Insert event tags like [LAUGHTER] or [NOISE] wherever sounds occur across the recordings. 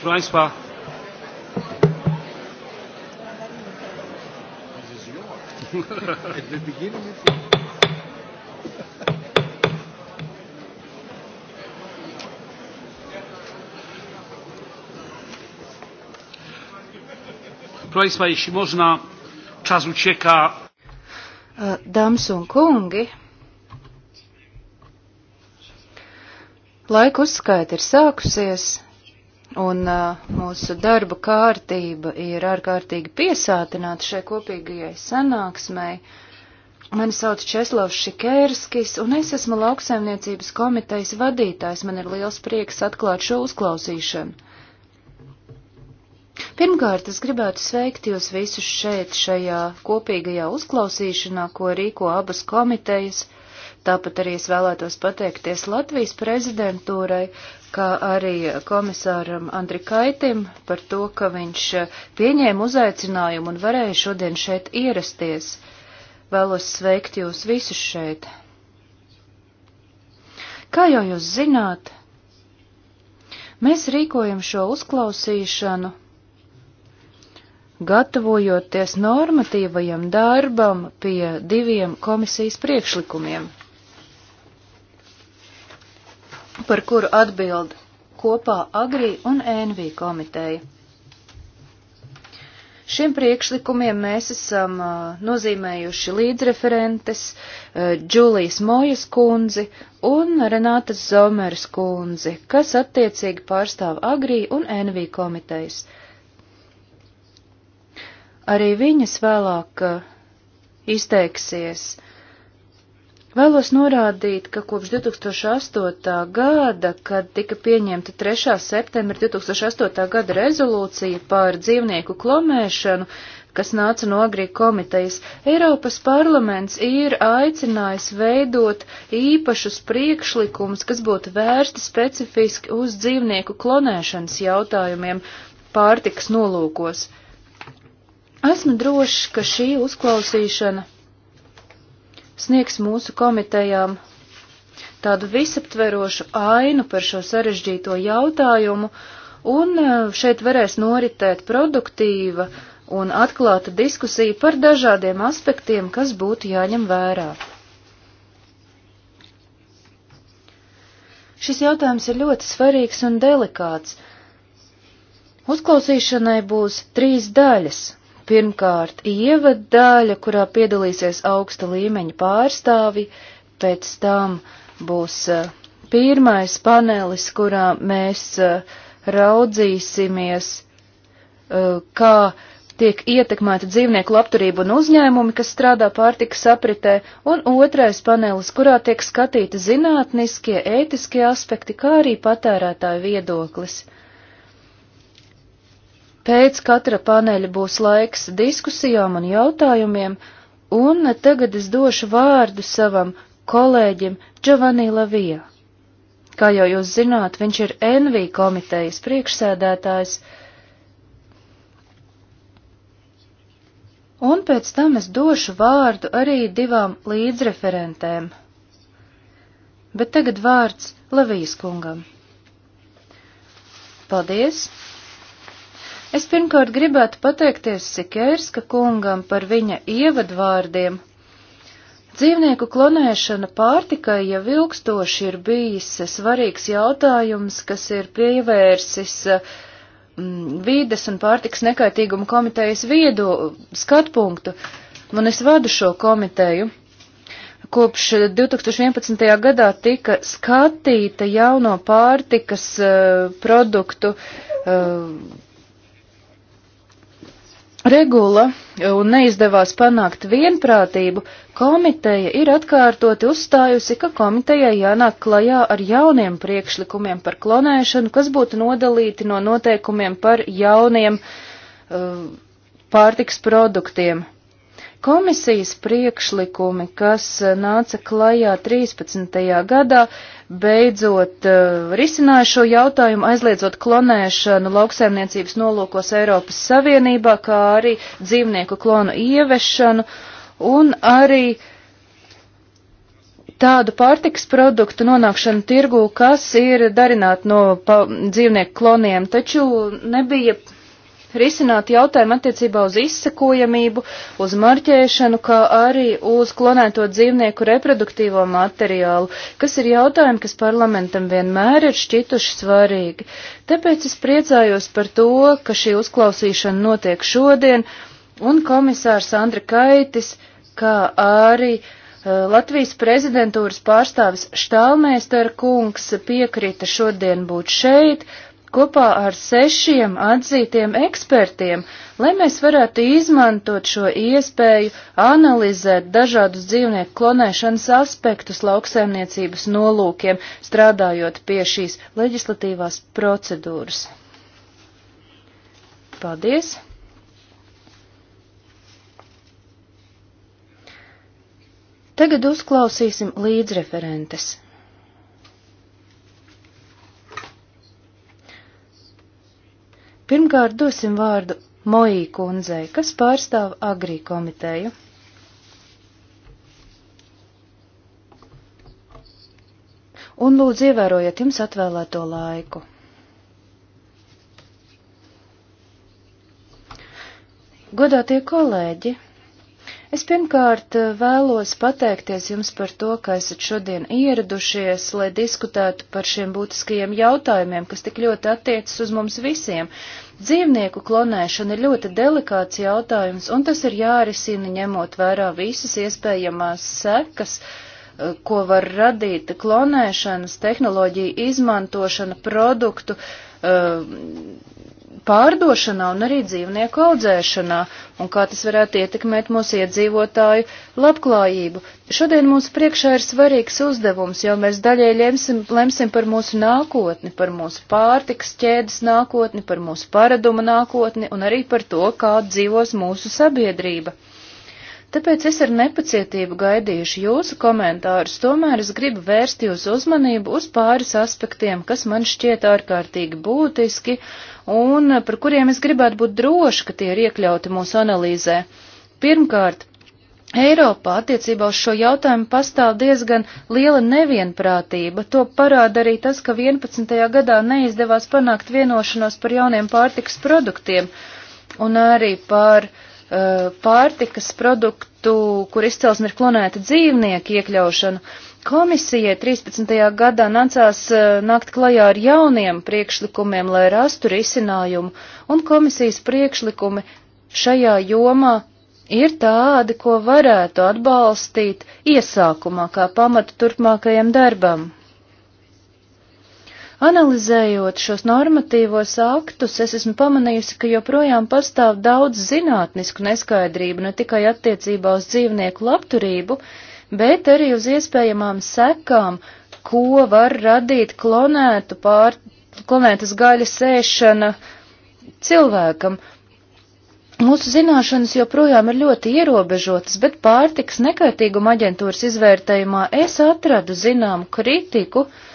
Proszę Państwa, Proszę Państwa, jeśli można, czas ucieka. Dāmas un kungi, laika uzskaita ir sākusies un uh, mūsu darba kārtība ir ārkārtīgi piesātināta šai kopīgajai sanāksmai. Mani sauc Česlavs Šikērskis, un es esmu lauksaimniecības komitejas vadītājs. Man ir liels prieks atklāt šo uzklausīšanu. Pirmkārt, es gribētu sveikt jūs visus šeit, šajā kopīgajā uzklausīšanā, ko rīko abas komitejas. Uh, Tāpat arī es vēlētos pateikties Latvijas prezidentūrai, kā arī komisāram Andrikaitim par to, ka viņš pieņēma uzaicinājumu un varēja šodien šeit ierasties. Vēlos sveikt jūs visus šeit. Kā jau jūs zināt, mēs rīkojam šo uzklausīšanu, gatavojoties normatīvajam darbam pie diviem komisijas priekšlikumiem par kuru atbild kopā Agrī un Envī komiteja. Šiem priekšlikumiem mēs esam uh, nozīmējuši līdzreferentes uh, Džulijas Mojas kundzi un Renātas Zomeras kundzi, kas attiecīgi pārstāv Agrī un Envī komitejas. Arī viņas vēlāk uh, izteiksies uh, Vēlos norādīt, ka kopš 2008. gada, kad tika pieņemta 3. septembra 2008. gada rezolūcija par dzīvnieku klonēšanu, kas nāca no Agrī komitejas, Eiropas parlaments ir aicinājis veidot īpašus priekšlikumus, kas būtu vērsti specifiski uz dzīvnieku klonēšanas jautājumiem pārtiks nolūkos. Esmu drošs, ka šī uzklausīšana sniegs mūsu komitejām tādu visaptverošu ainu par šo sarežģīto jautājumu, un e, šeit varēs noritēt produktīva un atklāta diskusija par dažādiem aspektiem, kas būtu jāņem vērā. Šis jautājums ir ļoti svarīgs un delikāts. Uzklausīšanai būs trīs daļas. Pirmkārt, ievadaļa, kurā piedalīsies augsta līmeņa pārstāvi, pēc tam būs eh, pirmais panelis, kurā mēs eh, raudzīsimies, eh, kā tiek ietekmēta dzīvnieku labturība un uzņēmumi, kas strādā pārtikas apritē, un otrais panelis, kurā tiek skatīti zinātniskie, ētiskie aspekti, kā arī patērētāju viedoklis. Pēc katra paneļa būs laiks diskusijām un jautājumiem, un tagad es došu vārdu savam kolēģim Giovanni Lavija. Kā jau jūs zināt, viņš ir NV komitejas priekšsēdētājs, un pēc tam es došu vārdu arī divām līdzreferentēm. Bet tagad vārds Lavijas kungam. Paldies! Es pirmkārt gribētu pateikties Sikērska kungam par viņa ievadvārdiem. Dzīvnieku klonēšana pārtikai jau ilgstoši ir bijis svarīgs jautājums, kas ir pievērsis mm, vīdes un pārtikas nekaitīguma komitejas viedo skatpunktu, un es vadu šo komiteju. Kopš 2011. gadā tika skatīta jauno pārtikas uh, produktu uh, regula e, un neizdevās panākt vienprātību, komiteja ir atkārtoti uzstājusi, ka komitejai jānāk klajā ar jauniem priekšlikumiem par klonēšanu, kas būtu nodalīti no noteikumiem par jauniem uh, pārtiks produktiem. Komisijas priekšlikumi, kas nāca klajā 13. gadā, uh, beidzot uh, risināja šo jautājumu, aizliedzot klonēšanu lauksaimniecības nolūkos Eiropas Savienībā, kā arī dzīvnieku klonu ievešanu un arī tādu pārtiks produktu nonākšanu tirgū, kas ir darināti no pa, dzīvnieku kloniem, taču nebija risināt jautājumu attiecībā uz izsekojamību, uz marķēšanu, kā arī uz klonēto dzīvnieku reproduktīvo materiālu, kas ir jautājumi, kas parlamentam vienmēr ir šķituši svarīgi. Tāpēc es priecājos par to, ka šī uzklausīšana notiek šodien, un komisārs Andri Kaitis, kā arī uh, Latvijas prezidentūras pārstāvis Štālmēster kungs piekrita šodien būt šeit, kopā ar sešiem atzītiem ekspertiem, lai mēs varētu izmantot šo iespēju analizēt dažādus dzīvnieku klonēšanas aspektus lauksaimniecības nolūkiem, strādājot pie šīs leģislatīvās procedūras. Paldies! Tagad uzklausīsim līdzreferentes. Pirmkārt dosim vārdu Moī kundzei, kas pārstāv Agrī komiteju. Un lūdzu ievērojiet jums atvēlēto laiku. Godātie kolēģi, Es pirmkārt eh, vēlos pateikties jums par to, ka esat šodien ieradušies, lai diskutētu par šiem būtiskajiem jautājumiem, kas tik ļoti attiecas uz mums visiem. Dzīvnieku klonēšana ir ļoti delikāts jautājums, un tas ir jārisina ņemot vērā visas iespējamās sekas, eh, ko var radīt klonēšanas tehnoloģija izmantošana produktu. Uh, pārdošanā un arī dzīvnieku audzēšanā, un kā tas varētu ietekmēt mūsu iedzīvotāju labklājību. Šodien mūsu priekšā ir svarīgs uzdevums, jo mēs daļai lemsim, lemsim par mūsu nākotni, par mūsu pārtikas ķēdes nākotni, par mūsu paraduma nākotni un arī par to, kā dzīvos mūsu sabiedrība. Tāpēc es ar nepacietību gaidīšu jūsu komentārus, tomēr es gribu vērst jūsu uzmanību uz pāris aspektiem, kas man šķiet ārkārtīgi būtiski un eh, par kuriem es gribētu būt droši, ka tie ir iekļauti mūsu analīzē. Pirmkārt, Eiropā attiecībā uz šo jautājumu pastāv diezgan liela nevienprātība. To parāda arī tas, ka 11. gadā neizdevās panākt vienošanos par jauniem pārtikas produktiem un arī par uh, pārtikas produktu, kur izcelsme ir klonēta dzīvnieki iekļaušanu. Uh, Komisijai 13. gadā nācās eh, nākt klajā ar jauniem priekšlikumiem, lai rastu risinājumu, un komisijas priekšlikumi šajā jomā ir tādi, ko varētu atbalstīt iesākumā kā pamatu turpmākajam darbam. Analizējot šos normatīvos aktus, es esmu pamanījusi, ka joprojām pastāv daudz zinātnisku neskaidrību ne tikai attiecībā uz dzīvnieku labturību, bet arī uz iespējamām sekām, ko var radīt klonētu pār, klonētas gaļas ēšana cilvēkam. Mūsu zināšanas joprojām ir ļoti ierobežotas, bet pārtiks nekaitīguma aģentūras izvērtējumā es atradu zināmu kritiku, uh,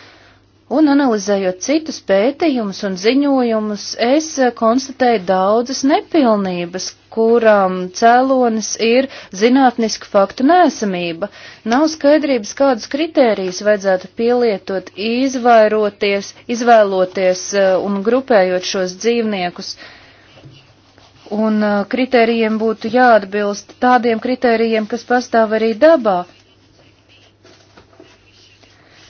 Un analizējot citus pētījumus un ziņojumus, es eh, konstatēju daudzas nepilnības, kurām cēlonis ir zinātniska faktu nēsamība. Nav skaidrības, kādus kritērijus vajadzētu pielietot, izvairoties, izvēloties eh, un grupējot šos dzīvniekus. Un eh, kritērijiem būtu jāatbilst tādiem kritērijiem, kas pastāv arī dabā,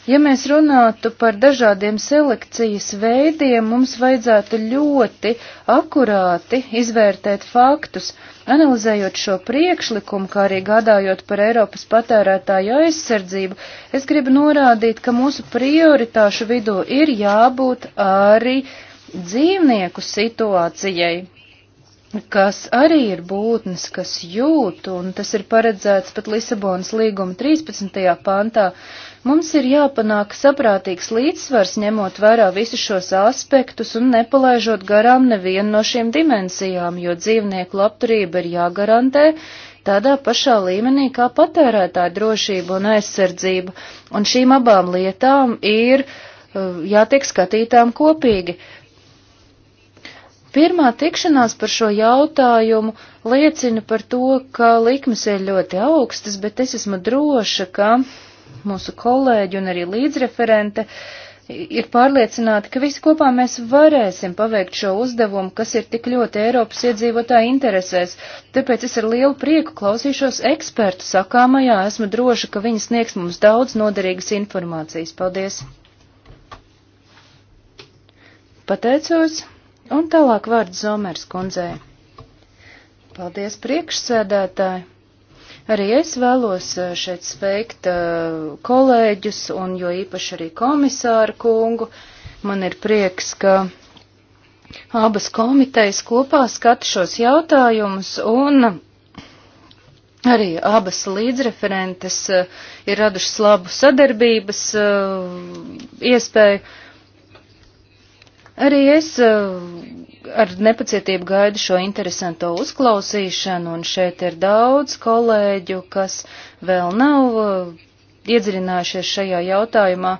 Ja mēs runātu par dažādiem selekcijas veidiem, mums vajadzētu ļoti akurāti izvērtēt faktus, analizējot šo priekšlikumu, kā arī gādājot par Eiropas patērētāju aizsardzību. Es gribu norādīt, ka mūsu prioritāšu vidū ir jābūt arī dzīvnieku situācijai, kas arī ir būtnes, kas jūt, un tas ir paredzēts pat Lisabonas līguma 13. pantā. Mums ir jāpanāk saprātīgs līdzsvars, ņemot vērā visus šos aspektus un nepalaižot garām nevienu no šīm dimensijām, jo dzīvnieku labturība ir jāgarantē tādā pašā līmenī kā patērētāja drošība un aizsardzība, un šīm abām lietām ir uh, jātiek skatītām kopīgi. Pirmā tikšanās par šo jautājumu liecina par to, ka likmes ir ļoti augstas, bet es esmu droša, ka mūsu kolēģi un arī līdzreferente ir pārliecināti, ka visi kopā mēs varēsim paveikt šo uzdevumu, kas ir tik ļoti Eiropas iedzīvotāju interesēs. Tāpēc es ar lielu prieku klausīšos ekspertu sakāmajā. Esmu droša, ka viņi sniegs mums daudz noderīgas informācijas. Paldies! Pateicos, un tālāk vārds Zomers kundzei. Paldies priekšsēdētāji! Arī es vēlos eh, šeit sveikt eh, kolēģus un jo īpaši arī komisāru kungu. Man ir prieks, ka abas komitejas kopā skata šos jautājumus un arī abas līdzreferentes eh, ir radušas labu sadarbības iespēju. Arī es eh, ar nepacietību gaidu šo interesanto uzklausīšanu, un šeit ir daudz kolēģu, kas vēl nav eh, iedziļinājušies šajā jautājumā.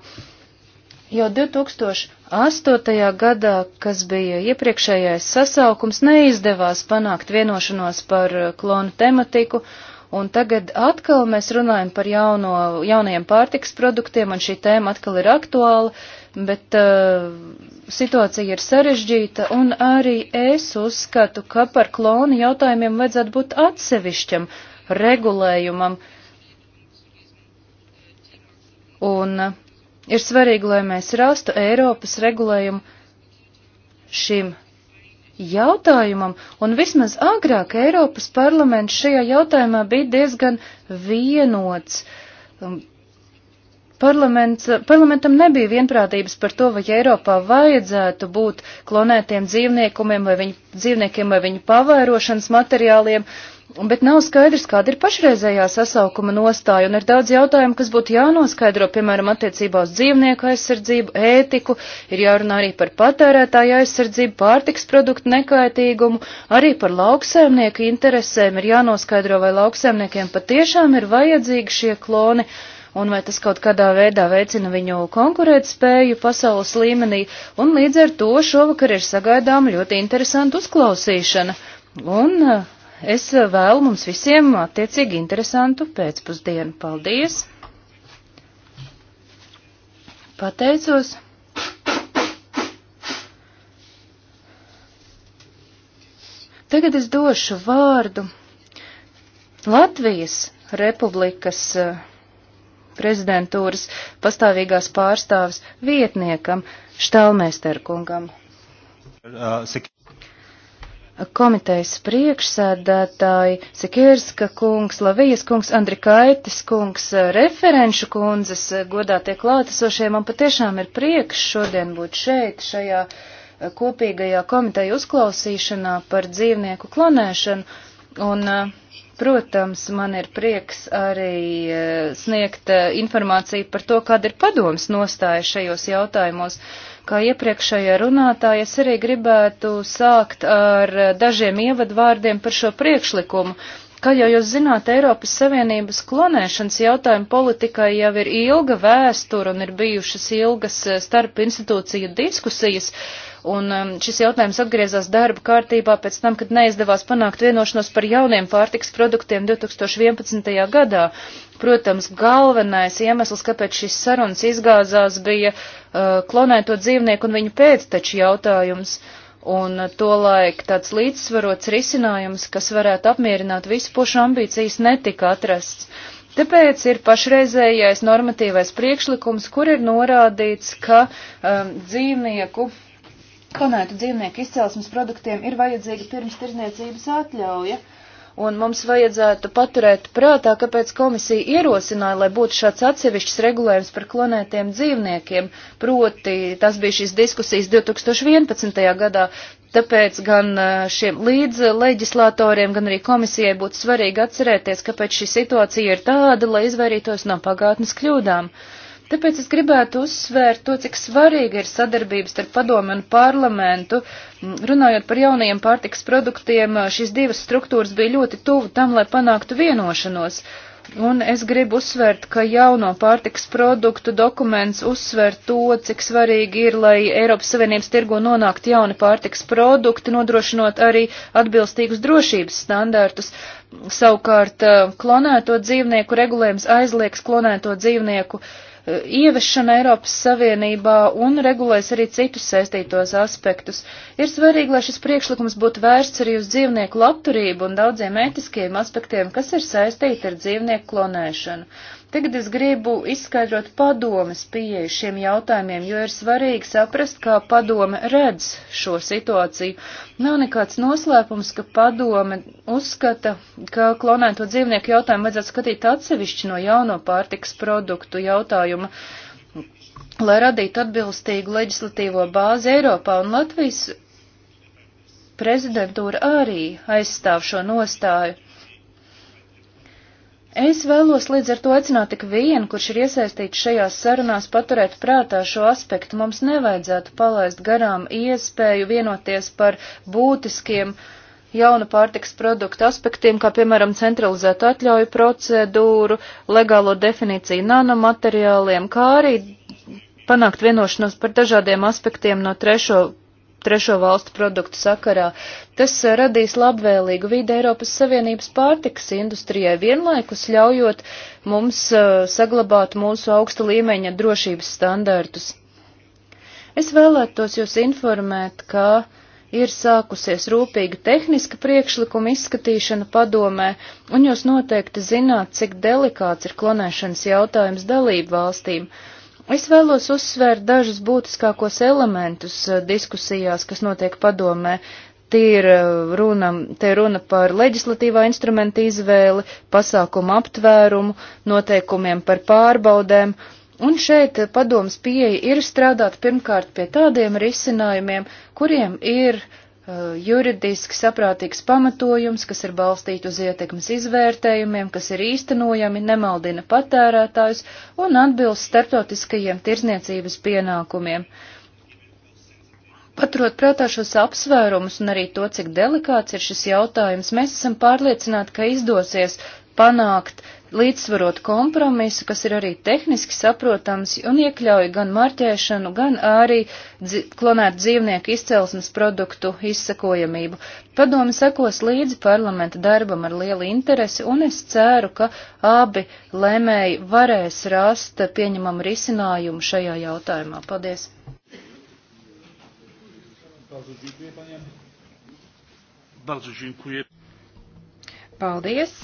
Jau 2008. gadā, kas bija iepriekšējais sasaukums, neizdevās panākt vienošanos par eh, klonu tematiku, un tagad atkal mēs runājam par jauno, jaunajiem pārtiks produktiem, un šī tēma atkal ir aktuāla, bet uh, situācija ir sarežģīta, un arī es uzskatu, ka par klonu jautājumiem vajadzētu būt atsevišķam regulējumam. Un uh, ir svarīgi, lai mēs rastu Eiropas regulējumu šim jautājumam, un vismaz agrāk Eiropas parlaments šajā jautājumā bija diezgan vienots. Um, Parlamentam nebija vienprātības par to, vai Eiropā vajadzētu būt klonētiem dzīvniekumiem vai viņu, dzīvniekiem vai viņu pavairošanas materiāliem, bet nav skaidrs, kāda ir pašreizējā sasaukuma nostāja, un ir daudz jautājumu, kas būtu jānoskaidro, piemēram, attiecībā uz dzīvnieku aizsardzību, ētiku, ir jārunā arī par patērētāju aizsardzību, pārtiks produktu nekaitīgumu, arī par lauksēmnieku interesēm ir jānoskaidro, vai lauksēmniekiem patiešām ir vajadzīgi šie kloni un vai tas kaut kādā veidā veicina viņu konkurētspēju pasaules līmenī, un līdz ar to šovakar ir sagaidām ļoti interesanta uzklausīšana. Un eh, es vēlu mums visiem attiecīgi interesantu pēcpusdienu. Paldies! Pateicos! Tagad es došu vārdu Latvijas Republikas uh, prezidentūras pastāvīgās pārstāvis vietniekam Štalmēsterkungam. Uh, Komitejas priekšsēdētāji Sekirska kungs, Lavijas kungs, Andrikaitis kungs, uh, referenšu kundzes, uh, godātie klātesošie, man patiešām ir prieks šodien būt šeit, šajā kopīgajā komiteja uzklausīšanā par dzīvnieku klonēšanu. Un uh, Protams, man ir prieks arī e, sniegt e, informāciju par to, kāda ir padomas nostāja šajos jautājumos. Kā iepriekšējā runātāja, es arī gribētu sākt ar e, dažiem ievadvārdiem par šo priekšlikumu. Kā jau jūs zināt, Eiropas Savienības klonēšanas jautājuma politikai jau ir ilga vēstura un ir bijušas ilgas starp institūciju diskusijas. Uh, Un um, šis jautājums atgriezās darba kārtībā pēc tam, kad neizdevās panākt vienošanos par jauniem pārtiks produktiem 2011. gadā. Protams, galvenais iemesls, kāpēc šis sarunas izgāzās, bija uh, klonēto dzīvnieku un viņu pēcteču jautājums. Un uh, tolaik tāds līdzsvarots risinājums, kas varētu apmierināt visu pušu ambīcijas, netika atrasts. Tāpēc ir pašreizējais normatīvais priekšlikums, kur ir norādīts, ka um, dzīvnieku Klonētu dzīvnieku izcelsmes produktiem ir vajadzīga pirms tirzniecības atļauja, un mums vajadzētu paturēt prātā, kāpēc komisija ierosināja, lai būtu šāds atsevišķs regulējums par klonētiem dzīvniekiem, proti tas bija šīs diskusijas 2011. gadā, Tāpēc gan šiem līdzleģislatoriem, gan arī komisijai būtu svarīgi atcerēties, kāpēc šī situācija ir tāda, lai izvairītos no pagātnes kļūdām. Uh, Tāpēc es gribētu uzsvērt to, cik svarīga ir sadarbības starp padomi un parlamentu. Mm, runājot par jaunajiem pārtiks produktiem, šīs divas struktūras bija ļoti tuvu tam, lai panāktu vienošanos. Un es gribu uzsvērt, ka jauno pārtiks produktu dokuments uzsver to, cik svarīgi ir, lai Eiropas Savienības tirgo nonākt jauni pārtiks produkti, nodrošinot arī atbilstīgus drošības standārtus. Savukārt, klonēto dzīvnieku regulējums aizliegs klonēto dzīvnieku uh, Eh, ieviešana Eiropas Savienībā un regulēs arī citus saistītos aspektus. Ir svarīgi, lai šis priekšlikums būtu vērsts arī uz dzīvnieku labturību un daudziem ētiskiem aspektiem, kas ir saistīti ar dzīvnieku klonēšanu. Tagad es gribu izskaidrot padomes pieeju šiem jautājumiem, jo ir svarīgi saprast, kā padome redz šo situāciju. Nav nekāds noslēpums, ka padome uzskata, ka klonēto dzīvnieku jautājumu vajadzētu skatīt atsevišķi no jauno pārtiks produktu jautājuma lai radītu atbilstīgu leģislatīvo bāzi Eiropā un Latvijas prezidentūra arī aizstāv šo nostāju. Es vēlos līdz ar to aicināt tik vienu, kurš ir iesaistīts šajās sarunās, paturēt prātā šo aspektu. Mums nevajadzētu palaist garām iespēju vienoties par būtiskiem jaunu pārtiks produktu aspektiem, kā piemēram centralizētu atļauju procedūru, legālo definīciju nanomateriāliem, kā arī panākt vienošanos par dažādiem aspektiem no trešo trešo valstu produktu sakarā. Tas eh, radīs labvēlīgu vidi Eiropas Savienības pārtikas industrijai, vienlaikus ļaujot mums eh, saglabāt mūsu augsta līmeņa drošības standartus. Es vēlētos jūs informēt, ka ir sākusies rūpīga tehniska priekšlikuma izskatīšana padomē, un jūs noteikti zināt, cik delikāts ir klonēšanas jautājums dalību valstīm Es vēlos uzsvērt dažus būtiskākos elementus eh, diskusijās, kas notiek padomē. Tie ir eh, runa, te runa par leģislatīvā instrumenta izvēli, pasākumu aptvērumu, noteikumiem par pārbaudēm, un šeit eh, padomas pieeja ir strādāt pirmkārt pie tādiem risinājumiem, kuriem ir uh, Eh, juridiski saprātīgs pamatojums, kas ir balstīts uz ietekmes izvērtējumiem, kas ir īstenojami, nemaldina patērētājus un atbilst starptautiskajiem tirzniecības pienākumiem. Paturot prātā šos apsvērumus un arī to, cik delikāts ir šis jautājums, mēs esam pārliecināti, ka izdosies panākt uh, līdzsvarot kompromisu, kas ir arī tehniski saprotams un iekļauj gan marķēšanu, gan arī dzi klonēt dzīvnieku izcelsmes produktu izsakojamību. Padomi sekos līdzi parlamenta darbam ar lielu interesi, un es ceru, ka abi lēmēji varēs rast pieņemam risinājumu šajā jautājumā. Paldies! Bardzo dziękuję, panie. Bardzo dziękuję. Paldies!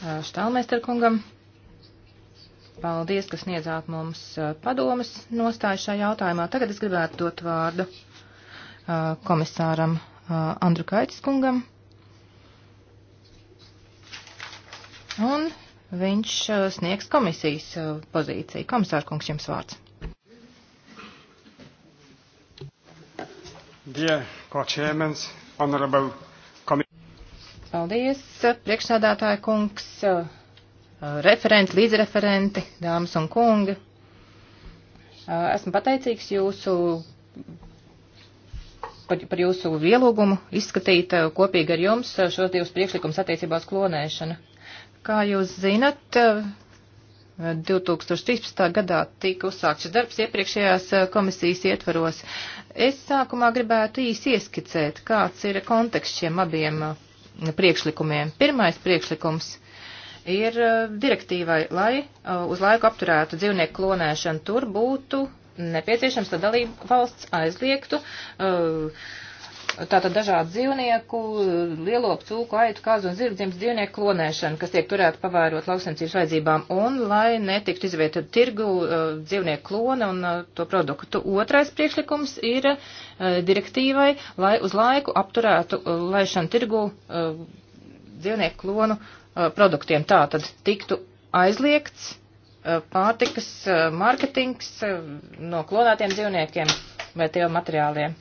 Štālmeisterkungam. Paldies, ka sniedzāt mums padomas nostāju šajā jautājumā. Tagad es gribētu dot vārdu komisāram Andru Kaitis kungam. Un viņš sniegs komisijas pozīciju. Komisār kungs, jums vārds. Dear co-chairmans, honorable Paldies, priekšsādātāja kungs, referenti, līdzreferenti, dāmas un kungi. Esmu pateicīgs jūsu par, par jūsu ielūgumu izskatīt eh, kopīgi ar jums šos divus priekšlikumus attiecībās klonēšana. Kā jūs zinat, 2013. Eh, gadā tika uzsākts šis darbs iepriekšējās eh, komisijas ietvaros. Es sākumā gribētu īsi ieskicēt, kāds ir konteksts šiem abiem priekšlikumiem. Pirmais priekšlikums ir uh, direktīvai, lai uh, uz laiku apturētu dzīvnieku klonēšanu. Tur būtu nepieciešams, lai dalība valsts aizliegtu uh, tātad dažādu dzīvnieku, lielo cūku, aitu, kazu un zirgdzims dzīvnieku klonēšana, kas tiek turēta pavērot lauksaimniecības vajadzībām, un lai netiktu izvietot tirgu uh, dzīvnieku klona un uh, to produktu. Otrais priekšlikums ir uh, direktīvai, lai uz laiku apturētu laišanu tirgu dzīvnieku klonu produktiem. Tātad tiktu aizliegts pārtikas mārketings no klonētiem dzīvniekiem vai tiem materiāliem.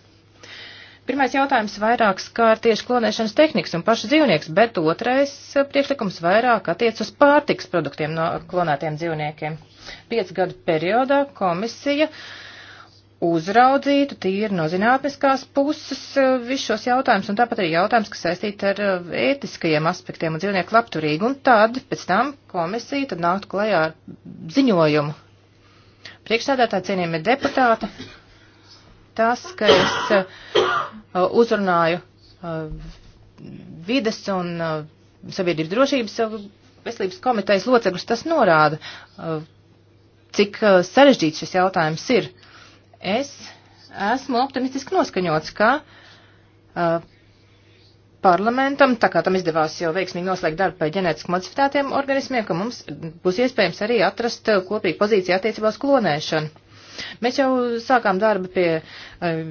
Pirmais jautājums vairāk skār tieši klonēšanas tehnikas un pašu dzīvnieks, bet otrais eh, priekšlikums vairāk attiec uz pārtiks produktiem no klonētiem dzīvniekiem. Piec gadu periodā komisija uzraudzītu tīri no zinātniskās puses eh, visus šos jautājumus, un tāpat arī jautājums, kas saistīti ar eh, ētiskajiem aspektiem un dzīvnieku labturīgu, un tad pēc tam komisija tad nāktu klajā ar ziņojumu. Priekšsēdētā cienījumie deputāti, tas, ka es uh, uzrunāju uh, vides un uh, sabiedrības drošības veselības komitejas locekļus, tas norāda, cik sarežģīts šis jautājums ir. Es esmu optimistiski noskaņots, ka parlamentam, tā kā tam izdevās jau veiksmīgi noslēgt darbu pie ģenētiski modificētiem organismiem, ka mums būs iespējams arī atrast kopīgu pozīciju attiecībā uz klonēšanu. Mēs jau sākām darbu pie eh,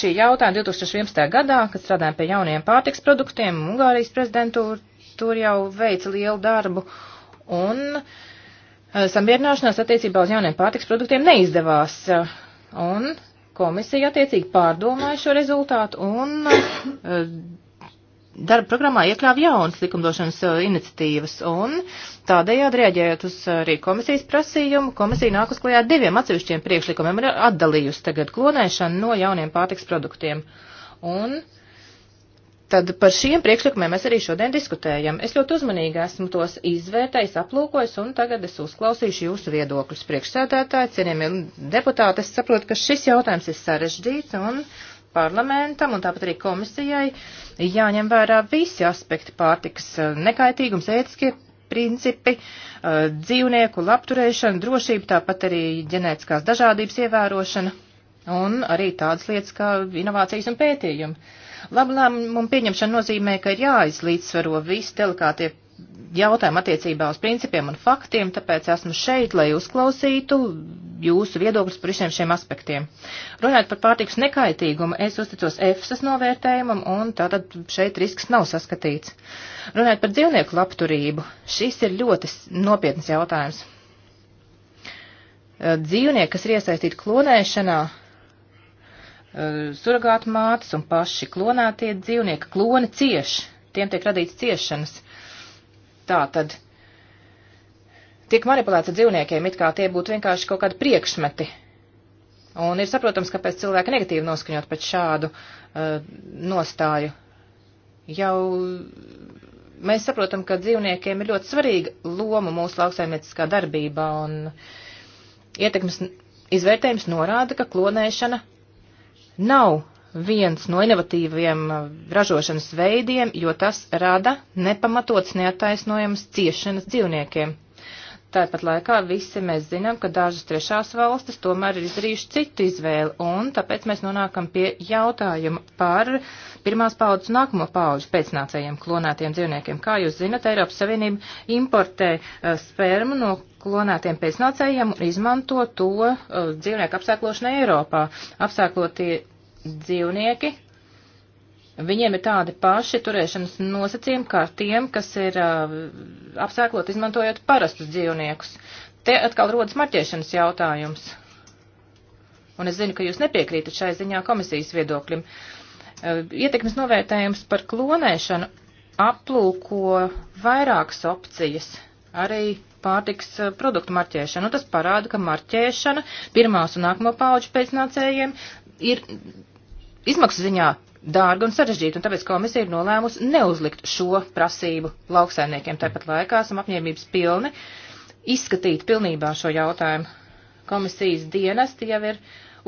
šī jautājuma 2011. gadā, kad strādājām pie jauniem pārtiks produktiem. Ungārijas prezidentūra tur jau veica lielu darbu. Un eh, samierināšanās attiecībā uz jauniem pārtiks produktiem neizdevās. Un komisija attiecīgi pārdomāja šo rezultātu un eh, darba programmā iekļāva jaunas likumdošanas eh, iniciatīvas, un tādējādi rēģējot uz eh, arī komisijas prasījumu, komisija nāk uz klajā ar diviem atsevišķiem priekšlikumiem, ir atdalījusi tagad klonēšanu no jauniem pārtiks produktiem. Un tad par šiem priekšlikumiem mēs arī šodien diskutējam. Es ļoti uzmanīgi esmu tos izvērtējis, aplūkojis, un tagad es uzklausīšu jūsu viedokļus. Priekšsēdētāji, cienījamie deputāti, es saprotu, ka šis jautājums ir sarežģīts, un parlamentam un tāpat arī komisijai jāņem vērā visi aspekti pārtikas eh, nekaitīgums, ētiskie principi, eh, dzīvnieku labturēšana, drošība, tāpat arī ģenētiskās dažādības ievērošana un arī tādas lietas kā inovācijas un pētījumi. Labu lēmumu pieņemšana nozīmē, ka ir jāizlīdzsvaro visi delikātie jautājumu attiecībā uz principiem un faktiem, tāpēc esmu šeit, lai uzklausītu jūsu viedokļus par visiem šiem aspektiem. Runājot par pārtiks nekaitīgumu, es uzticos EFSAS novērtējumam, un tātad šeit risks nav saskatīts. Runājot par dzīvnieku labturību, šis ir ļoti nopietns jautājums. Dzīvnieki, kas ir iesaistīti klonēšanā, surgātu mātes un paši klonētie dzīvnieki, kloni cieši, tiem tiek radīts ciešanas Tā tad tiek manipulēts ar dzīvniekiem, it kā tie būtu vienkārši kaut kādi priekšmeti. Un ir saprotams, kāpēc cilvēki negatīvi noskaņot pret šādu uh, nostāju. Jau mēs saprotam, ka dzīvniekiem ir ļoti svarīga loma mūsu lauksaimnieciskā darbībā, un ietekmes izvērtējums norāda, ka klonēšana nav viens no inovatīviem uh, ražošanas veidiem, jo tas rada nepamatots neataisnojams ciešanas dzīvniekiem. Tāpat laikā visi mēs zinām, ka dažas trešās valstis tomēr ir izdarījuši citu izvēli, un tāpēc mēs nonākam pie jautājuma par pirmās paudzes nākamo paudžu pēcnācējiem klonētiem dzīvniekiem. Kā jūs zinat, Eiropas Savienība importē uh, spermu no klonētiem pēcnācējiem un izmanto to uh, dzīvnieku apsēklošanai Eiropā. Apsēklotie dzīvnieki, viņiem ir tādi paši turēšanas nosacījumi kā tiem, kas ir uh, apsēklot izmantojot parastus dzīvniekus. Te atkal rodas marķēšanas jautājums. Un es zinu, ka jūs nepiekrītat šai ziņā komisijas viedoklim. Uh, ietekmes novērtējums par klonēšanu aplūko vairākas opcijas, arī pārtiks produktu marķēšanu. Un tas parāda, ka marķēšana pirmās un nākamo pauģu pēcnācējiem ir izmaksu ziņā dārga un sarežģīta, un tāpēc komisija ir nolēmusi neuzlikt šo prasību lauksaimniekiem. Tāpat laikā esam apņēmības pilni izskatīt pilnībā šo jautājumu. Komisijas dienesti jau ir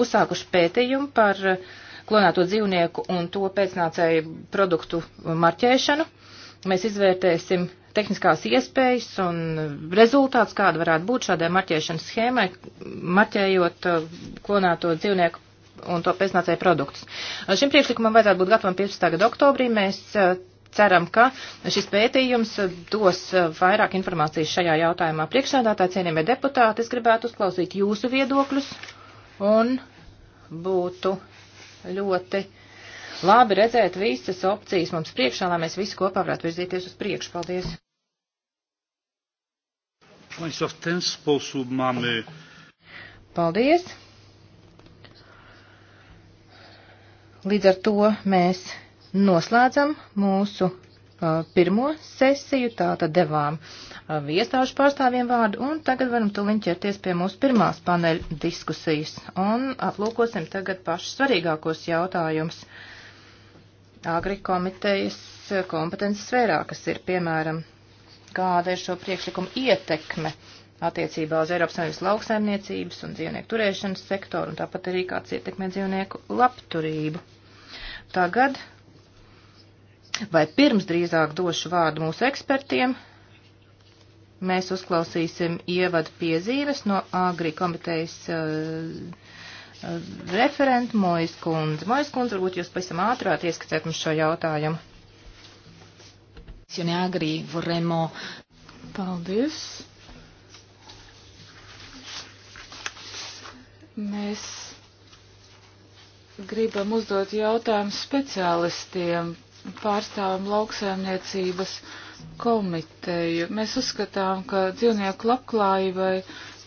uzsākuši pētījumu par eh, klonēto dzīvnieku un to pēcnācēju produktu marķēšanu. Mēs izvērtēsim tehniskās iespējas un rezultāts, kāda varētu būt šādai marķēšanas schēmai, marķējot eh, klonēto dzīvnieku un to pēcnācēju produktus. Šim priekšlikumam vajadzētu būt gatavam 15. gada oktobrī. Mēs uh, ceram, ka šis pētījums uh, dos uh, vairāk informācijas šajā jautājumā. Priekšsēdātāji, cienījamie deputāti, es gribētu uzklausīt jūsu viedokļus un būtu ļoti labi redzēt visas opcijas mums priekšā, lai mēs visi kopā varētu virzīties uz priekšu. Paldies! Państwa, w ten sposób mamy. Paldies! Līdz ar to mēs noslēdzam mūsu pirmo sesiju, tā tad devām iestāžu pārstāvjiem vārdu, un tagad varam tuliņ ķerties pie mūsu pirmās paneļa diskusijas, un aplūkosim tagad pašus svarīgākos jautājumus agri komitejas kompetences sfērā, kas ir, piemēram, kāda ir šo priekšlikumu ietekme attiecībā uz Eiropas Savienības lauksaimniecības un dzīvnieku turēšanas sektoru, un tāpat arī kāds ietekmē dzīvnieku labturību tagad, vai pirms drīzāk došu vārdu mūsu ekspertiem, mēs uzklausīsim ievadu piezīves no Agri komitejas uh, eh, uh, eh, referenta Mojas kundze. Mojas kundze, varbūt jūs pavisam ātrāk ieskatāt mums šo jautājumu. Agri vorremmo. Paldies. Mēs gribam uzdot jautājumu speciālistiem, pārstāvam lauksaimniecības komiteju. Mēs uzskatām, ka dzīvnieku labklājībai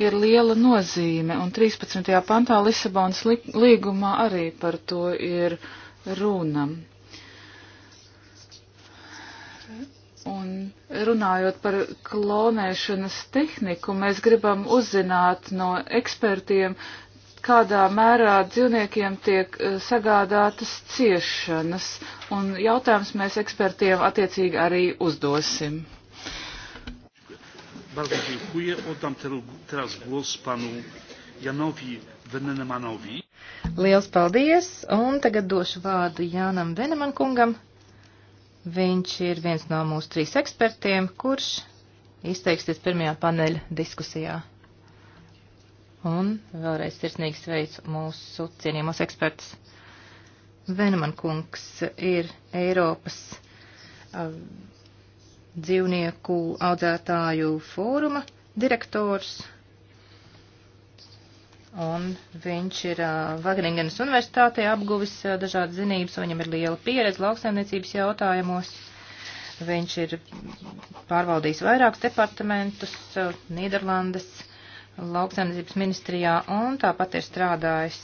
ir liela nozīme, un 13. pantā Lisabonas līgumā arī par to ir runa. Un runājot par klonēšanas tehniku, mēs gribam uzzināt no ekspertiem, kādā mērā dzīvniekiem tiek eh, sagādātas ciešanas, un jautājums mēs ekspertiem attiecīgi arī uzdosim. Bardzo dziękuję. Oddam teraz głos panu Janowi Venenemanovi. Liels paldies, un tagad došu vārdu Jānam Venemankungam. Viņš ir viens no mūsu trīs ekspertiem, kurš izteiksies pirmajā paneļa diskusijā. Un vēlreiz sirsnīgi sveicu mūsu cienījamos ekspertus. Veneman kungs ir Eiropas uh, dzīvnieku audzētāju fóruma direktors. Un viņš ir uh, Vagringenas universitātē apguvis uh, dažādas zinības, un viņam ir liela pieredze lauksaimniecības jautājumos. Viņš ir pārvaldījis vairākus departamentus uh, Nīderlandes lauksaimniecības ministrijā un tāpat ir strādājis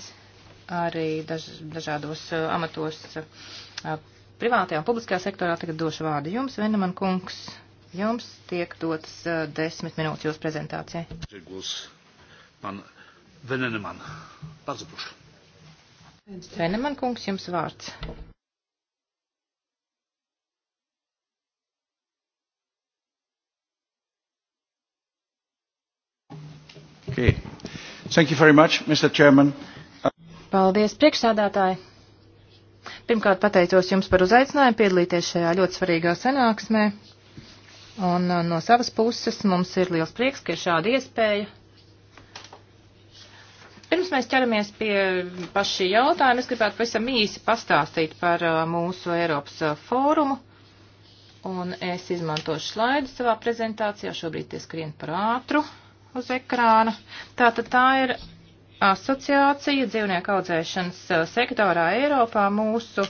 arī daž, dažādos uh, amatos uh, privātajā un publiskajā sektorā. Tagad došu vārdu jums, Veneman kungs. Jums tiek dotas uh, desmit minūtes jūsu prezentācijai. Veneman kungs, jums vārds. Okay. Thank you very much, Mr. Chairman. Paldies, priekšsādātāji. Pirmkārt, pateicos jums par uzaicinājumu piedalīties šajā ļoti svarīgā sanāksmē. Un uh, no savas puses mums ir liels prieks, ka ir šāda iespēja. Pirms mēs ķeramies pie pašī jautājuma, es gribētu pavisam īsi pastāstīt par uh, mūsu Eiropas uh, fórumu. Un es izmantošu slaidu savā prezentācijā, šobrīd tie skrien par ātru uz ekrāna. Tātad tā ir asociācija dzīvnieku audzēšanas uh, sektorā Eiropā mūsu uh,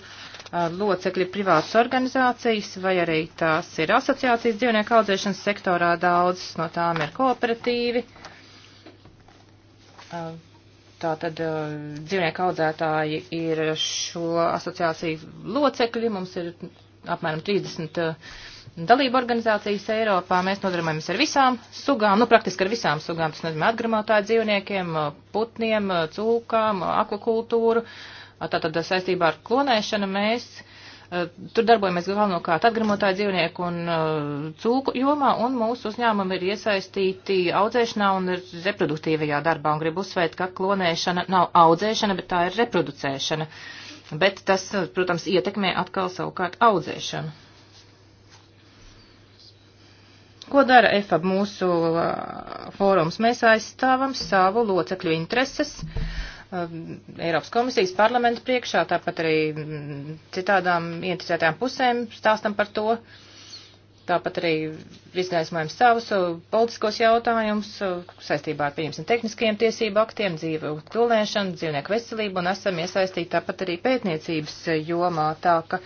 locekļi privātas organizācijas, vai arī tās ir asociācijas dzīvnieku audzēšanas sektorā daudzas, no tām ir kooperatīvi. Uh, Tātad uh, dzīvnieku audzētāji ir šo asociāciju locekļi, mums ir apmēram 30 dalību organizācijas Eiropā. Mēs nodarbojamies ar visām sugām, nu praktiski ar visām sugām. Tas nozīmē atgramotāju dzīvniekiem, putniem, cūkām, akvakultūru. Tātad saistībā ar klonēšanu mēs tur darbojamies galvenokārt atgramotāju dzīvnieku un cūku jomā, un mūsu uzņēmumi ir iesaistīti audzēšanā un reproduktīvajā darbā. Un gribu uzsvērt, ka klonēšana nav audzēšana, bet tā ir reproducēšana. Bet tas, protams, ietekmē atkal savukārt audzēšanu. Ko dara EFAB mūsu uh, fórums? Mēs aizstāvam savu locekļu intereses uh, Eiropas komisijas parlamenta priekšā, tāpat arī mm, citādām interesētām pusēm stāstam par to. Tāpat arī izgaismojam savus uh, politiskos jautājumus uh, saistībā ar, pieņemsim, tehniskajiem tiesību aktiem, dzīvu klūnēšanu, dzīvnieku veselību un esam iesaistīti tāpat arī pētniecības uh, jomā, tā ka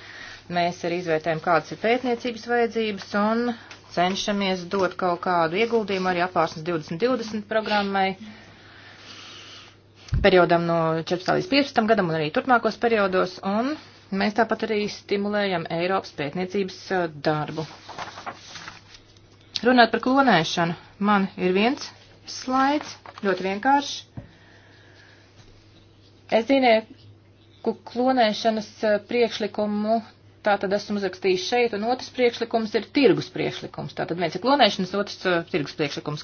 mēs arī izvērtējam, kādas ir pētniecības vajadzības un uh, cenšamies dot kaut kādu ieguldījumu arī apvārsnes 2020 programmai periodam no 14. līdz 15. gadam un arī turpmākos periodos, un mēs tāpat arī stimulējam Eiropas pētniecības eh, darbu. Runāt par klonēšanu. Man ir viens slaids, ļoti vienkāršs. Es dzīvnieku klonēšanas eh, priekšlikumu Tā tad esmu uzrakstījis šeit, un otrs priekšlikums ir tirgus priekšlikums. Tā tad viens ir klonēšanas, otrs uh, tirgus priekšlikums.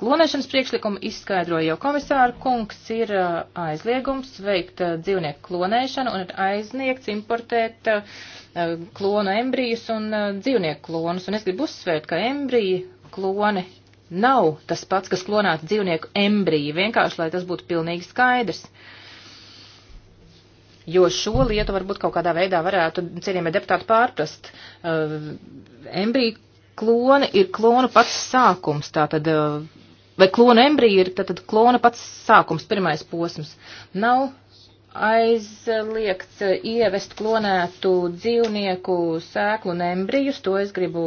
Klonēšanas priekšlikumu izskaidroja jau komisāra kungs, ir uh, aizliegums veikt uh, dzīvnieku klonēšanu un ir aizniegts importēt uh, uh, klonu embrijus un uh, dzīvnieku klonus. Un es gribu uzsvērt, ka embriju kloni nav tas pats, kas klonāt dzīvnieku embriju, vienkārši lai tas būtu pilnīgi skaidrs. Uh, jo šo lietu varbūt kaut kādā veidā varētu cienījamie deputāti pārprast. Uh, embrija klona ir klona pats sākums, tātad, uh, vai klona embrija ir tātad klona pats sākums, pirmais posms. Nav aizliegts ievest klonētu dzīvnieku sēklu un embrijus, to es gribu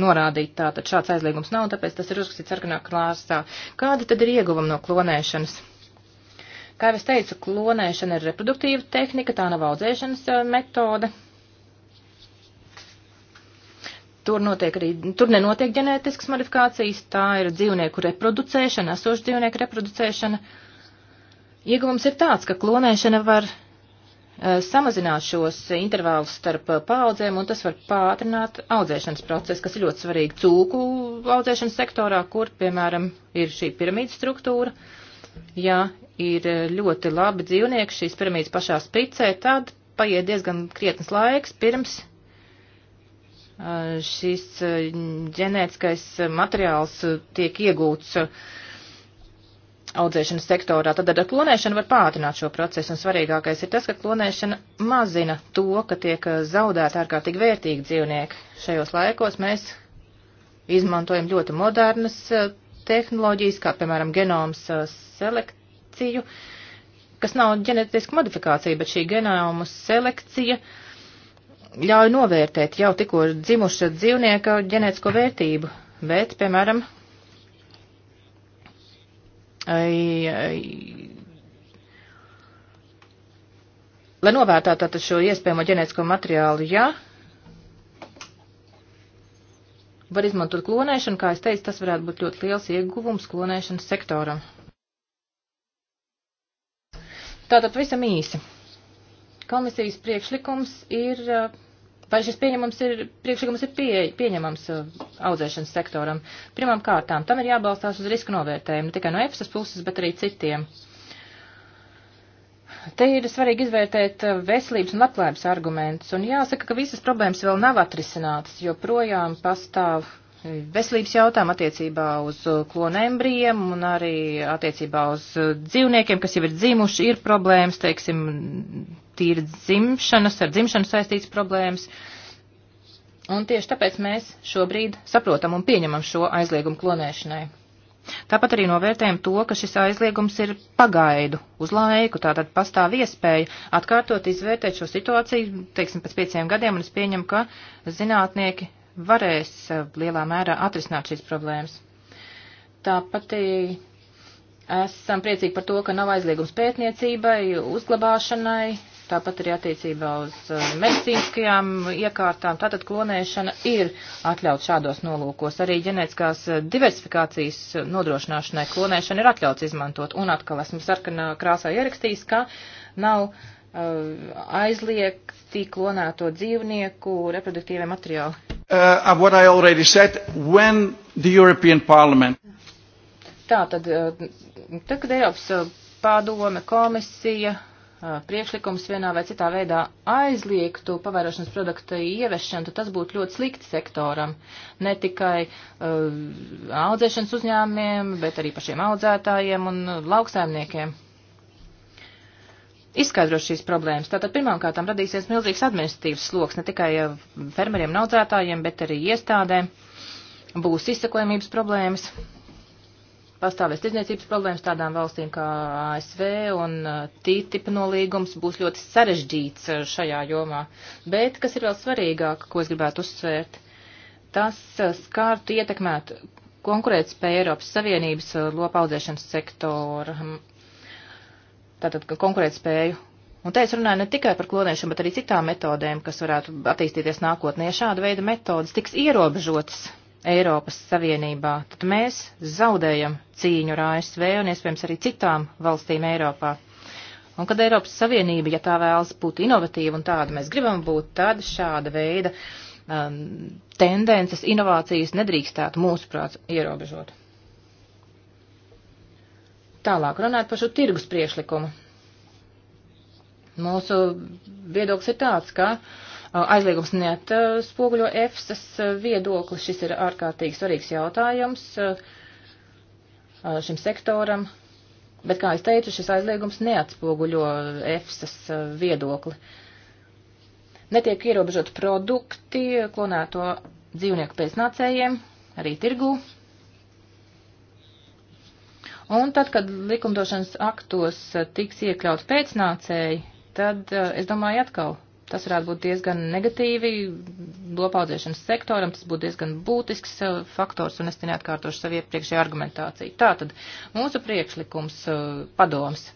norādīt, tātad šāds aizliegums nav, tāpēc tas ir uzskatīts sarkanā krāsā. Kādi tad ir ieguvumi no klonēšanas? Kā jau es teicu, klonēšana ir reproduktīva tehnika, tā nav audzēšanas eh, metode. Tur, notiek arī, tur nenotiek ģenētiskas modifikācijas, tā ir dzīvnieku reproducēšana, esošu dzīvnieku reproducēšana. Ieguvums ir tāds, ka klonēšana var eh, samazināt šos intervālus starp eh, paudzēm, un tas var pātrināt audzēšanas procesu, kas ir ļoti svarīgi cūku audzēšanas sektorā, kur, piemēram, ir šī piramīda struktūra. Ja ir eh, ļoti labi dzīvnieki šīs piramīdas pašā spicē, tad paiet diezgan krietnes laiks pirms eh, šis eh, ģenētiskais materiāls tiek iegūts audzēšanas sektorā, tad ar klonēšanu var pātrināt šo procesu, un svarīgākais ir tas, ka klonēšana mazina to, ka tiek zaudēta ārkārtīgi vērtīgi dzīvnieki. Šajos laikos mēs izmantojam ļoti modernas tehnoloģijas, kā piemēram genoms selekt selekciju, kas nav ģenetiska modifikācija, bet šī genoma selekcija ļauj novērtēt jau tikko dzimuša dzīvnieka ģenētisko vērtību, bet, piemēram, ai, ai, lai novērtētu tātad šo iespējamo ģenētisko materiālu, ja var izmantot klonēšanu, kā es teicu, tas varētu būt ļoti liels ieguvums klonēšanas sektoram. Tātad visam īsi. Komisijas priekšlikums ir, eh, vai šis pieņemums ir, priekšlikums ir pie, pieņemams eh, audzēšanas sektoram. Pirmām kārtām tam ir jābalstās uz riska novērtējumu, ne tikai no EFSAS puses, bet arī citiem. Te ir svarīgi izvērtēt eh, veselības un labklājības argumentus, un jāsaka, ka visas problēmas vēl nav atrisinātas, jo projām pastāv veselības jautājumu attiecībā uz uh, klonembrijiem un arī attiecībā uz uh, dzīvniekiem, kas jau ir dzimuši, ir problēmas, teiksim, tīri dzimšanas, ar dzimšanu saistīts problēmas. Un tieši tāpēc mēs šobrīd saprotam un pieņemam šo aizliegumu klonēšanai. Tāpat arī novērtējam to, ka šis aizliegums ir pagaidu uz laiku, tātad pastāv iespēja atkārtot izvērtēt šo situāciju, teiksim, pēc pieciem gadiem, un es pieņemu, ka zinātnieki varēs eh, lielā mērā atrisināt šīs problēmas. Tāpat esam priecīgi par to, ka nav aizliegums pētniecībai, uzglabāšanai, tāpat arī attiecībā uz eh, medicīniskajām iekārtām. Tātad klonēšana ir atļauts šādos nolūkos. Arī ģenētiskās eh, diversifikācijas nodrošināšanai klonēšana ir atļauts izmantot. Un atkal esmu sarkanā krāsā ierakstījis, ka nav uh, Uh, aizliegti klonēto dzīvnieku reproduktīvie materiāli. Uh, uh, what I already said, when the European Parliament. Tā tad, uh, tad, kad Eiropas padome, komisija, priekšlikums vienā vai citā veidā aizliegtu pavērošanas produktu ieviešanu, tad tas būtu ļoti slikti sektoram. Ne tikai uh, audzēšanas uzņēmumiem, bet arī pašiem audzētājiem un lauksaimniekiem izskaidros šīs problēmas. Tātad pirmkārt radīsies milzīgs administratīvs sloks ne tikai eh, fermeriem un audzētājiem, bet arī iestādēm. Būs izsakojamības problēmas, pastāvēs tirdzniecības problēmas tādām valstīm kā ASV un eh, TTIP nolīgums būs ļoti sarežģīts eh, šajā jomā. Bet, kas ir vēl svarīgāk, ko es gribētu uzsvērt, tas skārtu ietekmētu konkurētspēja Eiropas Savienības lopaudzēšanas sektora tātad konkurēt spēju. Un te es runāju ne tikai par klonēšanu, bet arī citām metodēm, kas varētu attīstīties nākotnē. Šāda veida metodas tiks ierobežotas Eiropas Savienībā, tad mēs zaudējam cīņu ar ASV un iespējams arī citām valstīm Eiropā. Un kad Eiropas Savienība, ja tā vēlas būt inovatīva un tāda mēs gribam būt, tad šāda veida um, tendences, inovācijas nedrīkstētu mūsuprāt ierobežot. Tālāk runāt par šo tirgus priešlikumu. Mūsu viedoklis ir tāds, ka uh, aizliegums neatspoguļo EFSAS uh, viedokli. Šis ir ārkārtīgi svarīgs jautājums uh, šim sektoram. Bet, kā es teicu, šis aizliegums neatspoguļo EFSAS viedokli. Netiek ierobežot produkti klonēto dzīvnieku pēcnācējiem, arī tirgū, Un tad, kad likumdošanas aktos eh, tiks iekļauts pēcnācēji, tad eh, es domāju atkal, tas varētu būt diezgan negatīvi lopaudzēšanas sektoram, tas būtu diezgan būtisks eh, faktors, un es te neatkārtošu savu iepriekšēju argumentāciju. Tātad mūsu priekšlikums padoms.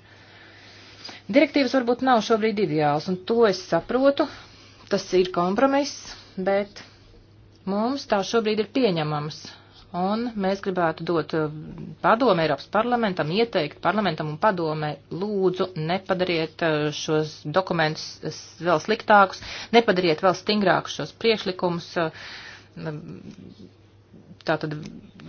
Direktīvas varbūt nav šobrīd ideāls, un to es saprotu, tas ir kompromiss, bet mums tā šobrīd ir pieņemams Un mēs gribētu dot eh, padomu Eiropas parlamentam, ieteikt parlamentam un padomē, lūdzu, nepadariet eh, šos dokumentus vēl sliktākus, nepadariet vēl stingrākus šos priekšlikumus, eh, tātad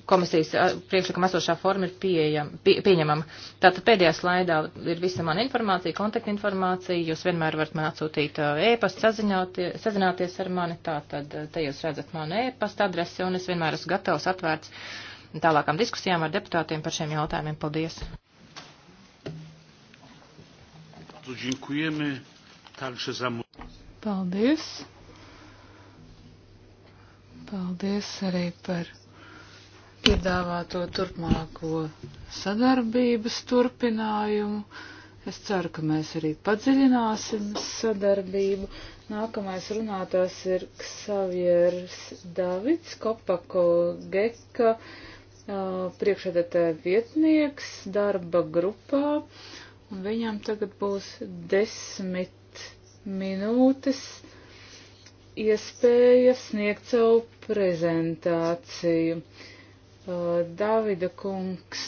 komisijas priekšlikuma esošā forma ir pieejam, pie, pieņemama. Tātad pēdējā slaidā ir visa mana informācija, kontaktinformācija, jūs vienmēr varat man atsūtīt ēpastu, e sazināties ar mani, tātad te jūs redzat manu ēpastu e adresi un es vienmēr esmu gatavs atvērts tālākām diskusijām ar deputātiem par šiem jautājumiem. Paldies! Paldies! Paldies arī par piedāvāto turpmāko sadarbības turpinājumu. Es ceru, ka mēs arī padziļināsim sadarbību. Nākamais runātājs ir Ksavieris Davids Kopako Geka, priekšredatē vietnieks darba grupā, un viņam tagad būs desmit minūtes iespēja sniegt savu prezentāciju. Uh, Uh, Davida kungs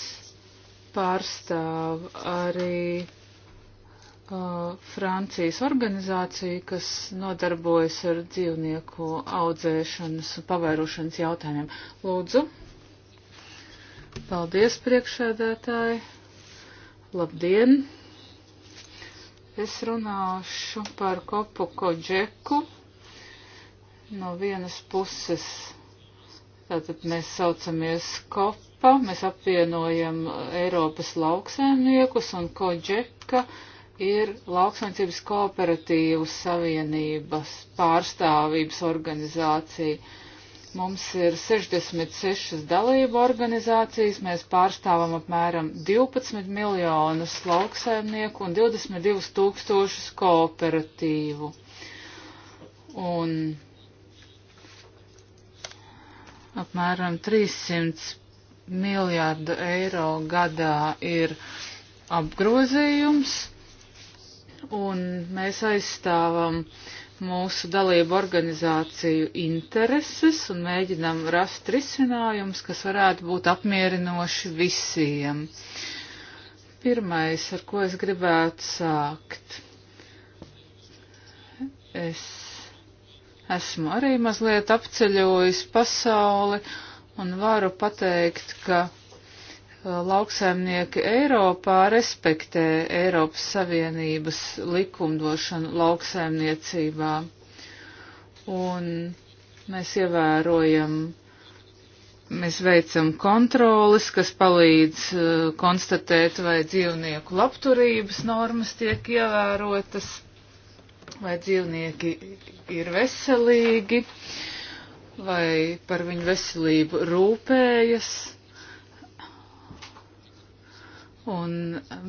pārstāv arī uh, Francijas organizāciju, kas nodarbojas ar dzīvnieku audzēšanas un pavairošanas jautājumiem. Lūdzu. Paldies, priekšēdētāji. Labdien. Es runāšu par kopu koģeku. No vienas puses Tātad mēs saucamies kopa, mēs apvienojam Eiropas lauksēmniekus un koģeka ir lauksaimniecības kooperatīvu savienības pārstāvības organizācija. Mums ir 66 dalību organizācijas, mēs pārstāvam apmēram 12 miljonus lauksaimnieku un 22 tūkstošus kooperatīvu. Un apmēram 300 miljārdu eiro gadā ir apgrozījums, un mēs aizstāvam mūsu dalību organizāciju intereses un mēģinam rast risinājums, kas varētu būt apmierinoši visiem. Pirmais, ar ko es gribētu sākt. Es Esmu arī mazliet apceļojis pasauli un varu pateikt, ka uh, lauksaimnieki Eiropā respektē Eiropas Savienības likumdošanu lauksaimniecībā. Un mēs ievērojam, mēs veicam kontrolis, kas palīdz uh, konstatēt, vai dzīvnieku labturības normas tiek ievērotas vai dzīvnieki ir veselīgi, vai par viņu veselību rūpējas. Un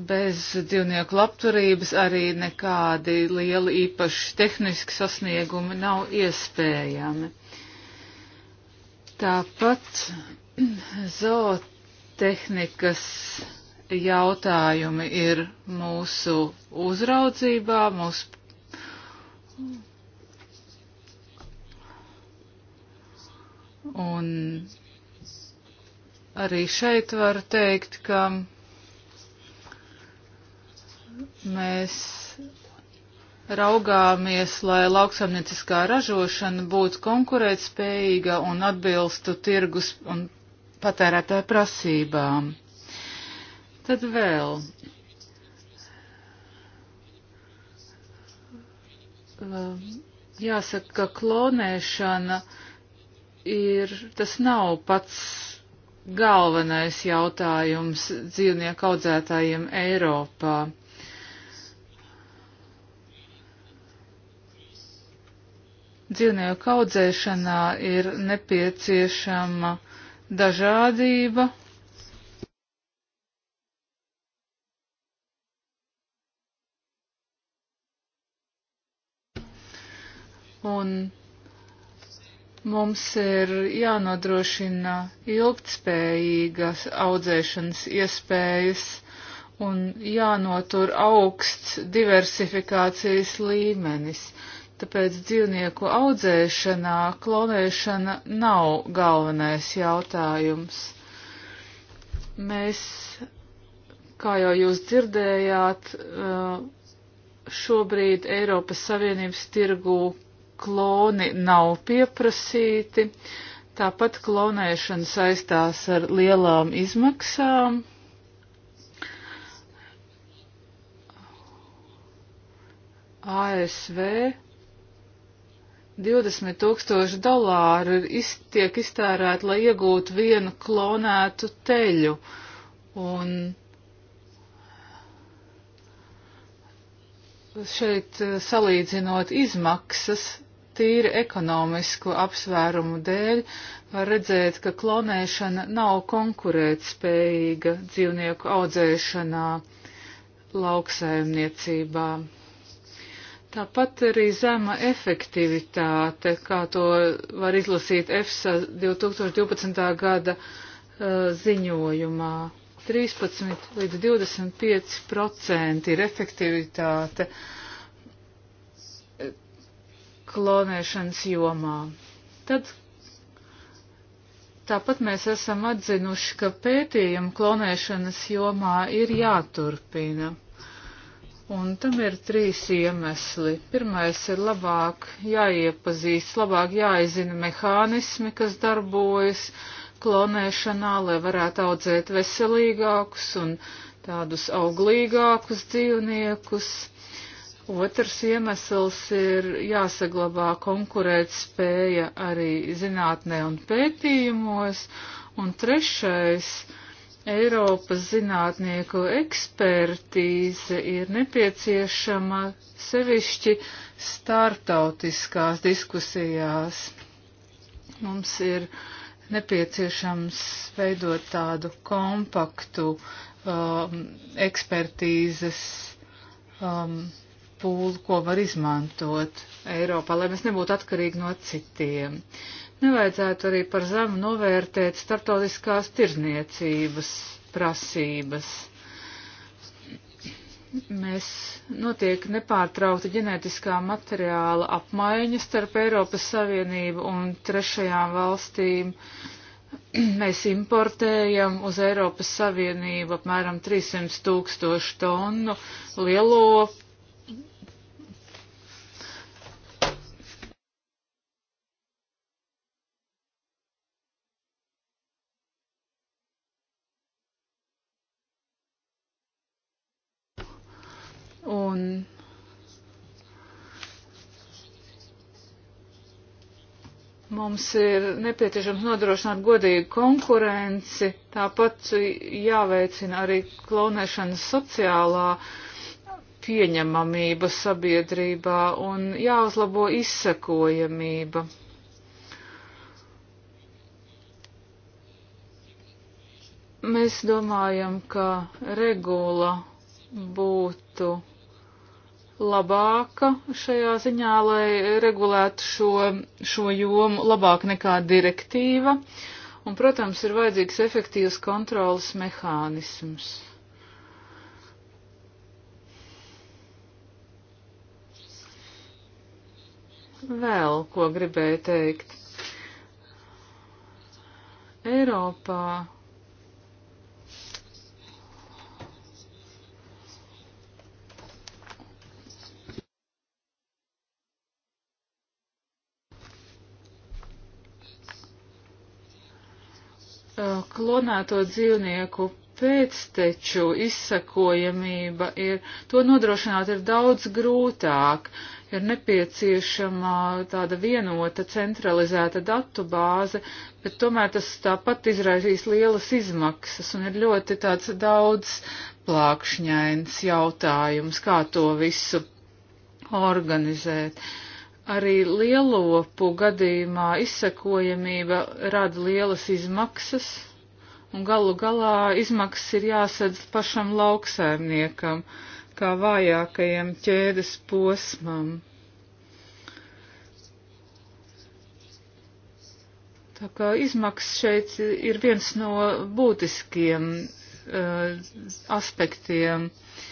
bez dzīvnieku labturības arī nekādi lieli īpaši tehniski sasniegumi nav iespējami. Tāpat zootehnikas jautājumi ir mūsu uzraudzībā, mūsu Un arī šeit var teikt, ka mēs raugāmies, lai lauksamnieciskā ražošana būtu konkurētspējīga un atbilstu tirgus un patērētāju prasībām. Tad vēl Ehm, jāsaka, ka klonēšana ir, tas nav pats galvenais jautājums dzīvnieku audzētājiem Eiropā. Dzīvnieku audzēšanā ir nepieciešama dažādība un mums ir jānodrošina ilgtspējīgas audzēšanas iespējas un jānotur augsts diversifikācijas līmenis. Tāpēc dzīvnieku audzēšanā klonēšana nav galvenais jautājums. Mēs, kā jau jūs dzirdējāt, šobrīd Eiropas Savienības tirgū kloni nav pieprasīti. Tāpat klonēšana saistās ar lielām izmaksām. ASV 20 tūkstoši dolāru iz, tiek iztērēti, lai iegūtu vienu klonētu teļu. Un šeit eh, salīdzinot izmaksas, tīri ekonomisku apsvērumu dēļ var redzēt, ka klonēšana nav konkurētspējīga dzīvnieku audzēšanā lauksaimniecībā. Tāpat arī zema efektivitāte, kā to var izlasīt EFSA 2012. gada uh, ziņojumā. 13 līdz 25 procenti ir efektivitāte. Uh, klonēšanas jomā. Tad tāpat mēs esam atzinuši, ka pētījumi klonēšanas jomā ir jāturpina. Un tam ir trīs iemesli. Pirmais ir labāk jāiepazīst, labāk jāizina mehānismi, kas darbojas klonēšanā, lai varētu audzēt veselīgākus un tādus auglīgākus dzīvniekus. Otrs iemesls ir jāsaglabā konkurēt spēja arī zinātnē un pētījumos. Un trešais - Eiropas zinātnieku ekspertīze ir nepieciešama sevišķi startautiskās diskusijās. Mums ir nepieciešams veidot tādu kompaktu um, ekspertīzes um, pūlu, ko var izmantot Eiropā, lai mēs nebūtu atkarīgi no citiem. Nevajadzētu arī par zemu novērtēt startautiskās tirzniecības prasības. Mēs notiek nepārtraukta ģenētiskā materiāla apmaiņa starp Eiropas Savienību un trešajām valstīm. [CLEARS THROAT] Mēs importējam uz Eiropas Savienību apmēram 300 tūkstošu tonu lielopu Mums ir nepieciešams nodrošināt godīgu konkurenci, tāpat jāveicina arī klonēšanas sociālā pieņemamība sabiedrībā un jāuzlabo izsekojamība. Mēs domājam, ka regula būtu labāka šajā ziņā, lai regulētu šo, šo jomu labāk nekā direktīva. Un, protams, ir vajadzīgs efektīvs kontrolas mehānisms. Vēl ko gribēju teikt. Eiropā Eh, klonēto dzīvnieku pēcteču izsakojamība ir, to nodrošināt ir daudz grūtāk. Ir nepieciešama tāda vienota centralizēta datu bāze, bet tomēr tas tāpat izraisīs lielas izmaksas un ir ļoti tāds daudz plākšņains jautājums, kā to visu organizēt. Uh, Arī lielopu gadījumā izsekojamība rada lielas izmaksas, un galu galā izmaksas ir jāsadz pašam lauksaimniekam, kā vājākajam ķēdes posmam. Tā kā izmaksas šeit ir viens no būtiskiem uh, aspektiem. Uh,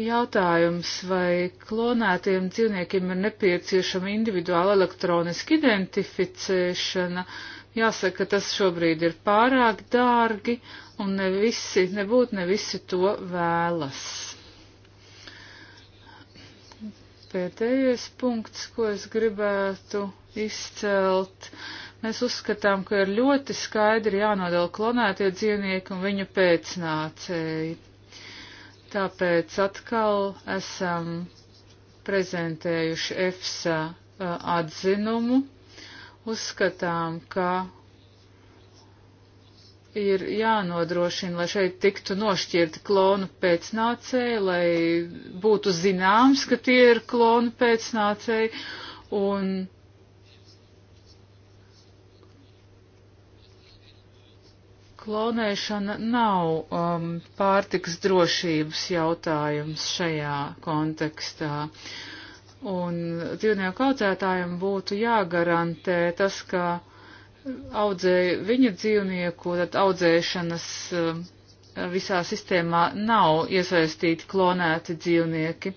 jautājums, vai klonētiem dzīvniekiem ir nepieciešama individuāla elektroniska identificēšana. Jāsaka, tas šobrīd ir pārāk dārgi un ne visi, nebūt ne visi to vēlas. Pēdējais punkts, ko es gribētu izcelt, mēs uzskatām, ka ir ļoti skaidri jānodala klonētie dzīvnieki un viņu pēcnācēji Tāpēc atkal esam prezentējuši EFSA atzinumu. Uzskatām, ka ir jānodrošina, lai šeit tiktu nošķirti klonu pēcnācēji, lai būtu zināms, ka tie ir klonu pēcnācēji, un klonēšana nav um, pārtiks drošības jautājums šajā kontekstā. Un dzīvnieku audzētājiem būtu jāgarantē tas, ka audzēja viņa dzīvnieku, tad audzēšanas um, visā sistēmā nav iesaistīti klonēti dzīvnieki.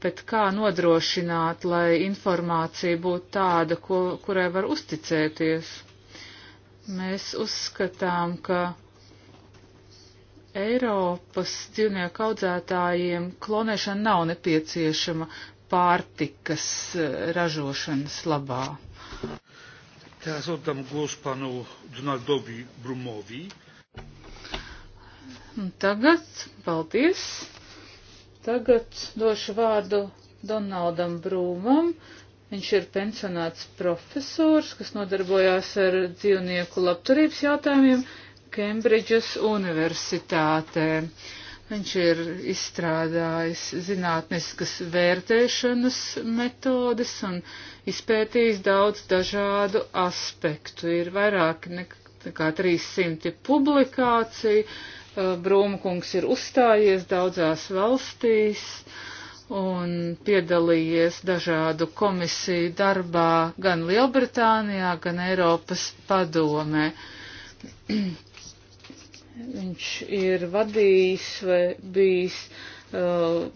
Bet kā nodrošināt, lai informācija būtu tāda, ko, kurai var uzticēties? Mēs uzskatām, ka Eiropas dzīvnieku audzētājiem klonēšana nav nepieciešama pārtikas eh, ražošanas labā. Teraz oddam głos panu Donaldowi Brumowi. Tagad, paldies. Tagad došu vārdu Donaldam Brūmam, Viņš ir pensionāts profesors, kas nodarbojās ar dzīvnieku labturības jautājumiem Kembridžas universitātē. Viņš ir izstrādājis zinātniskas vērtēšanas metodes un izpētījis daudz dažādu aspektu. Ir vairāk nekā 300 publikāciju. Brūmkungs ir uzstājies daudzās valstīs. Uh, un piedalījies dažādu komisiju darbā gan Lielbritānijā, gan Eiropas padomē. [CLEARS THROAT] Viņš ir vadījis vai bijis uh,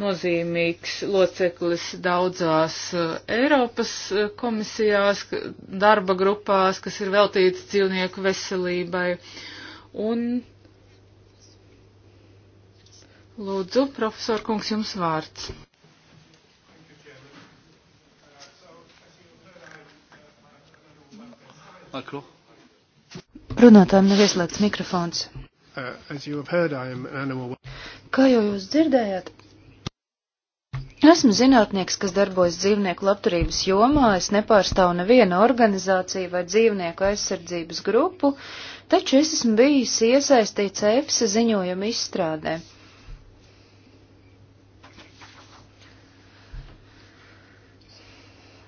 nozīmīgs loceklis daudzās uh, Eiropas uh, komisijās, darba grupās, kas ir veltīts dzīvnieku veselībai. Un Lūdzu, profesor kungs, jums vārds. Mikro. Runātājiem nav ieslēgts mikrofons. Uh, heard, an animal... Kā jau jūs dzirdējāt, esmu zinātnieks, kas darbojas dzīvnieku labturības jomā. Es nepārstāvu nevienu organizāciju vai dzīvnieku aizsardzības grupu, taču es esmu bijis iesaistīts EFSA ziņojuma izstrādē.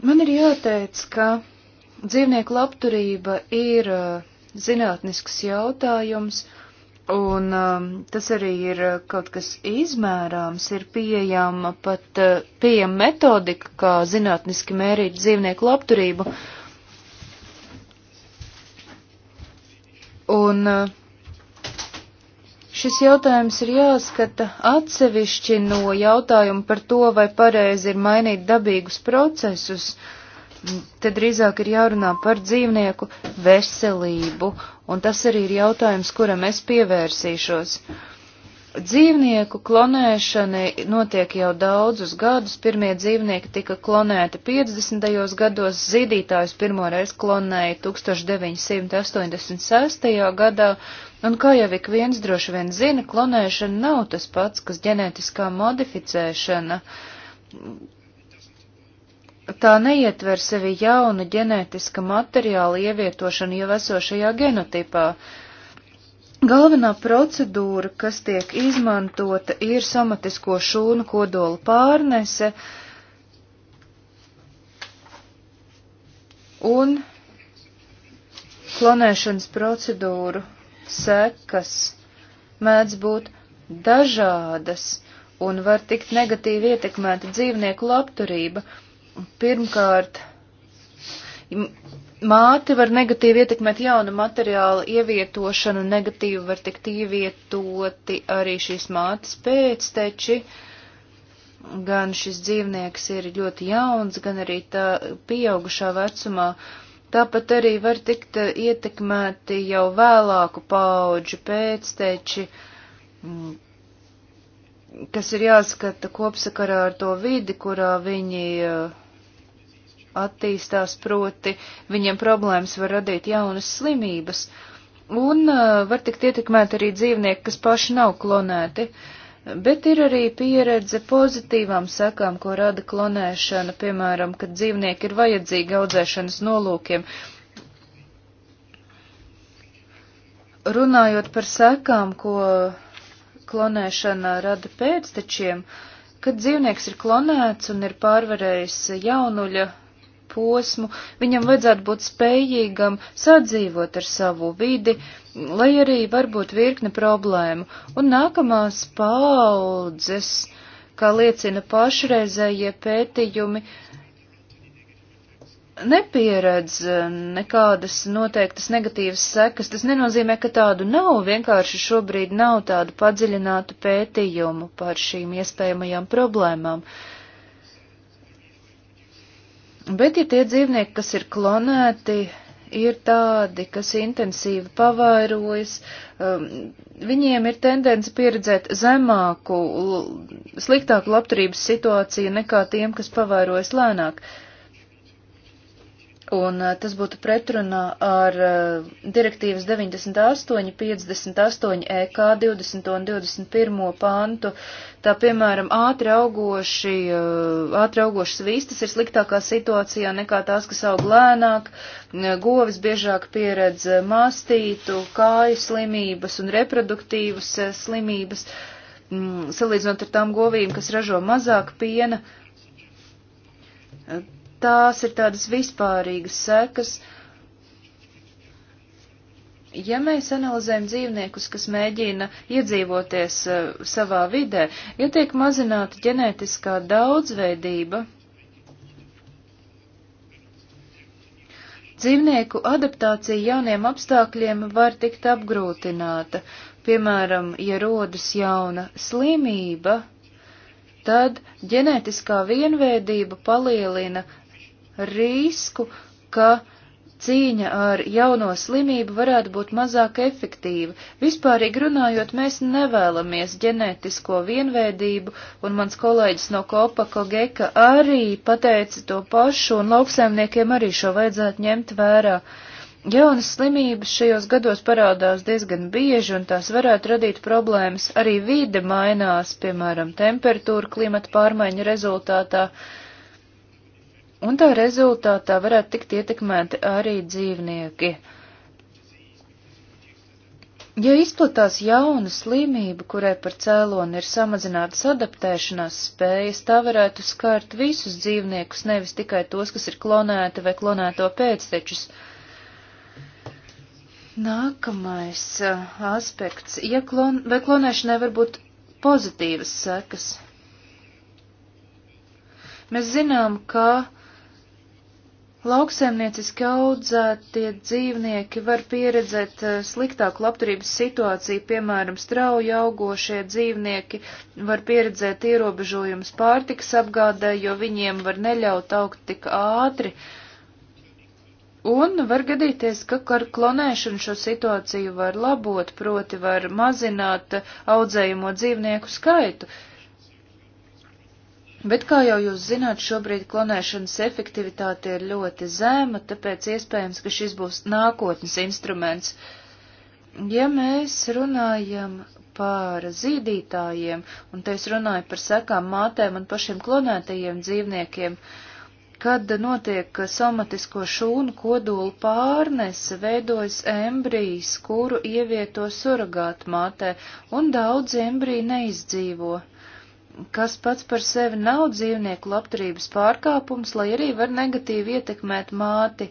Man ir jāteic, ka dzīvnieku labturība ir uh, zinātnisks jautājums, un um, tas arī ir uh, kaut kas izmērāms, ir pieejama pat uh, pieejama metodika, kā zinātniski mērīt dzīvnieku labturību. Un uh, Šis jautājums ir jāskata atsevišķi no jautājuma par to, vai pareizi ir mainīt dabīgus procesus. Te drīzāk ir jārunā par dzīvnieku veselību, un tas arī ir jautājums, kuram es pievērsīšos. Dzīvnieku klonēšana notiek jau daudzus gadus. Pirmie dzīvnieki tika klonēti 50. gados, zīdītājus pirmoreiz klonēja 1986. gadā Un kā jau ik viens droši vien zina, klonēšana nav tas pats, kas ģenētiskā modificēšana. Tā neietver sevi jaunu ģenētiska materiāla ievietošanu jau esošajā genotipā. Galvenā procedūra, kas tiek izmantota, ir somatisko šūnu kodola pārnese un klonēšanas procedūru sekas mēdz būt dažādas un var tikt negatīvi ietekmēta dzīvnieku labturība. Pirmkārt, māte var negatīvi ietekmēt jaunu materiālu ievietošanu, negatīvi var tikt ievietoti arī šīs mātes pēcteči. Gan šis dzīvnieks ir ļoti jauns, gan arī tā pieaugušā vecumā uh, Tāpat arī var tikt eh, ietekmēti jau vēlāku pauģu pēcteči, mm, kas ir jāskata kopsakarā ar to vidi, kurā viņi eh, attīstās, proti viņiem problēmas var radīt jaunas slimības, un eh, var tikt ietekmēti arī dzīvnieki, kas paši nav klonēti. Uh, bet ir arī pieredze pozitīvām sakām, ko rada klonēšana, piemēram, kad dzīvnieki ir vajadzīgi audzēšanas nolūkiem. Runājot par sakām, ko klonēšana rada pēctečiem, kad dzīvnieks ir klonēts un ir pārvarējis jaunuļa posmu, viņam vajadzētu būt spējīgam sadzīvot ar savu vidi, uh, lai arī varbūt virkne problēmu, un nākamās paudzes, kā liecina pašreizējie pētījumi, nepieredz e, nekādas noteiktas negatīvas sekas. Tas nenozīmē, ka tādu nav, vienkārši šobrīd nav tādu padziļinātu pētījumu par šīm iespējamajām problēmām. Bet, ja tie dzīvnieki, kas ir klonēti, ir tādi, kas intensīvi pavairojas, um, viņiem ir tendence pieredzēt zemāku, sliktāku labturības situāciju nekā tiem, kas pavairojas lēnāk. Uh, un eh, tas būtu pretrunā ar eh, direktīvas 98, 58, EK 20 un 21 pantu. Tā piemēram, ātri augoši, eh, ātri augošas vistas ir sliktākā situācijā nekā tās, kas aug lēnāk, govis biežāk pieredz mastītu, kāju slimības un reproduktīvas slimības, mm, salīdzinot ar tām govīm, kas ražo mazāk piena tās ir tādas vispārīgas sekas. Ja mēs analizējam dzīvniekus, kas mēģina iedzīvoties uh, savā vidē, ja tiek mazināta ģenētiskā daudzveidība, dzīvnieku adaptācija jauniem apstākļiem var tikt apgrūtināta. Piemēram, ja rodas jauna slimība, tad ģenētiskā vienveidība palielina risku, ka cīņa ar jauno slimību varētu būt mazāk efektīva. Vispārīgi runājot, mēs nevēlamies ģenētisko vienveidību, un mans kolēģis no Kopako Geka arī pateica to pašu, un lauksaimniekiem arī šo vajadzētu ņemt vērā. Jaunas slimības šajos gados parādās diezgan bieži, un tās varētu radīt problēmas. Arī vide mainās, piemēram, temperatūra klimata pārmaiņu rezultātā. Uh, un tā rezultātā varētu tikt ietekmēti arī dzīvnieki. Ja izplatās jauna slimība, kurai par cēloni ir samazinātas adaptēšanās spējas, tā varētu skart visus dzīvniekus, nevis tikai tos, kas ir klonēti vai klonēto pēctečus. Nākamais uh, aspekts. Ja klon, vai klonēšanai var būt pozitīvas sekas? Mēs zinām, ka Lauksaimnieciski audzētie dzīvnieki var pieredzēt eh, sliktāku labturības situāciju, piemēram, strauji augošie dzīvnieki var pieredzēt ierobežojumus pārtiks apgādē, jo viņiem var neļaut augt tik ātri. Un var gadīties, ka ar klonēšanu šo situāciju var labot, proti var mazināt audzējumu dzīvnieku skaitu. Uh, Bet, kā jau jūs zināt, šobrīd klonēšanas efektivitāte ir ļoti zema, tāpēc iespējams, ka šis būs nākotnes instruments. Ja mēs runājam par zīdītājiem, un te es runāju par sekām mātēm un pašiem klonētajiem dzīvniekiem, kad notiek somatisko šūnu kodolu pārnese, veidojas embrijs, kuru ievieto suragāt mātē, un daudz embriju neizdzīvo kas pats par sevi nav dzīvnieku labturības pārkāpums, lai arī var negatīvi ietekmēt māti.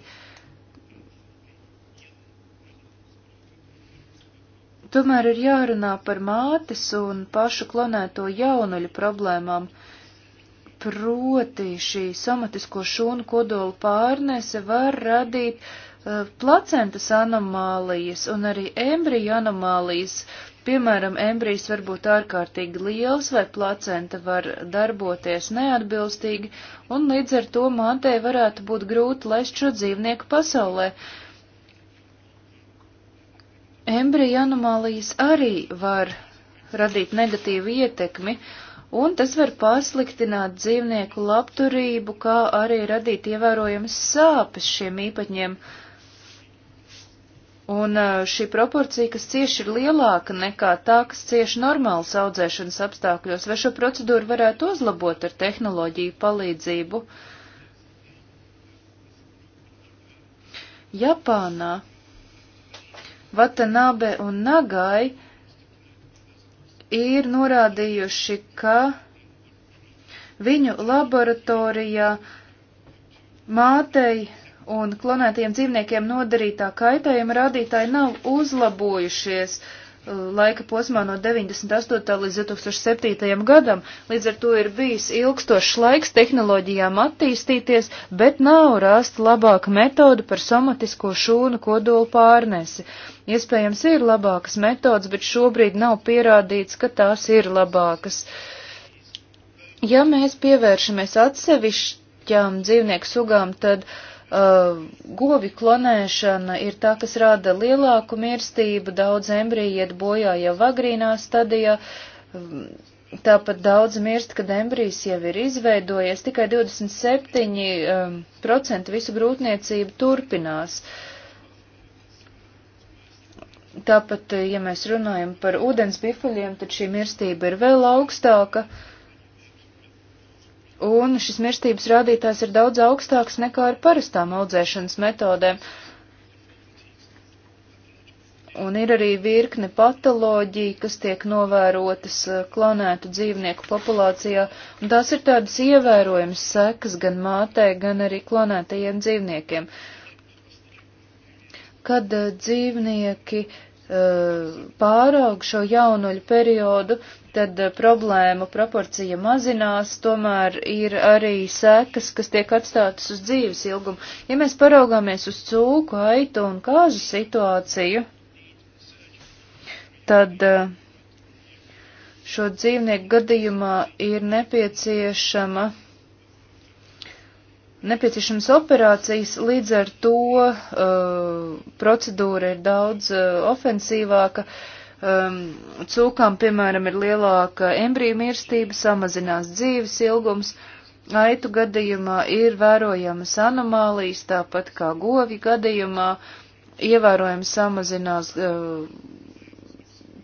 Tomēr ir jārunā par mātes un pašu klonēto jaunuļu problēmām, proti šī somatisko šūnu kodolu pārnese var radīt uh, placentas anomālijas un arī embriju anomālijas, uh, Piemēram, embrijs var būt ārkārtīgi liels vai placenta var darboties neatbilstīgi, un līdz ar to mātei varētu būt grūti laist šo dzīvnieku pasaulē. Embrija anomālijas arī var radīt negatīvu ietekmi, un tas var pasliktināt dzīvnieku labturību, kā arī radīt ievērojamas sāpes šiem īpaņiem. Uh, Un uh, šī proporcija, kas cieši ir lielāka nekā tā, kas cieši normālas audzēšanas apstākļos, vai šo procedūru varētu uzlabot ar tehnoloģiju palīdzību? Japānā Vatanabe un Nagai ir norādījuši, ka viņu laboratorijā mātei un klonētiem dzīvniekiem nodarītā kaitējuma rādītāji nav uzlabojušies uh, laika posmā no 98. līdz 2007. gadam, līdz ar to ir bijis ilgstošs laiks tehnoloģijām attīstīties, bet nav rasta labāka metoda par somatisko šūnu kodolu pārnesi. Iespējams, ir labākas metodas, bet šobrīd nav pierādīts, ka tās ir labākas. Ja mēs pievēršamies atsevišķām dzīvnieku sugām, tad uh, uh, govi klonēšana ir tā, kas rada lielāku mirstību, daudz embriju iet bojā jau agrīnā stadijā, um, tāpat daudz mirst, kad embrijs jau ir izveidojies, tikai 27% um, visu grūtniecību turpinās. Tāpat, ja mēs runājam par ūdens bifuļiem, tad šī mirstība ir vēl augstāka. Uh, un šis mirstības rādītājs ir daudz augstāks nekā ar parastām audzēšanas metodēm. Un ir arī virkne patoloģija, kas tiek novērotas eh, klonētu dzīvnieku populācijā, un tās ir tādas ievērojamas sekas gan mātē, gan arī klonētajiem dzīvniekiem. Kad eh, dzīvnieki eh, pāraug šo jaunuļu periodu, tad eh, problēmu proporcija mazinās, tomēr ir arī sekas, kas tiek atstātas uz dzīves ilgumu. Ja mēs paraugāmies uz cūku, aitu un kāzu situāciju, tad eh, šo dzīvnieku gadījumā ir nepieciešama, nepieciešams operācijas, līdz ar to uh, procedūra ir daudz uh, ofensīvāka. Uh, um, cūkām, piemēram, ir lielāka embriju mirstība, samazinās dzīves ilgums, aitu gadījumā ir vērojamas anomālijas, tāpat kā govi gadījumā ievērojami samazinās uh,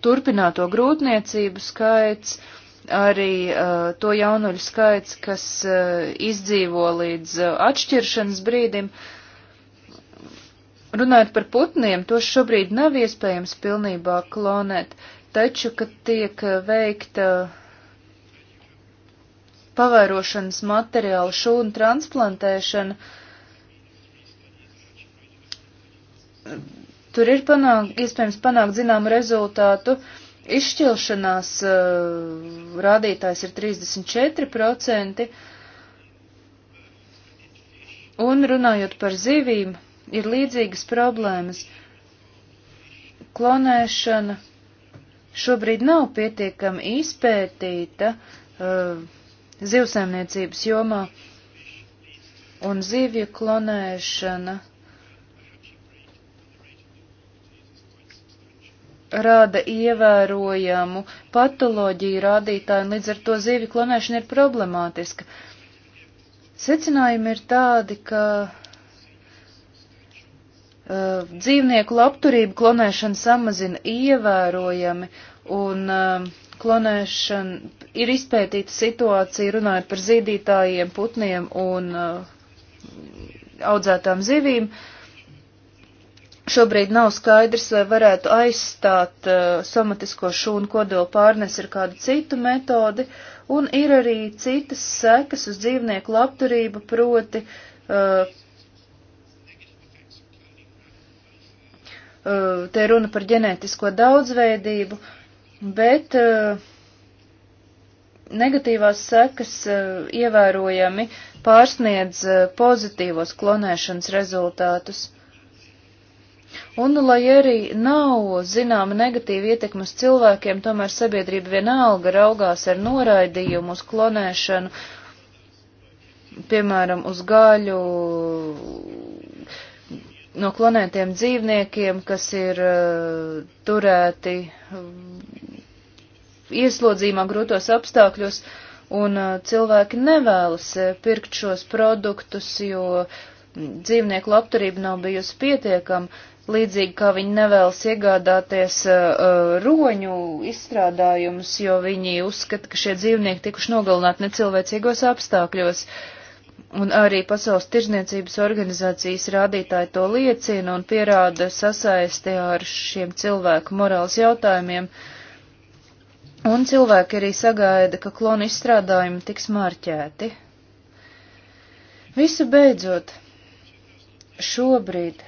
turpināto grūtniecību skaits, arī uh, to jaunuļu skaits, kas uh, izdzīvo līdz uh, atšķiršanas brīdim. Uh, Runājot par putniem, tos šobrīd nav iespējams pilnībā klonēt, taču, kad tiek eh, veikta pavērošanas materiāla šūnu transplantēšana, tur ir panāk, iespējams panākt zināmu rezultātu. Izšķilšanās uh, rādītājs ir 34%, un runājot par zivīm, ir līdzīgas problēmas. Klonēšana šobrīd nav pietiekami izpētīta uh, zivsaimniecības jomā, un zivju klonēšana rāda ievērojamu patoloģiju rādītāju, un līdz ar to zivju klonēšana ir problemātiska. Secinājumi ir tādi, ka Uh, dzīvnieku labturību klonēšana samazina ievērojami, un uh, klonēšana ir izpētīta situācija runājot par zīdītājiem, putniem un uh, audzētām zivīm. Šobrīd nav skaidrs, vai varētu aizstāt uh, somatisko šūnu kodolu pārnes ar kādu citu metodi, un ir arī citas sekas uz dzīvnieku labturību, proti uh, Eh, te runa par ģenētisko daudzveidību, bet eh, negatīvās sekas eh, ievērojami pārsniedz pozitīvos klonēšanas rezultātus. Un, nu, lai arī nav zināma negatīva ietekme uz cilvēkiem, tomēr sabiedrība vienalga raugās ar noraidījumu uz klonēšanu, piemēram, uz gaļu, no klonētiem dzīvniekiem, kas ir uh, turēti uh, ieslodzījumā grūtos apstākļos, un uh, cilvēki nevēlas uh, pirkt šos produktus, jo mm, dzīvnieku labturība nav bijusi pietiekama, līdzīgi kā viņi nevēlas iegādāties uh, uh, roņu izstrādājumus, jo viņi uzskata, ka šie dzīvnieki tikuši nogalināti necilvēcīgos apstākļos. Uh, un arī Pasaules tirzniecības organizācijas rādītāji to liecina un pierāda sasaisti ar šiem cilvēku morāls jautājumiem, un cilvēki arī sagaida, ka klonu izstrādājumi tiks mārķēti. Visu beidzot, šobrīd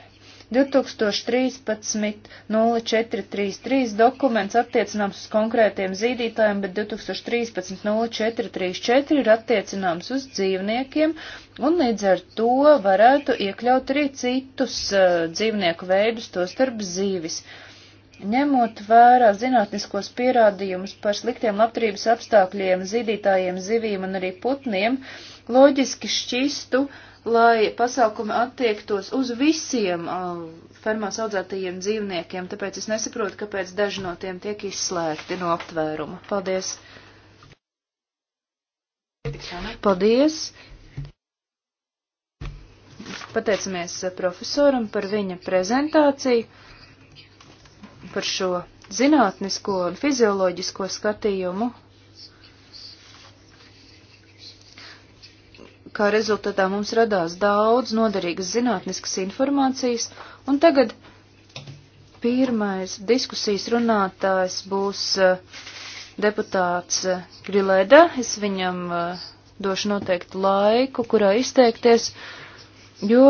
2013.0433 dokuments attiecināms uz konkrētiem zīdītājiem, bet 2013.0434 ir attiecināms uz dzīvniekiem, un līdz ar to varētu iekļaut arī citus uh, dzīvnieku veidus, tostarp zīvis. Ņemot vērā zinātniskos pierādījumus par sliktiem labturības apstākļiem, zīdītājiem, zivīm un arī putniem, loģiski šķistu, uh, lai pasākumi attiektos uz visiem uh, fermās audzētajiem dzīvniekiem, tāpēc es nesaprotu, kāpēc daži no tiem tiek izslēgti no aptvēruma. Paldies! Paldies! Pateicamies uh, profesoram par viņa prezentāciju, par šo zinātnisko un fizioloģisko skatījumu kā rezultātā mums radās daudz noderīgas zinātniskas informācijas, un tagad pirmais diskusijas runātājs būs eh, deputāts eh, Grilēda. Es viņam eh, došu noteiktu laiku, kurā izteikties, jo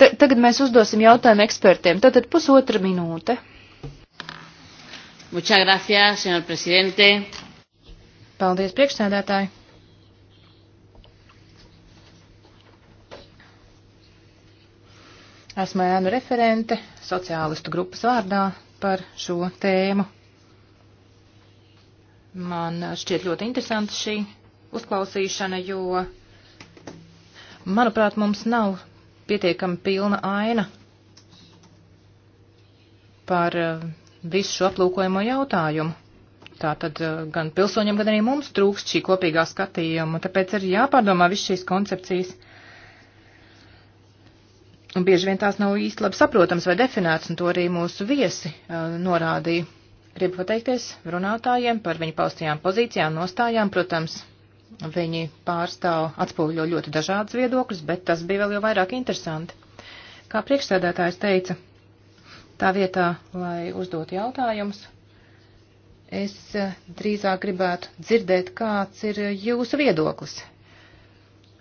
te, tagad mēs uzdosim jautājumu ekspertiem. Tātad pusotra minūte. Muchas gracias, señor presidente. Paldies, priekšsēdētāji. Esmu ēnu referente sociālistu grupas vārdā par šo tēmu. Man šķiet ļoti interesanta šī uzklausīšana, jo, manuprāt, mums nav pietiekami pilna aina par eh, visu šo aplūkojamo jautājumu. Tātad eh, gan pilsoņiem, gan arī mums trūkst šī kopīgā skatījuma, tāpēc ir jāpārdomā viss šīs koncepcijas. Un bieži vien tās nav īsti labi saprotams vai definēts, un to arī mūsu viesi uh, norādīja. Gribu pateikties runātājiem par viņu paustajām pozīcijām, nostājām, protams, viņi pārstāv atspoguļo ļoti dažādas viedokļus, bet tas bija vēl jau vairāk interesanti. Kā priekšsēdētājs teica, tā vietā, lai uzdot jautājumus, es uh, drīzāk gribētu dzirdēt, kāds ir jūsu viedoklis.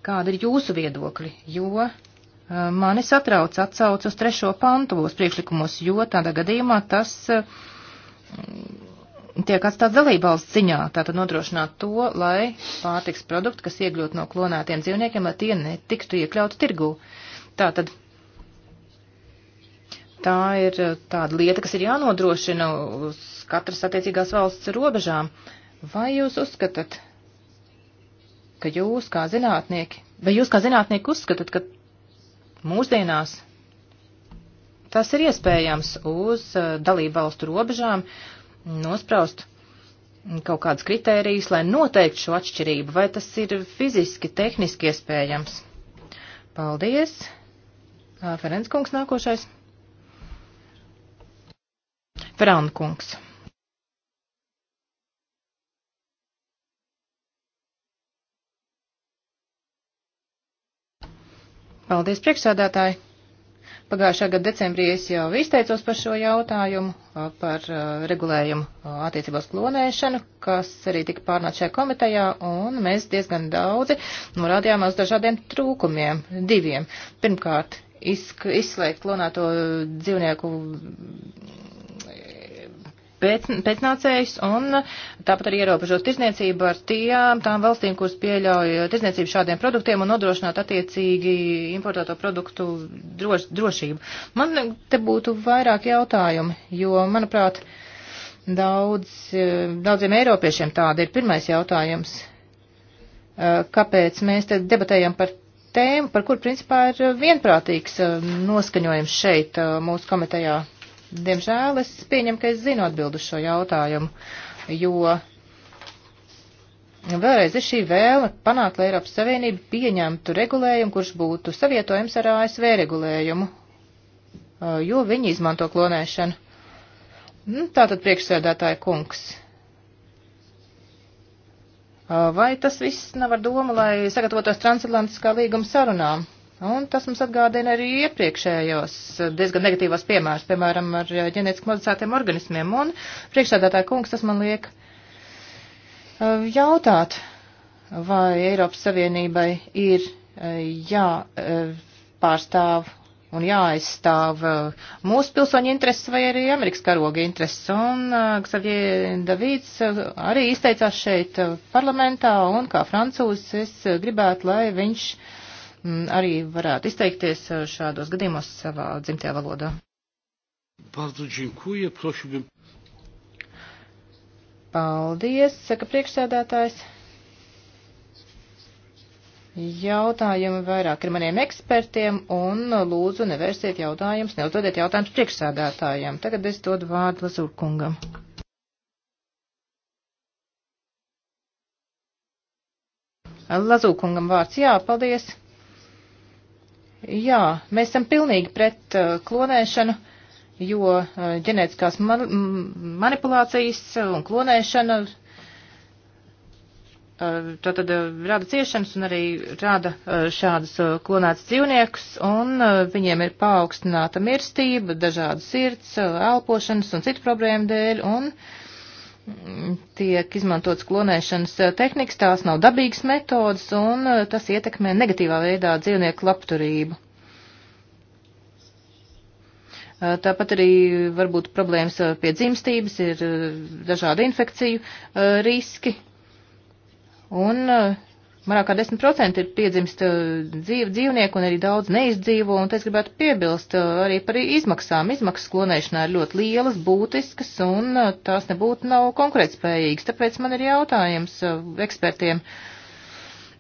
Kāda ir jūsu viedokļi, jo Eh, mani satrauc atsauc uz trešo pantu būs priekšlikumos, jo tādā gadījumā tas eh, tiek atstāts dalībvalsts ziņā, tātad nodrošināt to, lai pārtiks produkti, kas iegļūt no klonētiem dzīvniekiem, lai tie netiktu iekļauti tirgū. Tātad tā ir eh, tāda lieta, kas ir jānodrošina uz katras attiecīgās valsts robežām. Vai jūs uzskatat, ka jūs kā zinātnieki, vai jūs kā zinātnieki uzskatat, ka mūsdienās tas ir iespējams uz uh, dalību valstu robežām nospraust kaut kādas kritērijas, lai noteiktu šo atšķirību, vai tas ir fiziski, tehniski iespējams. Paldies. Uh, Ferenc kungs nākošais. Ferāna kungs. Paldies, priekšsādātāji! Pagājušā gada decembrī es jau izteicos par šo jautājumu, par regulējumu attiecībās klonēšanu, kas arī tika pārnāt šajā komitejā, un mēs diezgan daudzi norādījām uz dažādiem trūkumiem, diviem. Pirmkārt, izslēgt klonēto dzīvnieku pēc, pēcnācējus un tāpat arī ierobežot tirzniecību ar tiem, tām valstīm, kuras pieļauj tirzniecību šādiem produktiem un nodrošināt attiecīgi importēto produktu droš, drošību. Man te būtu vairāk jautājumi, jo, manuprāt, daudz, daudziem eiropiešiem tāda ir pirmais jautājums. Kāpēc mēs te debatējam par tēmu, par kur principā ir vienprātīgs noskaņojums šeit mūsu komitejā? Diemžēl es pieņemu, ka es zinu atbildu šo jautājumu, jo vēlreiz ir šī vēlme panākt, lai Eiropas Savienība pieņemtu regulējumu, kurš būtu savietojams ar ASV regulējumu, jo viņi izmanto klonēšanu. Nu, tātad priekšsēdētāja kungs. Vai tas viss nav ar domu, lai sagatavotos transatlantiskā līguma sarunām? Un tas mums atgādina arī iepriekšējos eh, diezgan negatīvos piemērus, piemēram, ar eh, ģenētiski modificētiem organismiem. Un priekšsēdētāja kungs, tas man liek eh, jautāt, vai Eiropas Savienībai ir jāpārstāv un jāaizstāv mūsu pilsoņu intereses vai arī Amerikas karoga intereses. Un Xavier Davids arī izteicās šeit parlamentā, un kā francūzis es gribētu, lai viņš uh, Mm, arī varētu izteikties uh, šādos gadījumos savā dzimtajā valodā. Paldies, saka priekšsēdētājs. Jautājumi vairāk ir maniem ekspertiem un lūdzu nevērsiet jautājumus, neuzdodiet jautājumus priekšsādātājiem. Tagad es dodu vārdu Lazurkungam. Lazūkungam vārds jā, paldies. Jā, mēs esam pilnīgi pret uh, klonēšanu, jo uh, ģenētiskās man manipulācijas un klonēšana uh, tātad uh, rada ciešanas un arī rada uh, šādus uh, klonētus dzīvniekus, un viņiem ir paaugstināta mirstība, dažādu sirds, elpošanas un citu problēmu dēļ, un uh, tiek izmantotas klonēšanas eh, tehnikas, tās nav dabīgas metodas, un eh, tas ietekmē negatīvā veidā dzīvnieku labturību. Eh, tāpat arī varbūt problēmas pie dzimstības, ir dažādi infekciju riski, un Marāk kā 10% ir piedzimst uh, dzīvi dzīvnieku un arī daudz neizdzīvo, un te es gribētu piebilst uh, arī par izmaksām. Izmaksas klonēšanā ir ļoti lielas, būtiskas, un uh, tās nebūtu nav konkurētspējīgas. Tāpēc man ir jautājums ekspertiem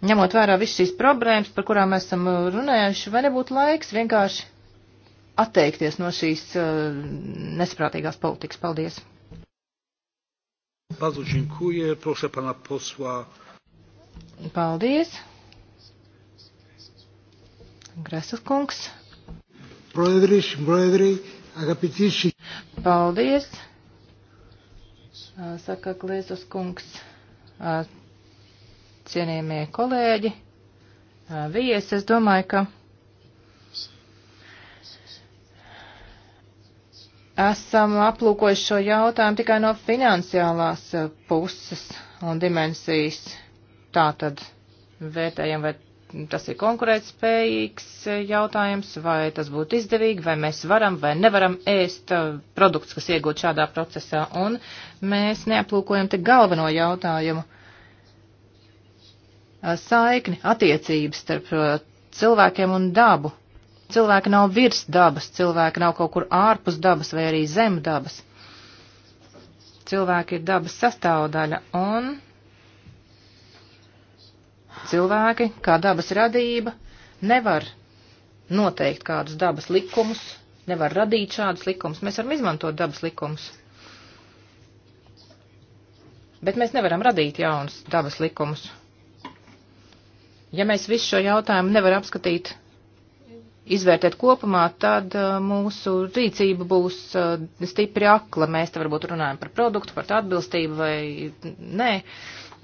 ņemot vērā visas šīs problēmas, par kurām mēs esam runājuši, vai nebūtu laiks vienkārši atteikties no šīs uh, nesaprātīgās politikas? Paldies! Bardzo dziękuję. Proszę pana posła Paldies. Grasas kungs. Broedris, broedri, agapitīši. Paldies. Saka Glēzus kungs. Cienījamie kolēģi. Vies, es domāju, ka. esam aplūkojuši šo jautājumu tikai no finansiālās puses un dimensijas. Tā tad vērtējam, vai tas ir konkurētspējīgs jautājums, vai tas būtu izdevīgi, vai mēs varam vai nevaram ēst uh, produkts, kas iegūt šādā procesā. Un mēs neaplūkojam te galveno jautājumu uh, saikni, attiecības starp uh, cilvēkiem un dabu. Cilvēki nav virs dabas, cilvēki nav kaut kur ārpus dabas vai arī zem dabas. Cilvēki ir dabas sastāvdaļa, un cilvēki, kā dabas radība, nevar noteikt kādus dabas likumus, nevar radīt šādus likumus. Mēs varam izmantot dabas likumus. Bet mēs nevaram radīt jaunus dabas likumus. Ja mēs visu šo jautājumu nevar apskatīt, izvērtēt kopumā, tad uh, mūsu rīcība būs uh, stipri akla. Mēs te varbūt runājam par produktu, par atbilstību vai nē.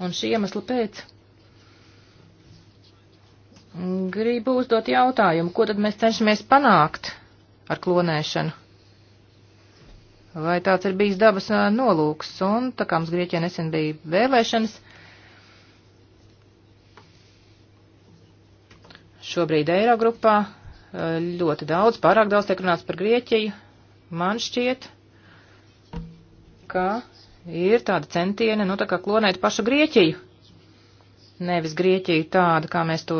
Un šī iemesla pēc Gribu uzdot jautājumu, ko tad mēs cenšamies panākt ar klonēšanu? Vai tāds ir bijis dabas nolūks? Un tā kā mums Grieķijā nesen bija vēlēšanas, šobrīd Eirogrupā ļoti daudz, pārāk daudz tiek runāts par Grieķiju. Man šķiet, ka ir tāda centiena, nu tā kā klonēt pašu Grieķiju nevis Grieķiju tādu, kā mēs to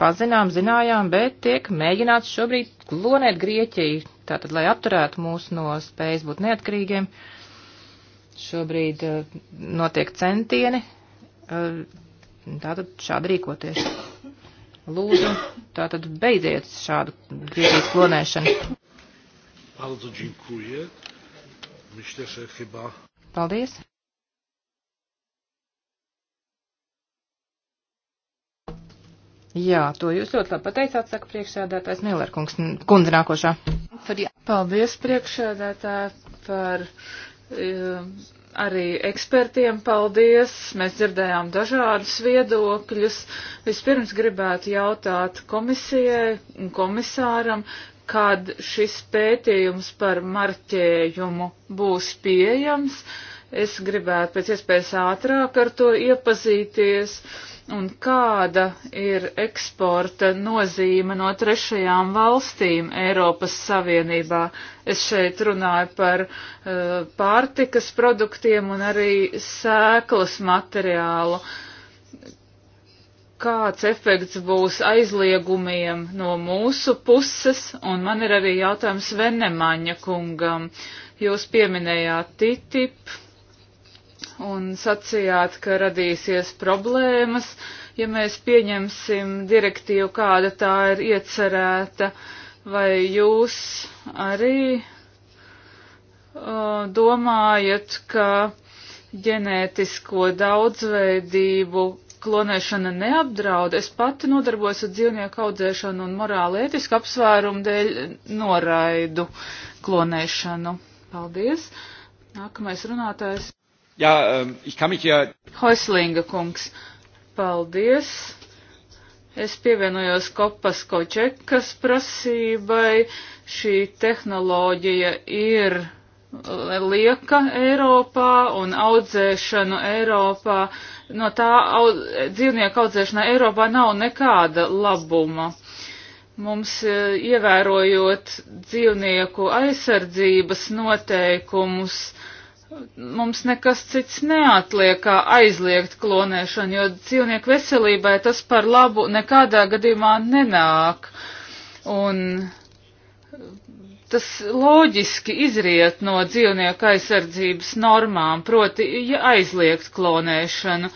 pazinām, zinājām, bet tiek mēģināts šobrīd klonēt Grieķiju, tātad, lai apturētu mūs no spējas būt neatkarīgiem. Šobrīd uh, notiek centieni, uh, tātad šādi rīkoties. Lūdzu, tātad beidziet šādu Grieķijas klonēšanu. Paldies. Jā, to jūs ļoti labi pateicāt, saka priekšsēdētājs Nīlerkungs, kundze nākošā. Paldies priekšsēdētāji par e, arī ekspertiem paldies. Mēs dzirdējām dažādus viedokļus. Vispirms gribētu jautāt komisijai un komisāram, kad šis pētījums par marķējumu būs pieejams Es gribētu pēc iespējas ātrāk ar to iepazīties un kāda ir eksporta nozīme no trešajām valstīm Eiropas Savienībā. Es šeit runāju par uh, pārtikas produktiem un arī sēklas materiālu. Kāds efekts būs aizliegumiem no mūsu puses? Un man ir arī jautājums Venemaņa kungam. Jūs pieminējāt TTIP un sacījāt, ka radīsies problēmas, ja mēs pieņemsim direktīvu, kāda tā ir iecerēta. Vai jūs arī uh, domājat, ka ģenētisko daudzveidību klonēšana neapdraud. Es pati nodarbojos ar dzīvnieku audzēšanu un morāli ētisku apsvērumu dēļ noraidu klonēšanu. Paldies. Nākamais runātājs. Jā, ähm, ich kann mich ja. Hoislinga kungs, paldies. Es pievienojos kopas kočekas prasībai. Šī tehnoloģija ir lieka Eiropā un audzēšanu Eiropā. No tā aud, dzīvnieku audzēšanā Eiropā nav nekāda labuma. Mums eh, ievērojot dzīvnieku aizsardzības noteikumus, uh, mums nekas cits neatliek, kā aizliegt klonēšanu, jo dzīvnieku veselībai tas par labu nekādā gadījumā nenāk. Un tas loģiski izriet no dzīvnieku aizsardzības normām, proti ja aizliegt klonēšanu,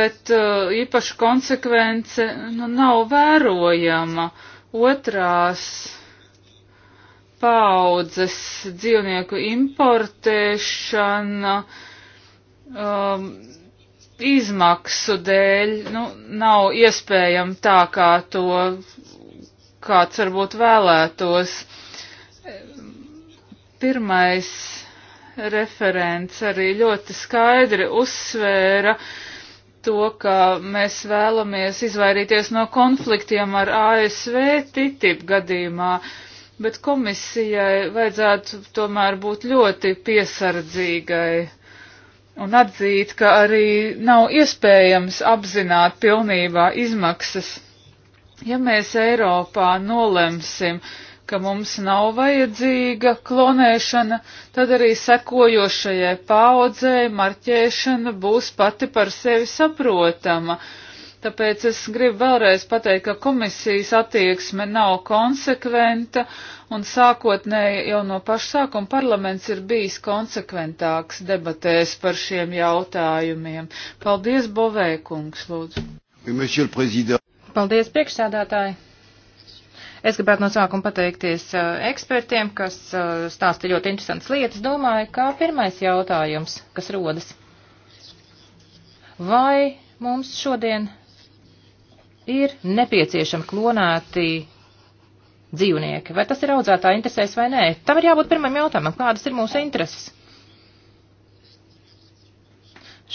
bet uh, īpaša konsekvence nu, nav vērojama. Otrās paudzes dzīvnieku importēšana um, izmaksu dēļ nu, nav iespējama tā, kā to kāds varbūt vēlētos. Pirmais referents arī ļoti skaidri uzsvēra to, ka mēs vēlamies izvairīties no konfliktiem ar ASV TTIP gadījumā. Uh, bet komisijai vajadzētu tomēr būt ļoti piesardzīgai un atzīt, ka arī nav iespējams apzināt pilnībā izmaksas. Ja mēs Eiropā nolemsim, ka mums nav vajadzīga klonēšana, tad arī sekojošajai paudzei marķēšana būs pati par sevi saprotama Tāpēc es gribu vēlreiz pateikt, ka komisijas attieksme nav konsekventa un sākotnēji jau no paša sākuma parlaments ir bijis konsekventāks debatēs par šiem jautājumiem. Paldies, Bovēkungs, lūdzu. Paldies, priekšsēdētāji. Es gribētu no sākuma pateikties uh, ekspertiem, kas uh, stāsta ļoti interesantas lietas. Domāju, kā pirmais jautājums, kas rodas. Vai mums šodien ir nepieciešami klonēti dzīvnieki. Vai tas ir audzētā interesēs vai nē? Tam ir jābūt pirmam jautājumam, kādas ir mūsu intereses.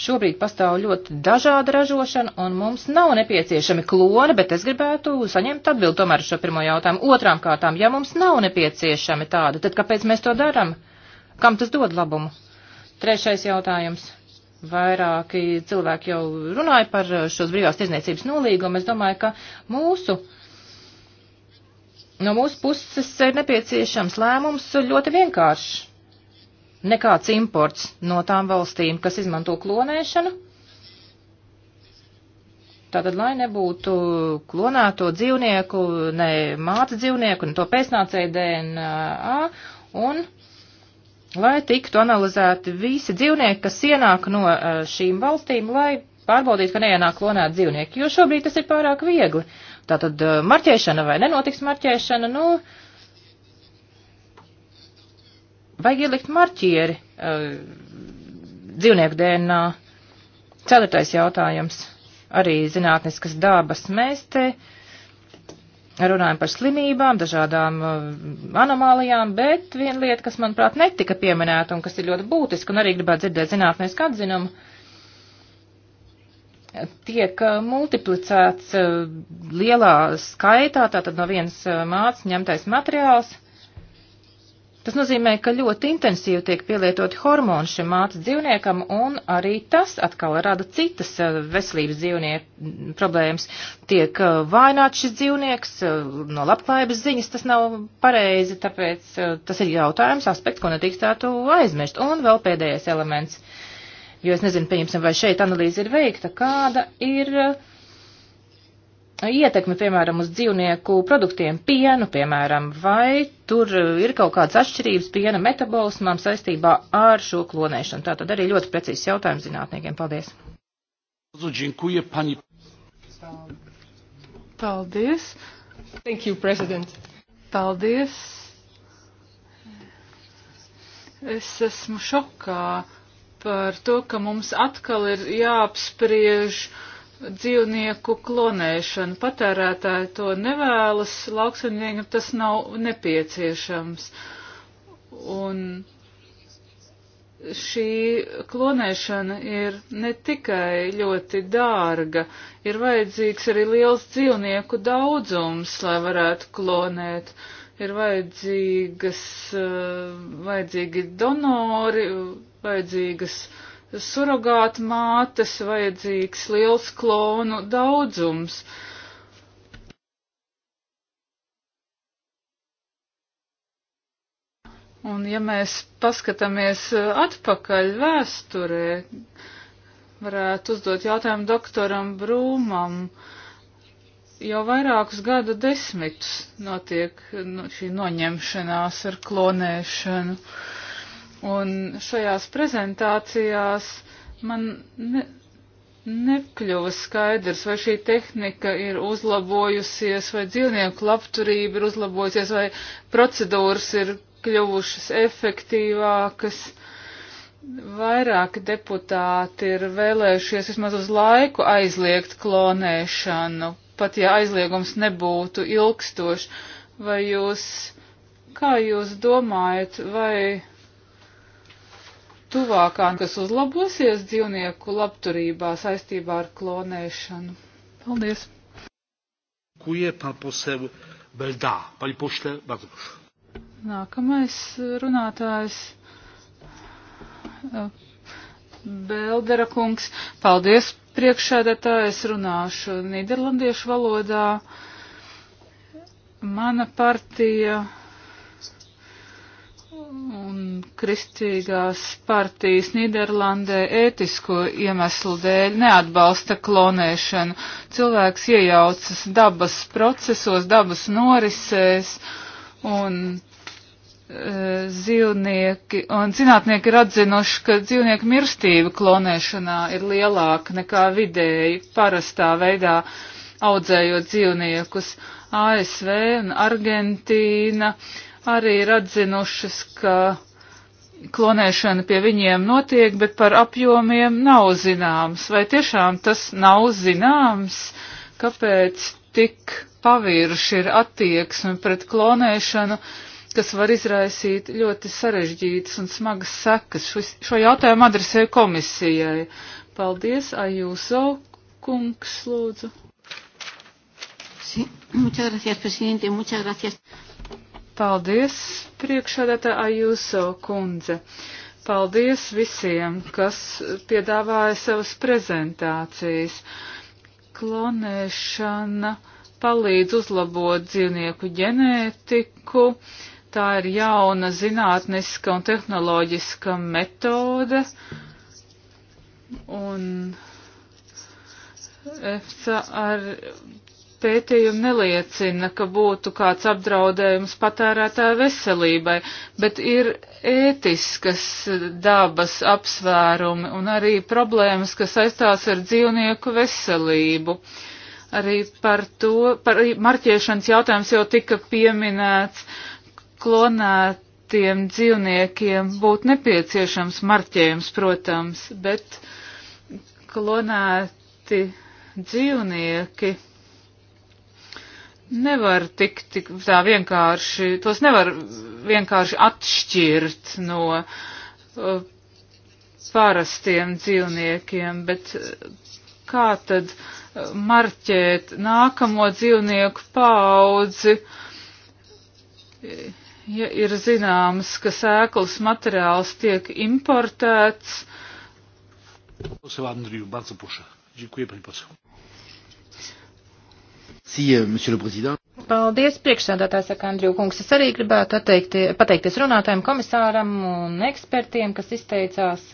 Šobrīd pastāv ļoti dažāda ražošana, un mums nav nepieciešami kloni, bet es gribētu saņemt atbildi tomēr šo pirmo jautājumu. Otrām kārtām, ja mums nav nepieciešami tādi, tad kāpēc mēs to darām? Kam tas dod labumu? Trešais jautājums. Vairāki cilvēki jau runāja par šos brīvās tirdzniecības nolīgumu. Es domāju, ka mūsu, no mūsu puses ir nepieciešams lēmums ļoti vienkāršs. Nekāds imports no tām valstīm, kas izmanto klonēšanu. Tātad, lai nebūtu klonēto dzīvnieku, ne māca dzīvnieku, ne to pēcnācēju DNA, un lai tiktu analizēti visi dzīvnieki, kas ienāk no šīm valstīm, lai pārbaudītu, ka neienāk klonēti dzīvnieki, jo šobrīd tas ir pārāk viegli. Tātad marķēšana vai nenotiks marķēšana, nu, vajag ielikt marķieri dzīvnieku DNA. Ceturtais jautājums, arī zinātniskas dabas. Mēs te uh, runājam par slimībām, dažādām uh, anomālijām, bet viena lieta, kas, manuprāt, netika pieminēta un kas ir ļoti būtiska un arī gribētu dzirdēt zinātnieku atzinumu, tiek uh, multiplicēts uh, lielā skaitā, tātad no vienas mācas ņemtais materiāls – Tas nozīmē, ka ļoti intensīvi tiek pielietoti hormoni šim mācas dzīvniekam, un arī tas atkal rada citas eh, veselības dzīvnieku problēmas. Tiek eh, vaināts šis dzīvnieks, eh, no labklājības ziņas tas nav pareizi, tāpēc tas ir jautājums, aspekts, ko netīkstētu aizmirst. Un vēl pēdējais elements, jo es nezinu, pieņemsim, vai šeit analīze ir veikta, kāda ir. Uh, ietekme, piemēram, uz dzīvnieku produktiem, pienu, piemēram, vai tur e, ir kaut kādas atšķirības piena metabolismām saistībā ar šo klonēšanu? Tā tad arī ļoti precīzs jautājums zinātniekiem. Paldies! Paldies! Thank you, President! Paldies! Es esmu šokā par to, ka mums atkal ir jāapspriež uh, dzīvnieku klonēšanu. Patērētāji to nevēlas, lauksaimniekiem tas nav nepieciešams. Un šī klonēšana ir ne tikai ļoti dārga, ir vajadzīgs arī liels dzīvnieku daudzums, lai varētu klonēt. Ir vajadzīgas, eh, vajadzīgi donori, vajadzīgas uh, surogāt mātes vajadzīgs liels klonu daudzums. Un ja mēs paskatāmies eh, atpakaļ vēsturē, varētu uzdot jautājumu doktoram Brūmam. Jau vairākus gadu desmitus notiek nu, šī noņemšanās ar klonēšanu. Uh, Un šajās prezentācijās man ne, nekļuva skaidrs, vai šī tehnika ir uzlabojusies, vai dzīvnieku labturība ir uzlabojusies, vai procedūras ir kļuvušas efektīvākas. Vairāki deputāti ir vēlējušies vismaz uz laiku aizliegt klonēšanu, pat ja aizliegums nebūtu ilgstošs. Vai jūs, kā jūs domājat, vai tuvākā, kas uzlabosies dzīvnieku labturībā saistībā ar klonēšanu. Paldies! Dziękuję. Pan poseł Belda. Panie pośle, bardzo proszę. Nākamais runātājs. Beldera kungs. Paldies, priekšēdētāji. Es runāšu Nīderlandiešu valodā. Mana partija un kristīgās partijas Nīderlandē ētisko iemeslu dēļ neatbalsta klonēšanu. Cilvēks iejaucas dabas procesos, dabas norisēs un e, dzīvnieki, un zinātnieki ir atzinuši, ka dzīvnieku mirstība klonēšanā ir lielāka nekā vidēji parastā veidā audzējot dzīvniekus. ASV un Argentīna uh, arī ir atzinušas, ka klonēšana pie viņiem notiek, bet par apjomiem nav zināms. Vai tiešām tas nav zināms, kāpēc tik pavirši ir attieksme pret klonēšanu, kas var izraisīt ļoti sarežģītas un smagas sekas. Šo, šo jautājumu adresēju komisijai. Paldies, Ajūso kungs, lūdzu. Sí. Muchas gracias, presidente. Muchas gracias. Paldies, priekšādātā Ajūso kundze. Paldies visiem, kas piedāvāja savas prezentācijas. Klonēšana palīdz uzlabot dzīvnieku ģenētiku. Tā ir jauna zinātniska un tehnoloģiska metode. Un EFSA ar pētījumi neliecina, ka būtu kāds apdraudējums patērētāja veselībai, bet ir ētiskas dabas apsvērumi un arī problēmas, kas saistās ar dzīvnieku veselību. Arī par to, par marķēšanas jautājums jau tika pieminēts, klonētiem dzīvniekiem būtu nepieciešams marķējums, protams, bet klonēti dzīvnieki nevar tik, tik tā vienkārši, tos nevar vienkārši atšķirt no uh, parastiem dzīvniekiem, bet uh, kā tad uh, marķēt nākamo dzīvnieku paudzi, ja ir zināms, ka sēklas materiāls tiek importēts. Andriju, Dziękuję, pani poseł. Euh, Paldies, priekšsēdētājs Andriju kungs. Es arī gribētu atteikti, pateikties runātājiem, komisāram un ekspertiem, kas izteicās.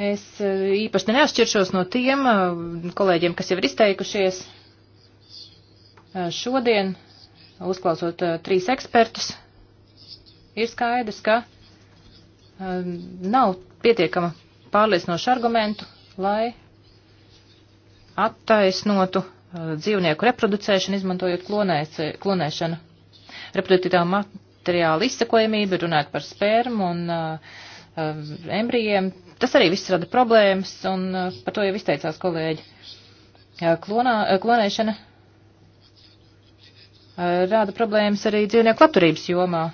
Es īpaši neatšķiršos no tiem uh, kolēģiem, kas jau ir izteikušies uh, šodien, uzklausot uh, trīs ekspertus. Ir skaidrs, ka nav pietiekama pārliecinoša argumentu, lai attaisnotu uh, dzīvnieku reproducēšanu, izmantojot klonēs, klonēšanu. Reproduktīvā materiāla izsakojamība, runājot par spermu un uh, um, embrijiem, tas arī viss rada problēmas, un uh, par to jau izteicās kolēģi. Uh, klonā, uh, klonēšana uh, rada problēmas arī dzīvnieku labturības jomā.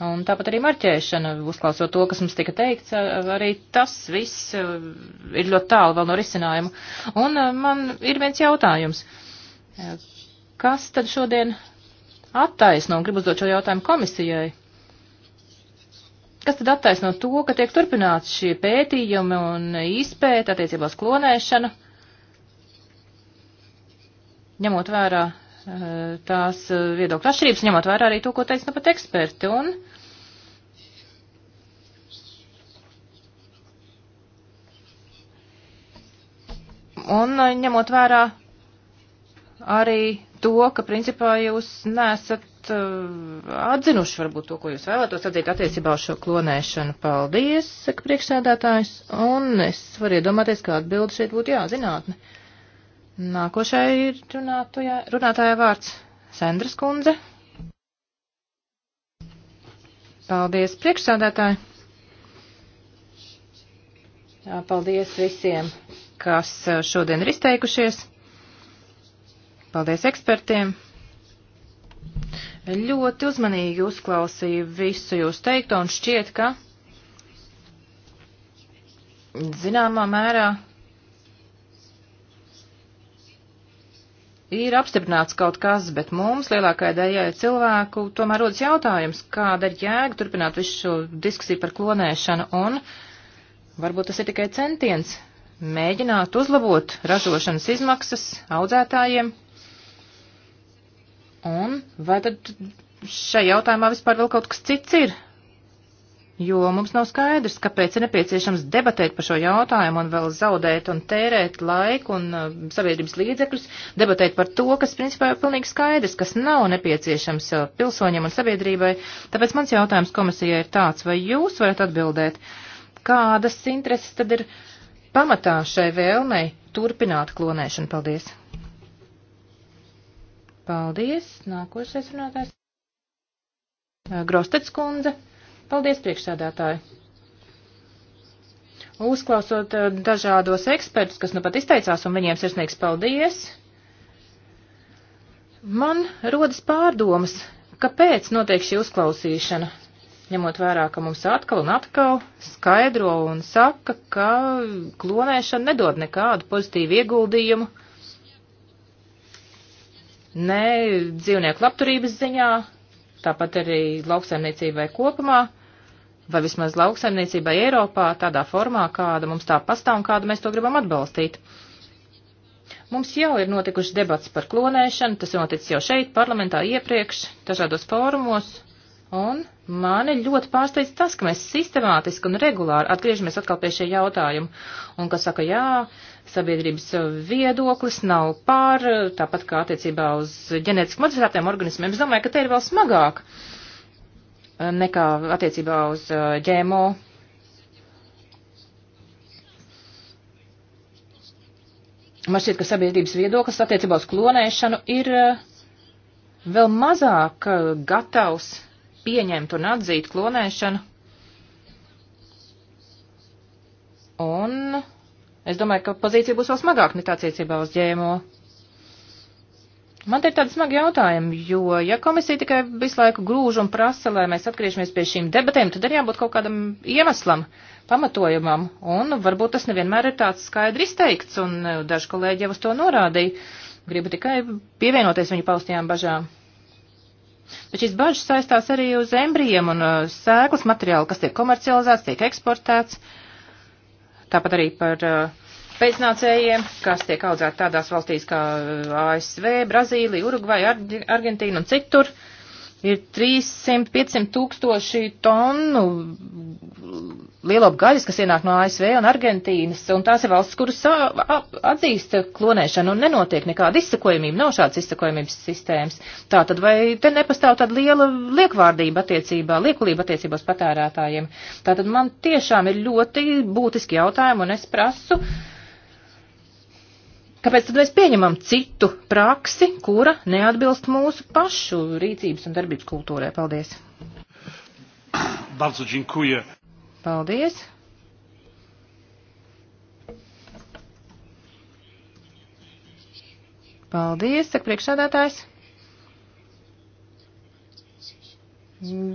Un tāpat arī marķēšana, uzklausot to, kas mums tika teikts, arī tas viss uh, ir ļoti tālu vēl no risinājuma. Un uh, man ir viens jautājums. Uh, kas tad šodien attaisno, un gribu uzdot šo jautājumu komisijai, kas tad attaisno to, ka tiek turpināts šie pētījumi un izpēta attiecībās klonēšana, ņemot vērā Eh, tās eh, viedokļa atšķirības, ņemot vērā arī to, ko teica nu pat eksperti. Un Un eh, ņemot vērā arī to, ka principā jūs nesat uh, atzinuši varbūt to, ko jūs vēlētos atzīt attiecībā uz šo klonēšanu. Paldies, saka priekšsēdētājs, un es varu iedomāties, kā atbildi šeit būtu jāzinātne. Uh, Nākošai ir runātājā, runātājā vārds Sendras kundze. Paldies, priekšsādātāji. Paldies visiem, kas šodien ir izteikušies. Paldies ekspertiem. Ļoti uzmanīgi uzklausīju visu jūs teikto un šķiet, ka zināmā mērā ir apstiprināts kaut kas, bet mums lielākajai daļai cilvēku tomēr rodas jautājums, kāda ir jēga turpināt visu šo diskusiju par klonēšanu un varbūt tas ir tikai centiens mēģināt uzlabot ražošanas izmaksas audzētājiem. Un vai tad šai jautājumā vispār vēl kaut kas cits ir? jo mums nav skaidrs, kāpēc ir nepieciešams debatēt par šo jautājumu un vēl zaudēt un tērēt laiku un uh, sabiedrības līdzekļus, debatēt par to, kas principā ir pilnīgi skaidrs, kas nav nepieciešams uh, pilsoņiem un sabiedrībai. Tāpēc mans jautājums komisijai ir tāds, vai jūs varat atbildēt, kādas intereses tad ir pamatā šai vēlmei turpināt klonēšanu? Paldies! Paldies! Nākošais runātājs. Uh, Grostets kundze. Paldies, priekšsēdētāji! Uzklausot eh, dažādos ekspertus, kas nu pat izteicās, un viņiem sirsnīgs paldies, man rodas pārdomas, kāpēc notiek šī uzklausīšana, ņemot vērā, ka mums atkal un atkal skaidro un saka, ka klonēšana nedod nekādu pozitīvu ieguldījumu ne dzīvnieku labturības ziņā, tāpat arī lauksaimniecībai kopumā vai vismaz lauksaimniecībai Eiropā tādā formā, kāda mums tā pastāv un kādu mēs to gribam atbalstīt. Mums jau ir notikušas debats par klonēšanu, tas ir noticis jau šeit, parlamentā iepriekš, dažādos fórumos, un mani ļoti pārsteidz tas, ka mēs sistemātiski un regulāri atgriežamies atkal pie šie jautājumi, un kas saka, jā, sabiedrības viedoklis nav pār, tāpat kā attiecībā uz ģenētiski modificētiem organismiem, es domāju, ka te ir vēl smagāk. Uh, nekā attiecībā uz uh, ģēmo. Man šķiet, ka sabiedrības viedoklis attiecībā uz klonēšanu ir uh, vēl mazāk uh, gatavs pieņemt un atzīt klonēšanu. Un es domāju, ka pozīcija būs vēl smagāka nekā attiecībā uz ģēmo. Man te ir tādi smagi jautājumi, jo ja komisija tikai visu laiku grūž un prasa, lai mēs atgriežamies pie šīm debatēm, tad arī jābūt kaut kādam iemeslam, pamatojumam, un varbūt tas nevienmēr ir tāds skaidri izteikts, un e, daži kolēģi jau uz to norādīja. Gribu tikai pievienoties viņu paustajām bažām. Bet šīs bažas saistās arī uz embrijiem un uh, sēklas materiālu, kas tiek komercializēts, tiek eksportēts. Tāpat arī par uh, pēcnācējiem, kas tiek audzēti tādās valstīs kā uh, ASV, Brazīlija, Urugvai, Argentīna un citur. Ir 300-500 tūkstoši tonu lielo gaļas, kas ienāk no ASV un Argentīnas, un tās ir valsts, kuras atzīst klonēšanu un nenotiek nekāda izsakojamība, nav šādas izsakojamības sistēmas. Tā tad vai te nepastāv tāda liela liekvārdība attiecībā, liekulība attiecībos patērētājiem? Tā tad man tiešām ir ļoti būtiski jautājumi, un es prasu. Uh, Kāpēc tad mēs pieņemam citu praksi, kura neatbilst mūsu pašu rīcības un darbības kultūrē? Paldies! Bardzo dziękuję. Paldies! Paldies, saka priekšsādātājs.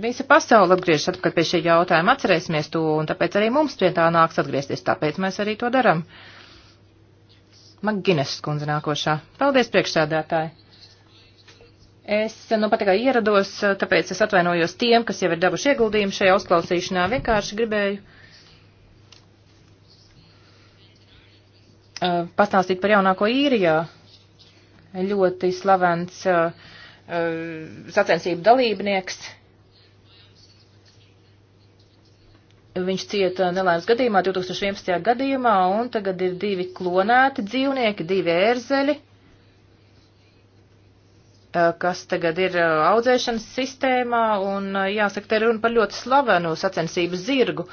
Visa pasaule atgriežas atpakaļ pie šī jautājuma, atcerēsimies to, un tāpēc arī mums pie tā nāks atgriezties, tāpēc mēs arī to darām. Magines skundze nākošā. Paldies, priekšsādātāji! Es nu pat tikai ierados, tāpēc es atvainojos tiem, kas jau ir devuši ieguldījumu šajā uzklausīšanā. Vienkārši gribēju uh, pastāstīt par jaunāko īrijā. Ļoti slavens uh, uh, sacensību dalībnieks viņš cieta nelēmas gadījumā 2011. gadījumā, un tagad ir divi klonēti dzīvnieki, divi ērzeļi, kas tagad ir audzēšanas sistēmā, un jāsaka, te ir runa par ļoti slavenu sacensību zirgu.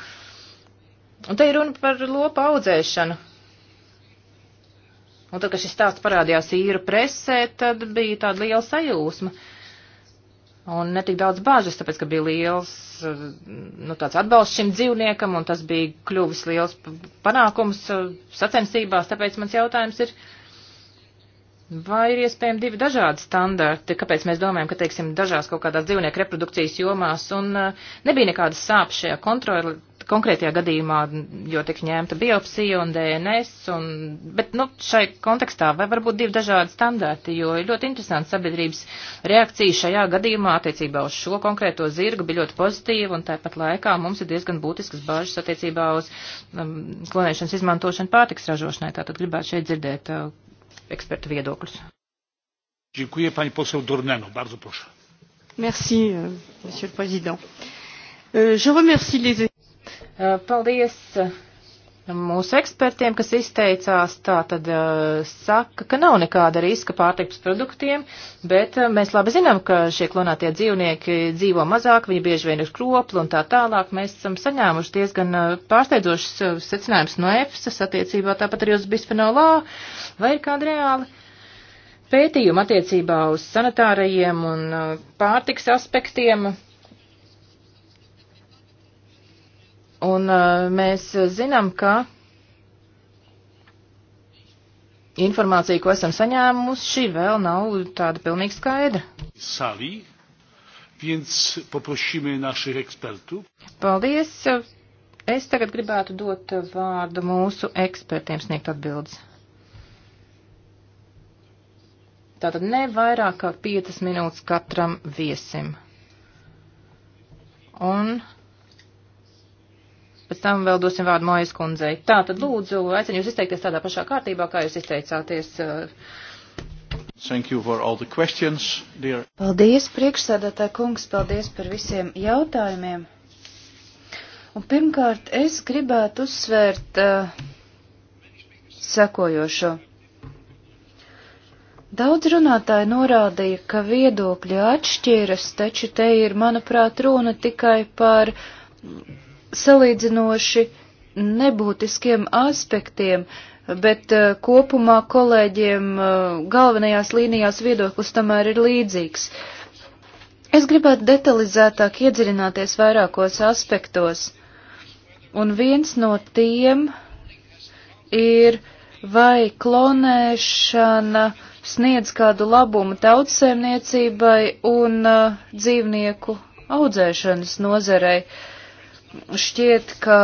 Un te ir runa par lopu audzēšanu. Un tad, kad šis stāsts parādījās īru presē, tad bija tāda liela sajūsma. Uh, un netik daudz bāžas, tāpēc, ka bija liels, eh, nu, tāds atbalsts šim dzīvniekam, un tas bija kļuvis liels panākums eh, sacensībās, tāpēc mans jautājums ir, vai ir iespējami divi dažādi standarti, kāpēc mēs domājam, ka, teiksim, dažās kaut kādās dzīvnieku reprodukcijas jomās, un eh, nebija nekādas sāpes šajā kontroli, konkrētajā gadījumā, jo tik ņemta biopsija un DNS, un, bet nu, šai kontekstā vai varbūt divi dažādi standarti, jo ir ļoti interesanti sabiedrības reakcija šajā gadījumā attiecībā uz šo konkrēto zirgu bija ļoti pozitīva, un tāpat laikā mums ir diezgan būtiskas bāžas attiecībā uz um, klonēšanas izmantošanu pārtiks ražošanai, tātad gribētu šeit dzirdēt uh, ekspertu viedokļus. Dziękuję pani poseł Dornano, bardzo proszę. Merci, euh, monsieur le président. Euh, je remercie les Eh, paldies eh, mūsu ekspertiem, kas izteicās, tā tad eh, saka, ka nav nekāda riska pārtiks produktiem, bet mēs labi zinām, ka šie klonētie dzīvnieki dzīvo mazāk, viņi bieži vien ir kropli un tā tālāk. Mēs esam saņēmuši diezgan pārsteidzošas secinājumus no EFSAS attiecībā tāpat arī uz bisfenolā. Vai ir kāda reāla? Pētījuma attiecībā uz sanitārajiem un pārtiks aspektiem Un uh, mēs zinām, ka informācija, ko esam saņēmuši, vēl nav tāda pilnīgi skaidra. Savi, viens poprosīmē naših ekspertu. Paldies. Es tagad gribētu dot vārdu mūsu ekspertiem sniegt atbildes. Tātad ne vairāk kā 5 minūtes katram viesim. Un pēc tam vēl dosim vārdu Mājas kundzei. Tā, tad lūdzu, aicinu jūs izteikties tādā pašā kārtībā, kā jūs izteicāties. Uh, Thank you for all the questions, dear. Paldies, priekšsēdētā kungs, paldies par visiem jautājumiem. Un pirmkārt, es gribētu uzsvērt uh, sekojošo. Daudz runātāji norādīja, ka viedokļi atšķiras, taču te ir, manuprāt, runa tikai par salīdzinoši nebūtiskiem aspektiem, bet uh, kopumā kolēģiem uh, galvenajās līnijās viedoklis tomēr ir līdzīgs. Es gribētu detalizētāk iedziļināties vairākos aspektos, un viens no tiem ir, vai klonēšana sniedz kādu labumu tautsēmniecībai un uh, dzīvnieku audzēšanas nozarei. Uh, šķiet, ka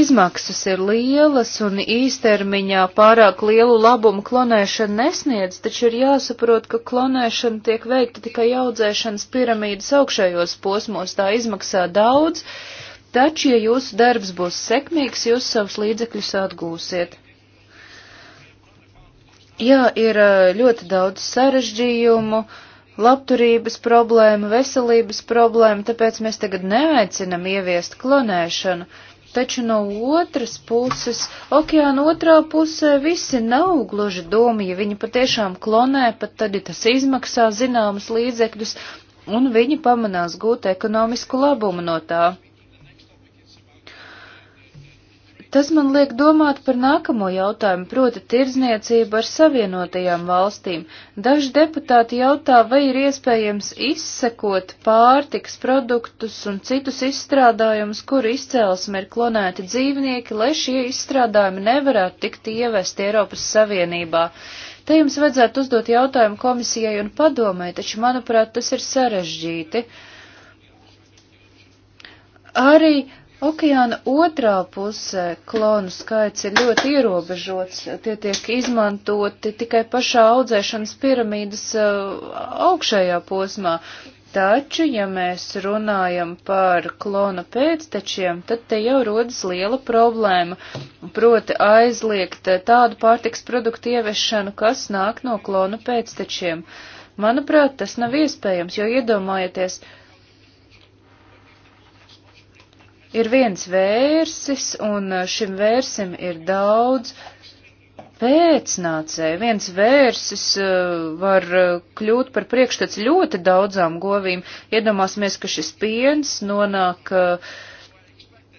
izmaksas ir lielas un īstermiņā pārāk lielu labumu klonēšana nesniedz, taču ir jāsaprot, ka klonēšana tiek veikta tikai audzēšanas piramīdas augšējos posmos, tā izmaksā daudz, taču, ja jūsu darbs būs sekmīgs, jūs savus līdzekļus atgūsiet. Jā, ir ļoti daudz sarežģījumu, uh, labturības problēma, veselības problēma, tāpēc mēs tagad neaicinam ieviest klonēšanu. Taču no otras puses, okeāna otrā pusē visi nav gluži domi, ja viņi patiešām klonē, pat tad, ja tas izmaksā zināmas līdzekļus, un viņi pamanās gūt ekonomisku labumu no tā. Tas man liek domāt par nākamo jautājumu, proti tirzniecību ar savienotajām valstīm. Daži deputāti jautā, vai ir iespējams izsekot pārtiks produktus un citus izstrādājumus, kuru izcēlesme ir klonēti dzīvnieki, lai šie izstrādājumi nevarētu tikt ievesti Eiropas Savienībā. Te jums vajadzētu uzdot jautājumu komisijai un padomai, taču, manuprāt, tas ir sarežģīti. Arī Okeāna otrā pusē klonu skaits ir ļoti ierobežots. Tie tiek izmantoti tikai pašā audzēšanas piramīdas uh, augšējā posmā. Taču, ja mēs runājam par klona pēctečiem, tad te jau rodas liela problēma, proti aizliegt tādu pārtiks produktu ieviešanu, kas nāk no klona pēctečiem. Manuprāt, tas nav iespējams, jo iedomājieties, uh, ir viens vērsis, un uh, šim vērsim ir daudz pēcnācēju. Viens vērsis uh, var uh, kļūt par priekšstats ļoti daudzām govīm. Iedomāsimies, ka šis piens nonāk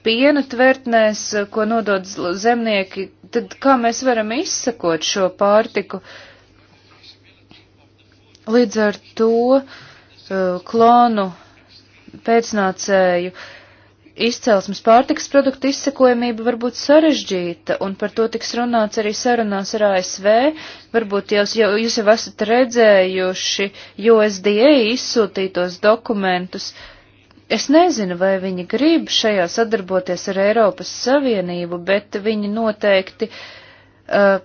piena tvertnēs, ko nodod zemnieki, tad kā mēs varam izsakot šo pārtiku? Līdz ar to klonu pēcnācēju uh, izcelsmes pārtiks produktu izsekojamība var būt sarežģīta, un par to tiks runāts arī sarunās ar ASV. Varbūt jūs jau, jūs jau esat redzējuši USDA izsūtītos dokumentus. Es nezinu, vai viņi grib šajā sadarboties ar Eiropas Savienību, bet viņi noteikti uh,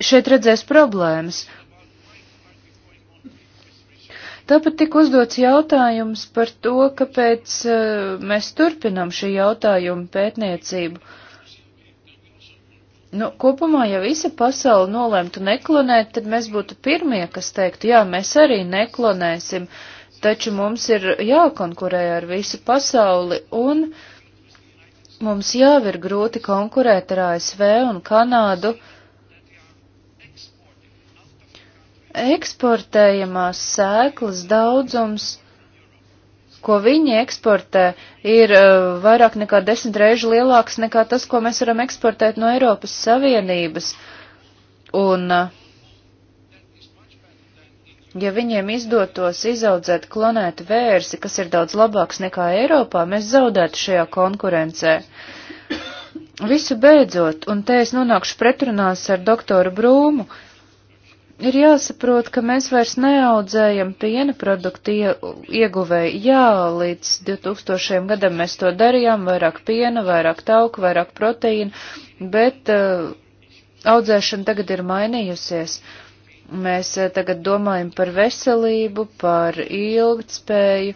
šeit redzēs problēmas. Uh, Tāpat tika uzdots jautājums par to, kāpēc uh, mēs turpinam šī jautājuma pētniecību. Nu, kopumā, ja visa pasaule nolēmtu neklonēt, tad mēs būtu pirmie, kas teiktu, jā, mēs arī neklonēsim, taču mums ir jākonkurē ar visu pasauli un mums jau ir grūti konkurēt ar ASV un Kanādu. Uh, eksportējamās sēklas daudzums, ko viņi eksportē, ir uh, vairāk nekā desmit reižu lielāks nekā tas, ko mēs varam eksportēt no Eiropas Savienības. Un, uh, ja viņiem izdotos izaudzēt klonētu vērsi, kas ir daudz labāks nekā Eiropā, mēs zaudētu šajā konkurencē. Visu beidzot, un te es nonākšu pretrunās ar doktoru Brūmu, uh, ir jāsaprot, ka mēs vairs neaudzējam piena produktu ieguvēju. Jā, līdz 2000 gadam mēs to darījām, vairāk piena, vairāk tauku, vairāk proteīna, bet uh, audzēšana tagad ir mainījusies. Mēs uh, tagad domājam par veselību, par ilgtspēju,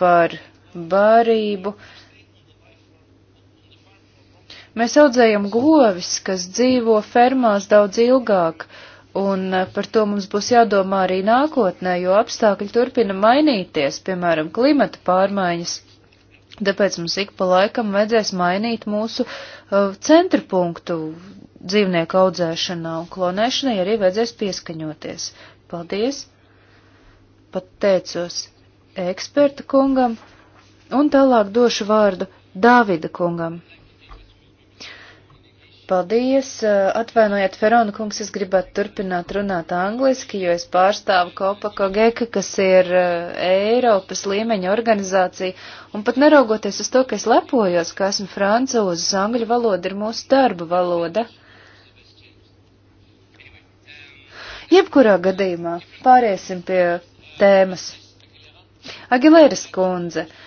par barību. Mēs audzējam govis, kas dzīvo fermās daudz ilgāk. Uh, Un eh, par to mums būs jādomā arī nākotnē, jo apstākļi turpina mainīties, piemēram, klimata pārmaiņas. Tāpēc mums ik pa laikam vajadzēs mainīt mūsu uh, centra punktu dzīvnieku audzēšanā un klonēšanai arī vajadzēs pieskaņoties. Paldies! Pat teicos eksperta kungam un tālāk došu vārdu Dāvida kungam. Paldies! Eh, atvainojiet, Ferona kungs, es gribētu turpināt runāt angliski, jo es pārstāvu Kopako Geka, kas ir eh, Eiropas līmeņa organizācija, un pat neraugoties uz to, ka es lepojos, ka esmu francūzis, angļu valoda ir mūsu darba valoda. Jebkurā gadījumā pāriesim pie tēmas. Agilēras kundze. Uh,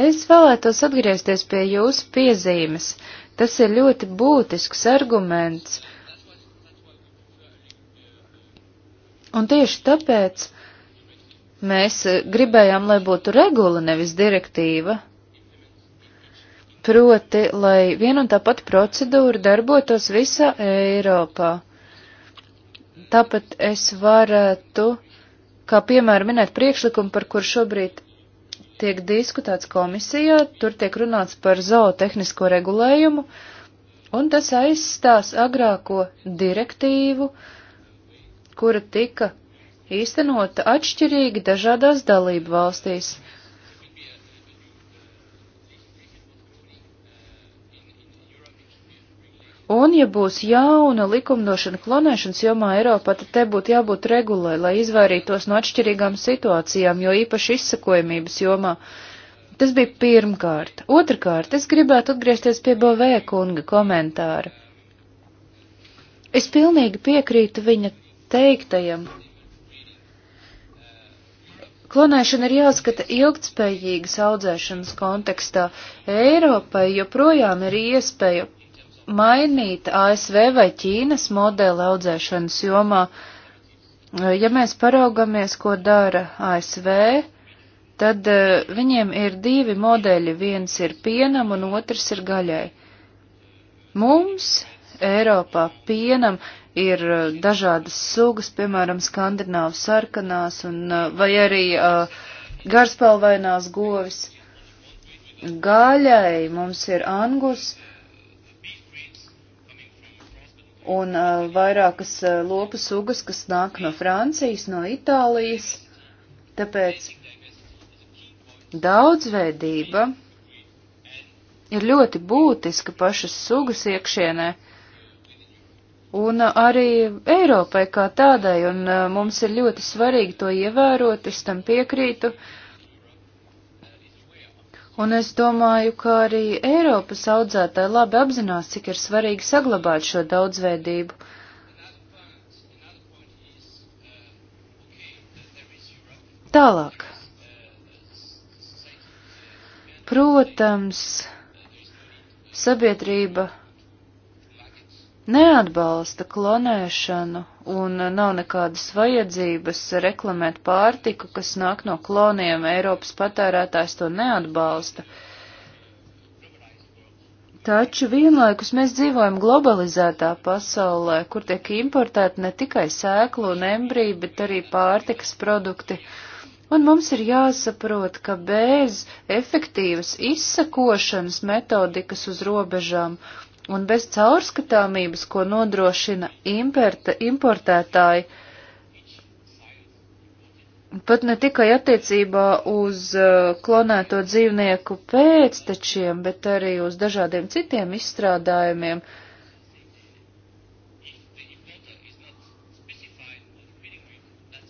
Es vēlētos atgriezties pie jūsu piezīmes. Tas ir ļoti būtisks arguments. Un tieši tāpēc mēs gribējām, lai būtu regula, nevis direktīva. Proti, lai viena un tā pati procedūra darbotos visā Eiropā. Tāpat es varētu, kā piemēram, minēt priekšlikumu, par kur šobrīd tiek diskutēts komisijā, tur tiek runāts par zootehnisko regulējumu, un tas aizstās agrāko direktīvu, kura tika īstenota atšķirīgi dažādās dalību valstīs. Un, ja būs jauna likumdošana klonēšanas jomā Eiropā, tad te būtu jābūt regulai, lai izvairītos no atšķirīgām situācijām, jo īpaši izsakojamības jomā. Tas bija pirmkārt. Otrakārt, es gribētu atgriezties pie Bovē kunga komentāra. Es pilnīgi piekrītu viņa teiktajam. Klonēšana ir jāskata ilgtspējīgas audzēšanas kontekstā. Eiropai joprojām ir iespēja mainīt ASV vai Ķīnas modeli audzēšanas jomā. Ja mēs paraugamies, ko dara ASV, tad eh, viņiem ir divi modeļi, viens ir pienam un otrs ir gaļai. Mums Eiropā pienam ir eh, dažādas sugas, piemēram, skandināvu sarkanās un, eh, vai arī uh, garspalvainās govis. Gaļai mums ir angus, uh, un uh, vairākas uh, lopu sugas, kas nāk no Francijas, no Itālijas. Tāpēc daudzveidība ir ļoti būtiska pašas sugas iekšienē un uh, arī Eiropai kā tādai, un uh, mums ir ļoti svarīgi to ievērot, es tam piekrītu. Uh, Un es domāju, ka arī Eiropas audzētāji labi apzinās, cik ir svarīgi saglabāt šo daudzveidību. Tālāk. Protams, sabiedrība neatbalsta klonēšanu un nav nekādas vajadzības reklamēt pārtiku, kas nāk no kloniem. Eiropas patērētājs to neatbalsta. Taču vienlaikus mēs dzīvojam globalizētā pasaulē, kur tiek importēti ne tikai sēklu un embriju, bet arī pārtikas produkti. Un mums ir jāsaprot, ka bez efektīvas izsakošanas metodikas uz robežām un bez caurskatāmības, ko nodrošina imperta, importētāji, pat ne tikai attiecībā uz uh, klonēto dzīvnieku pēctečiem, bet arī uz dažādiem citiem izstrādājumiem.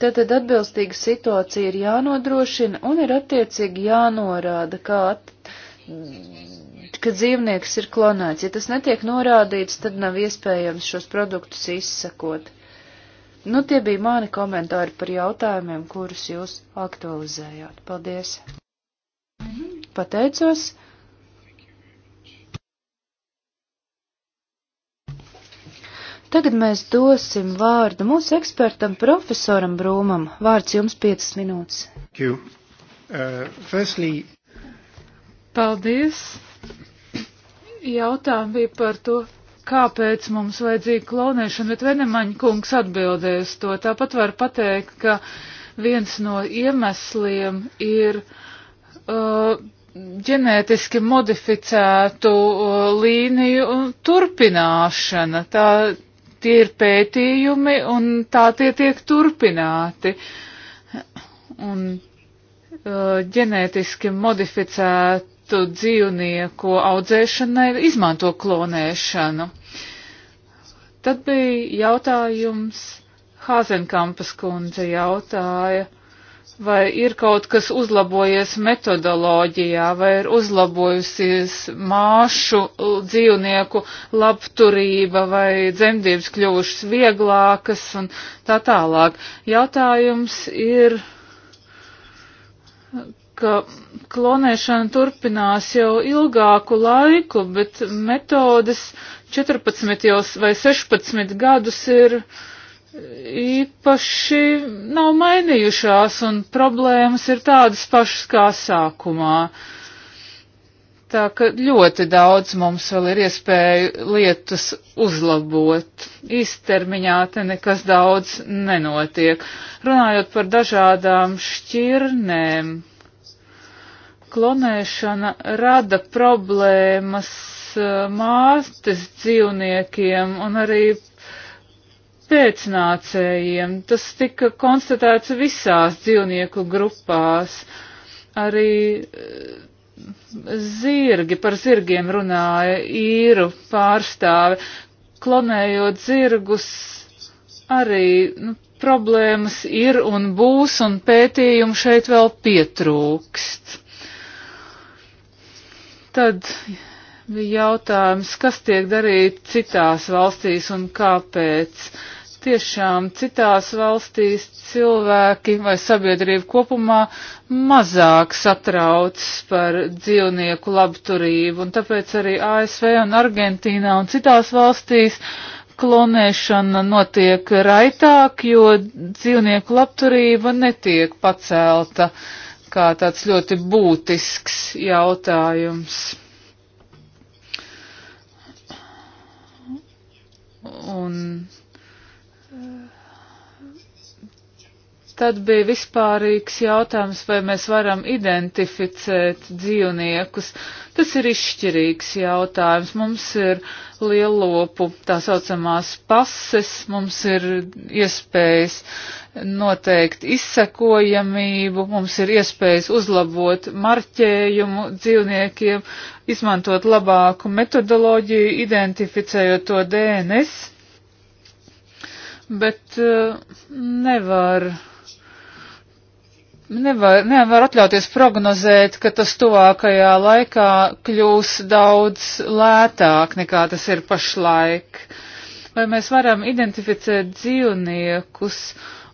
Tātad atbilstīga situācija ir jānodrošina un ir attiecīgi jānorāda, kā at ka dzīvnieks ir klonēts. Ja tas netiek norādīts, tad nav iespējams šos produktus izsakot. Nu, tie bija mani komentāri par jautājumiem, kurus jūs aktualizējāt. Paldies! Pateicos! Tagad mēs dosim vārdu mūsu ekspertam, profesoram Brūmam. Vārds jums 5 minūtes. Uh, firstly... Paldies! jautājumi bija par to, kāpēc mums vajadzīga klonēšana, bet Venemaņa kungs atbildēja uz to. Tāpat var pateikt, ka viens no iemesliem ir uh, ģenētiski modificētu uh, līniju turpināšana. Tā, tie ir pētījumi un tā tie tiek turpināti. Un, uh, ģenētiski modificēt citu dzīvnieku audzēšanai izmanto klonēšanu. Tad bija jautājums, Hāzenkampas kundze jautāja, vai ir kaut kas uzlabojies metodoloģijā, vai ir uzlabojusies māšu dzīvnieku labturība, vai dzemdības kļuvušas vieglākas un tā tālāk. Jautājums ir ka klonēšana turpinās jau ilgāku laiku, bet metodes 14 jau vai 16 gadus ir īpaši nav mainījušās un problēmas ir tādas pašas kā sākumā. Tā ka ļoti daudz mums vēl ir iespēju lietas uzlabot. Īstermiņā te nekas daudz nenotiek. Runājot par dažādām šķirnēm, klonēšana rada problēmas eh, mātes dzīvniekiem un arī pēcnācējiem. Tas tika konstatēts visās dzīvnieku grupās. Arī eh, zirgi, par zirgiem runāja īru pārstāve. Klonējot zirgus, arī nu, problēmas ir un būs, un pētījumu šeit vēl pietrūkst. Tad bija jautājums, kas tiek darīt citās valstīs un kāpēc. Tiešām citās valstīs cilvēki vai sabiedrība kopumā mazāk satrauc par dzīvnieku labturību, un tāpēc arī ASV un Argentīnā un citās valstīs klonēšana notiek raitāk, jo dzīvnieku labturība netiek pacelta. Uh, kā tāds ļoti būtisks jautājums. Un Tad bija vispārīgs jautājums, vai mēs varam identificēt dzīvniekus. Tas ir izšķirīgs jautājums. Mums ir lielopu tā saucamās pases, mums ir iespējas noteikt izsekojamību, mums ir iespējas uzlabot marķējumu dzīvniekiem, izmantot labāku metodoloģiju, identificējot to DNS. Bet uh, nevar nevar, nevar atļauties prognozēt, ka tas tuvākajā laikā kļūs daudz lētāk nekā tas ir pašlaik. Vai mēs varam identificēt dzīvniekus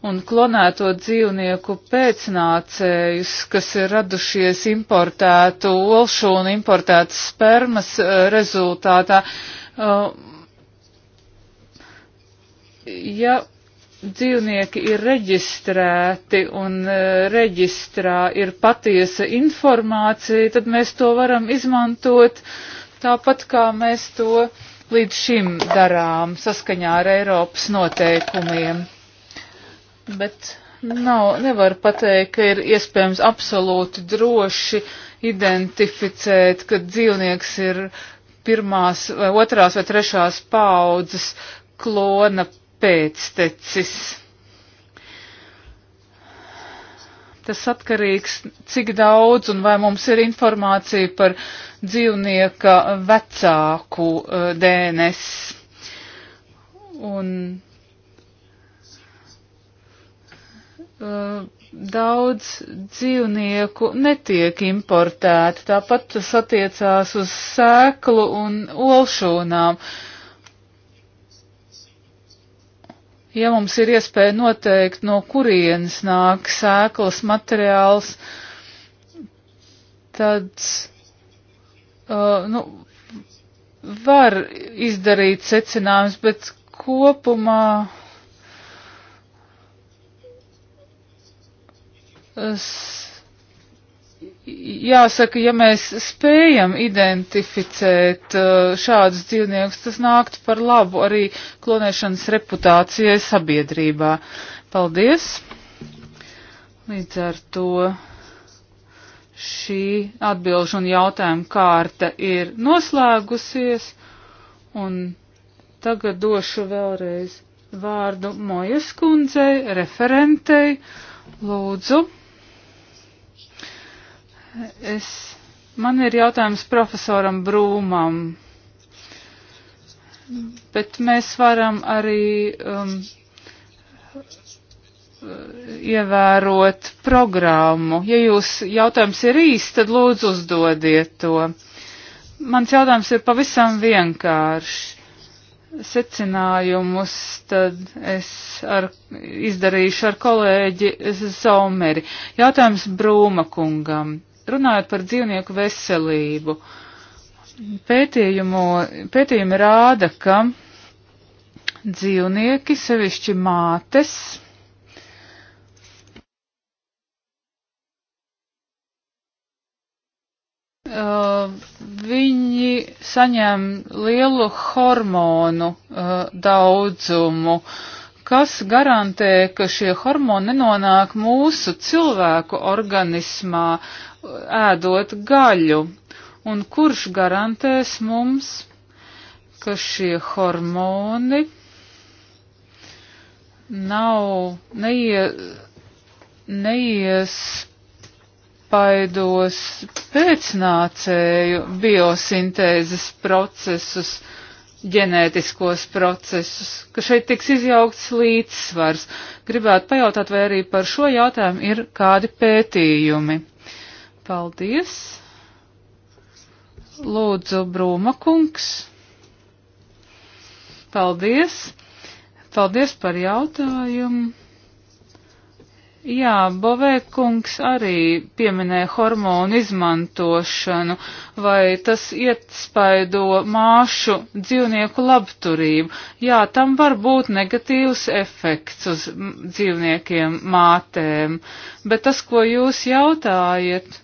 un klonēto dzīvnieku pēcnācējus, kas ir radušies importētu olšu un importētas spermas eh, rezultātā? Uh, ja dzīvnieki ir reģistrēti un e, reģistrā ir patiesa informācija, tad mēs to varam izmantot tāpat, kā mēs to līdz šim darām saskaņā ar Eiropas noteikumiem. Bet nav, nevar pateikt, ka ir iespējams absolūti droši identificēt, ka dzīvnieks ir pirmās vai otrās vai trešās paudzes klona pēctecis. Tas atkarīgs, cik daudz un vai mums ir informācija par dzīvnieka vecāku uh, eh, DNS. Un uh, daudz dzīvnieku netiek importēti, tāpat tas attiecās uz sēklu un olšūnām. Uh, ja mums ir iespēja noteikt, no kurienes nāk sēklas materiāls, tad, uh, nu, var izdarīt secinājums, bet kopumā es jāsaka, ja mēs spējam identificēt uh, šādus dzīvniekus, tas nāktu par labu arī klonēšanas reputācijai sabiedrībā. Paldies! Līdz ar to šī atbilžu un jautājumu kārta ir noslēgusies, un tagad došu vēlreiz vārdu Mojas kundzei, referentei. Lūdzu! Es, man ir jautājums profesoram Brūmam, bet mēs varam arī um, ievērot programmu. Ja jūs jautājums ir īsts, tad lūdzu uzdodiet to. Mans jautājums ir pavisam vienkāršs. Secinājumus tad es ar, izdarīšu ar kolēģi Zomeri. Jautājums Brūma kungam. Runājot par dzīvnieku veselību, pētījumi rāda, ka dzīvnieki, sevišķi mātes, Uh, viņi saņem lielu hormonu uh, daudzumu, kas garantē, ka šie hormoni nenonāk mūsu cilvēku organismā, ēdot gaļu. Un kurš garantēs mums, ka šie hormoni nav neie, neiespaidos pēcnācēju biosintēzes procesus, ģenētiskos procesus, ka šeit tiks izjaukts līdzsvars. Gribētu pajautāt, vai arī par šo jautājumu ir kādi pētījumi. Paldies! Lūdzu, Brūma kungs! Paldies! Paldies par jautājumu! Jā, Bovēkungs arī pieminēja hormonu izmantošanu, vai tas iespaido māšu dzīvnieku labturību. Jā, tam var būt negatīvs efekts uz dzīvniekiem mātēm, bet tas, ko jūs jautājat,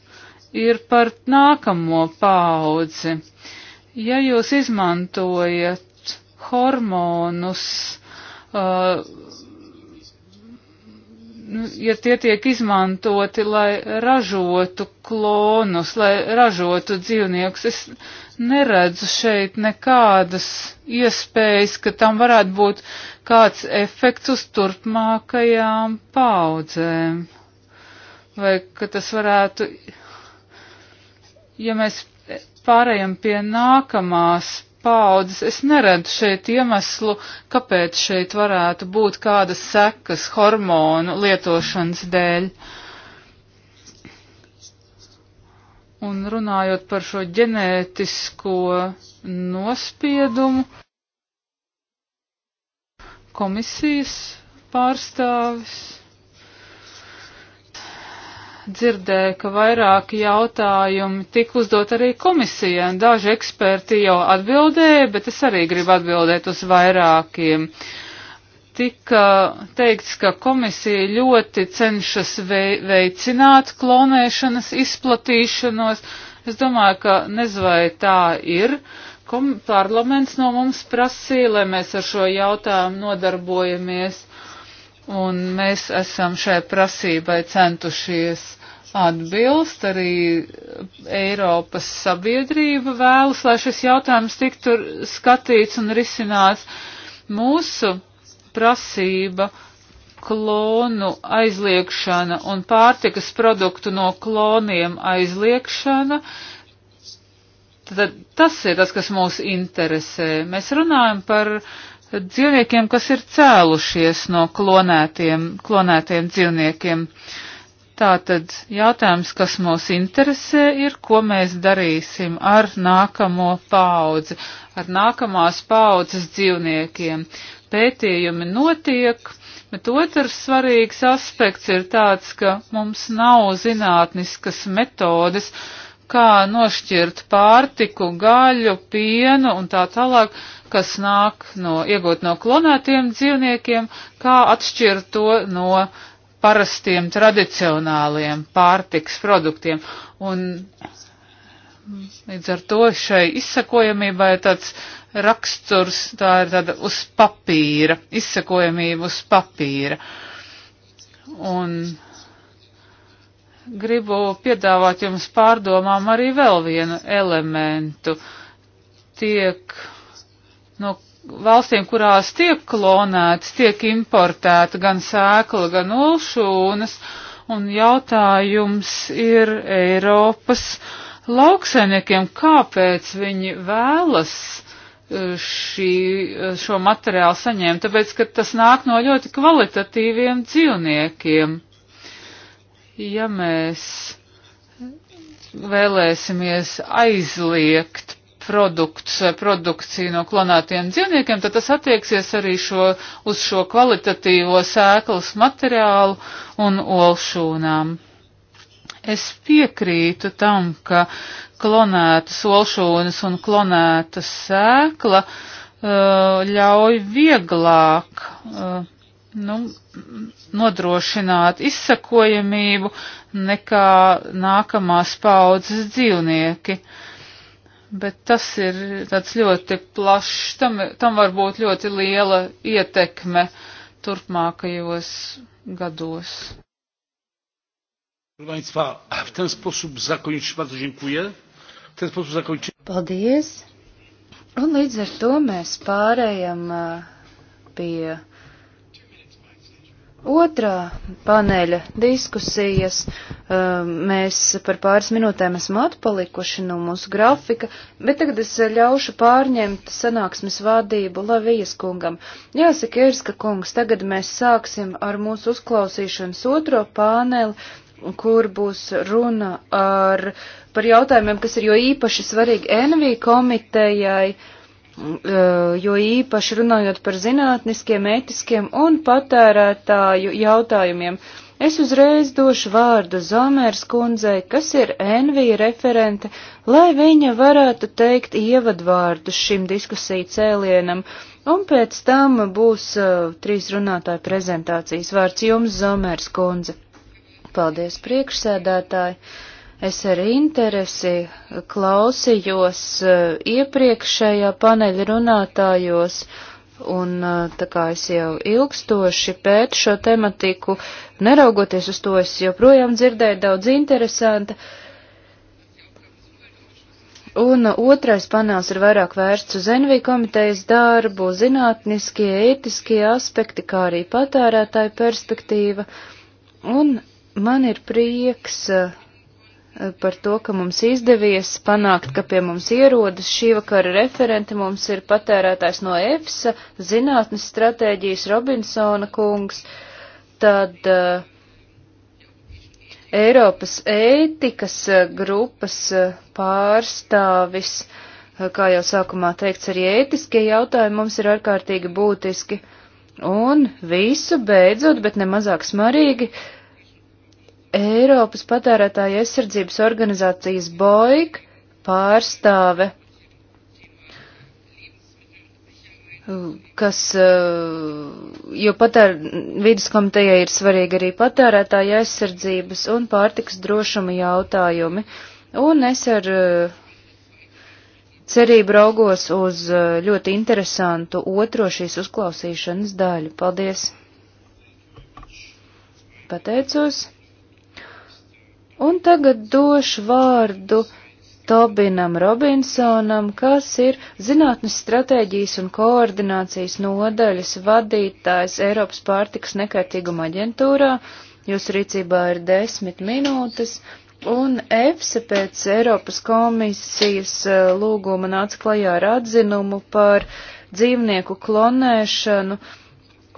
ir par nākamo paudzi. Ja jūs izmantojat hormonus, uh, nu, ja tie tiek izmantoti, lai ražotu klonus, lai ražotu dzīvniekus, es neredzu šeit nekādas iespējas, ka tam varētu būt kāds efekts uz turpmākajām paudzēm. Vai ka tas varētu ja mēs pārējam pie nākamās paudzes, es neredzu šeit iemeslu, kāpēc šeit varētu būt kādas sekas hormonu lietošanas dēļ. Un runājot par šo ģenētisko nospiedumu, komisijas pārstāvis dzirdēju, ka vairāki jautājumi tika uzdot arī komisijai, un daži eksperti jau atbildēja, bet es arī gribu atbildēt uz vairākiem. Tika teikts, ka komisija ļoti cenšas veicināt klonēšanas izplatīšanos. Es domāju, ka nezvai tā ir. Kom parlaments no mums prasīja, lai mēs ar šo jautājumu nodarbojamies un mēs esam šai prasībai centušies atbilst, arī Eiropas sabiedrība vēlas, lai šis jautājums tiktu skatīts un risināts. Mūsu prasība klonu aizliekšana un pārtikas produktu no kloniem aizliekšana, tad tas ir tas, kas mūs interesē. Mēs runājam par uh, dzīvniekiem, kas ir cēlušies no klonētiem, klonētiem dzīvniekiem. Tātad jautājums, kas mūs interesē, ir, ko mēs darīsim ar nākamo paudzi, ar nākamās paudzes dzīvniekiem. Pētījumi notiek, bet otrs svarīgs aspekts ir tāds, ka mums nav zinātniskas metodes, kā nošķirt pārtiku, gaļu, pienu un tā tālāk kas nāk no iegūt no klonētiem dzīvniekiem, kā atšķirt to no parastiem tradicionāliem pārtiks produktiem. Un līdz ar to šai izsakojamībai tāds raksturs, tā ir tāda uz papīra, izsakojamība uz papīra. Un gribu piedāvāt jums pārdomām arī vēl vienu elementu. Tiek no valstīm, kurās tiek klonēts, tiek importēta gan sēkla, gan olšūnas, un jautājums ir Eiropas lauksainiekiem, kāpēc viņi vēlas e, šī, e, šo materiālu saņemt, tāpēc, ka tas nāk no ļoti kvalitatīviem dzīvniekiem. Ja mēs vēlēsimies aizliegt produkts, eh, produkciju no klonētiem dzīvniekiem, tad tas attieksies arī šo, uz šo kvalitatīvo sēklas materiālu un olšūnām. Es piekrītu tam, ka klonētas olšūnas un klonētas sēkla uh, ļauj vieglāk uh, nu, nodrošināt izsakojamību nekā nākamās paudzes dzīvnieki. Uh, Bet tas ir tāds ļoti plašs, tam, tam var būt ļoti liela ietekme turpmākajos gados. Paldies! Un līdz ar to mēs pārējam e, pie Otrā paneļa diskusijas um, mēs par pāris minūtēm esam atpalikuši no mūsu grafika, bet tagad es ļaušu pārņemt sanāksmes vadību Lavijas kungam. Jāsaka, Irska kungs, tagad mēs sāksim ar mūsu uzklausīšanas otro paneli, kur būs runa ar, par jautājumiem, kas ir jo īpaši svarīgi NV komitejai. Uh, Eh, jo īpaši runājot par zinātniskiem, etiskiem un patērētāju jautājumiem. Es uzreiz došu vārdu Zomērs kundzei, kas ir NV referente, lai viņa varētu teikt ievadvārdu šim diskusiju cēlienam, un pēc tam būs uh, trīs runātāju prezentācijas vārds jums, Zomērs kundze. Paldies, priekšsēdētāji! Uh, Es ar interesi klausījos eh, iepriekšējā paneļa runātājos, un eh, tā kā es jau ilgstoši pētu šo tematiku, neraugoties uz to, es joprojām dzirdēju daudz interesanta. Un otrais panels ir vairāk vērsts uz NV komitejas darbu, zinātniskie, ētiskie aspekti, kā arī patērētāju perspektīva. Un man ir prieks uh, Eh, par to, ka mums izdevies panākt, ka pie mums ierodas šī vakara referenti. Mums ir patērētājs no EFSA, zinātnes stratēģijas Robinsona kungs, tad uh, Eiropas ētikas eh, grupas pārstāvis, kā jau sākumā teikts, arī ētiskie jautājumi mums ir ārkārtīgi būtiski. Un visu beidzot, bet nemazāk smarīgi, uh, Eiropas patērētāja aizsardzības organizācijas BOIK pārstāve, kas, eh, jo patēr, vidas komitejai ir svarīgi arī patērētāja aizsardzības un pārtiks drošuma jautājumi. Un es ar eh, cerību raugos uz eh, ļoti interesantu otro šīs uzklausīšanas daļu. Paldies! Pateicos! Un tagad došu vārdu Tobinam Robinsonam, kas ir zinātnes stratēģijas un koordinācijas nodaļas vadītājs Eiropas pārtikas nekaitīguma aģentūrā. Jūsu rīcībā ir desmit minūtes, un EFSA pēc Eiropas komisijas e, lūguma nāca klajā ar atzinumu par dzīvnieku klonēšanu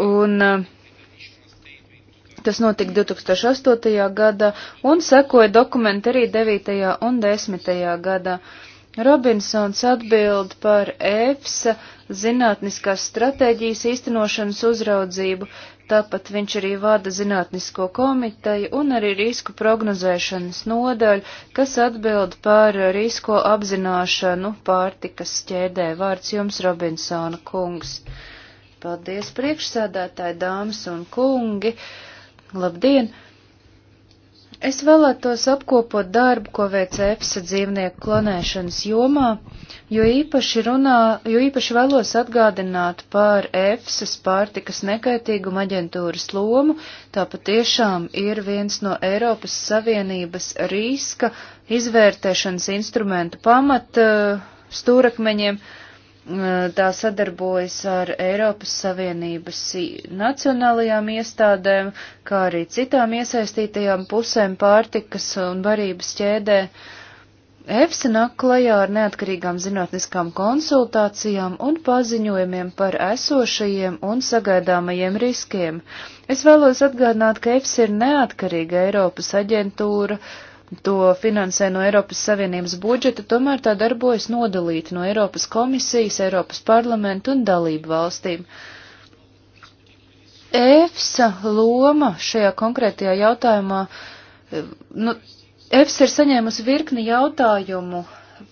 un uh, Tas notika 2008. gada un sekoja dokumenti arī 9. un 10. gadā. Robinsons atbild par EFSA zinātniskās stratēģijas īstenošanas uzraudzību, tāpat viņš arī vada zinātnisko komiteju un arī risku prognozēšanas nodaļu, kas atbild par risko apzināšanu pārtikas ķēdē. Vārds jums, Robinsona kungs. Paldies priekšsēdētāji, dāmas un kungi. Uh, Labdien! Es vēlētos apkopot darbu, ko veic EFSA dzīvnieku klonēšanas jomā, jo īpaši, runā, jo īpaši vēlos atgādināt par EFSA pārtikas nekaitīguma aģentūras lomu. Tā patiešām ir viens no Eiropas Savienības riska izvērtēšanas instrumentu pamata eh, stūrakmeņiem. Uh, tā sadarbojas ar Eiropas Savienības nacionālajām iestādēm, kā arī citām iesaistītajām pusēm pārtikas un barības ķēdē. EFSA nāk klajā ar neatkarīgām zinātniskām konsultācijām un paziņojumiem par esošajiem un sagaidāmajiem riskiem. Es vēlos atgādināt, ka EFSA ir neatkarīga Eiropas aģentūra, uh, to finansē no Eiropas Savienības budžeta, tomēr tā darbojas nodalīta no Eiropas komisijas, Eiropas parlamenta un dalību valstīm. EFSA loma šajā konkrētajā jautājumā, eh, nu, EFSA ir saņēmusi virkni jautājumu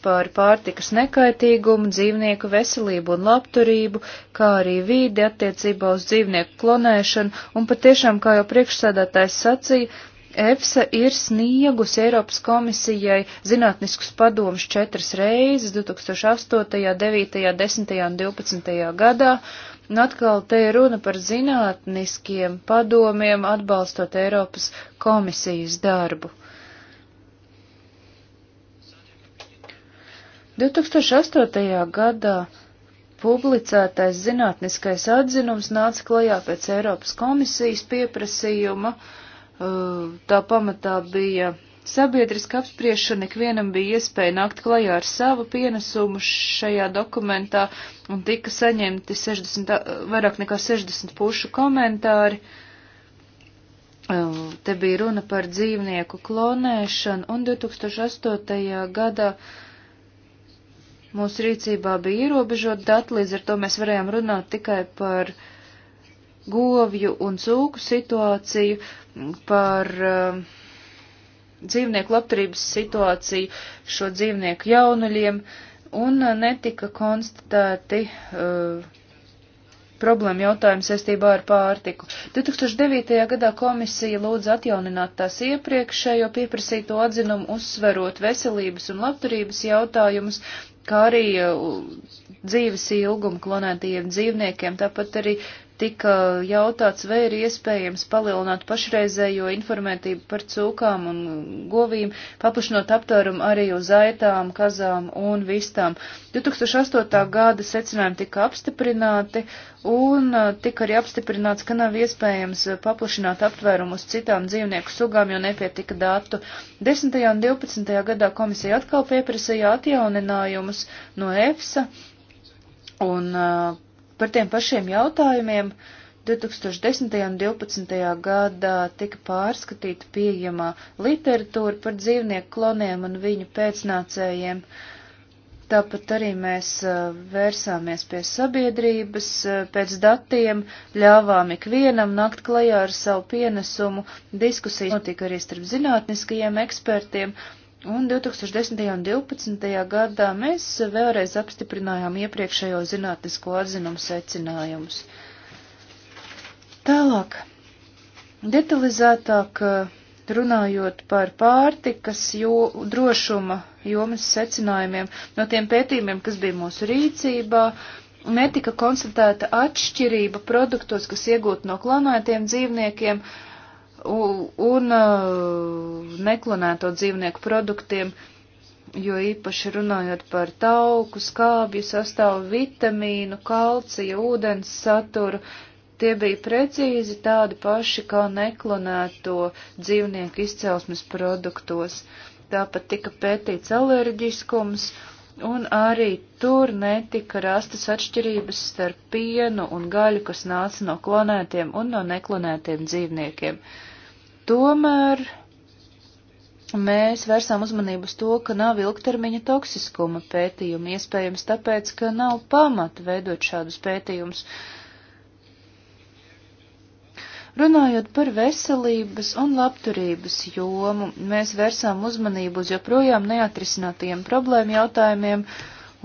par pārtikas nekaitīgumu, dzīvnieku veselību un labturību, kā arī vīdi attiecībā uz dzīvnieku klonēšanu, un patiešām, kā jau priekšsēdētājs sacīja, EFSA ir sniegusi Eiropas komisijai zinātniskus padomus četras reizes - 2008., 9., 10. un 12. gadā. Un atkal te ir runa par zinātniskiem padomiem atbalstot Eiropas komisijas darbu. 2008. gadā publicētais zinātniskais atzinums nāca klajā pēc Eiropas komisijas pieprasījuma. Uh, Eh, tā pamatā bija sabiedriska apspriešana, ikvienam bija iespēja nākt klajā ar savu pienesumu šajā dokumentā, un tika saņemti 60, eh, vairāk nekā 60 pušu komentāri. Eh, te bija runa par dzīvnieku klonēšanu, un 2008. gadā mūsu rīcībā bija ierobežot dati, līdz ar to mēs varējām runāt tikai par govju un cūku situāciju. Uh, par uh, dzīvnieku labturības situāciju, šo dzīvnieku jaunuļiem, un uh, netika konstatēti uh, problēma jautājumi saistībā ar pārtiku. 2009. gadā komisija lūdza atjaunināt tās iepriekšējo pieprasīto atzinumu, uzsverot veselības un labturības jautājumus, kā arī uh, dzīves ilgumu klonētajiem dzīvniekiem, tāpat arī uh, tika jautāts, vai ir iespējams palielināt pašreizējo informētību par cūkām un govīm, paplašinot aptvērumu arī uz aitām, kazām un vistām. 2008. gada secinājumi tika apstiprināti un uh, tika arī apstiprināts, ka nav iespējams uh, paplašināt aptvērumu uz citām dzīvnieku sugām, jo nepietika datu. 10. un 12. gadā komisija atkal pieprasīja atjauninājumus no EFSA un uh, par tiem pašiem jautājumiem 2010. un 2012. gadā tika pārskatīta pieejamā literatūra par dzīvnieku kloniem un viņu pēcnācējiem. Tāpat arī mēs vērsāmies pie sabiedrības, pēc datiem, ļāvām ikvienam nakt klajā ar savu pienesumu, diskusijas notika arī starp zinātniskajiem ekspertiem, Un 2010. un 2012. gadā mēs vēlreiz apstiprinājām iepriekšējo zinātnisko atzinumu secinājumus. Tālāk, detalizētāk eh, runājot par pārtikas jo, drošuma jomas secinājumiem, no tiem pētījumiem, kas bija mūsu rīcībā, netika konstatēta atšķirība produktos, kas iegūti no klonētiem dzīvniekiem, uh, un, un uh, neklonēto dzīvnieku produktiem, jo īpaši runājot par tauku, skābju sastāvu, vitamīnu, kalcija, ūdens saturu, tie bija precīzi tādi paši kā neklonēto dzīvnieku izcelsmes produktos. Tāpat tika pētīts alerģiskums, un arī tur netika rastas atšķirības starp pienu un gaļu, kas nāca no klonētiem un no neklonētiem dzīvniekiem. Uh, Tomēr mēs vērsām uzmanību uz to, ka nav ilgtermiņa toksiskuma pētījumi, iespējams tāpēc, ka nav pamata veidot šādus pētījumus. Runājot par veselības un labturības jomu, mēs vērsām uzmanību uz joprojām neatrisinātajiem problēmu jautājumiem,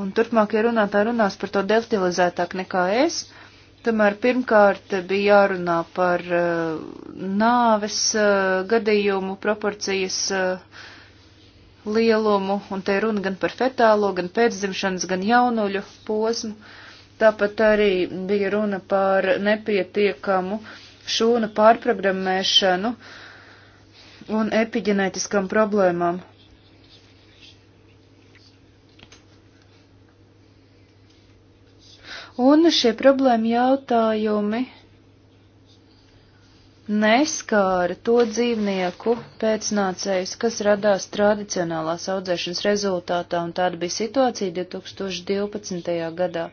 un turpmākie runātāji runās par to detalizētāk nekā es. Tomēr pirmkārt bija jārunā par uh, nāves uh, gadījumu proporcijas uh, lielumu, un te runa gan par fetālo, gan pēcdzimšanas, gan jaunuļu posmu. Tāpat arī bija runa par nepietiekamu šūnu pārprogrammēšanu un epiģenētiskām problēmām. Un šie problēma jautājumi neskāra to dzīvnieku pēcnācējus, kas radās tradicionālās audzēšanas rezultātā, un tāda bija situācija 2012. gadā.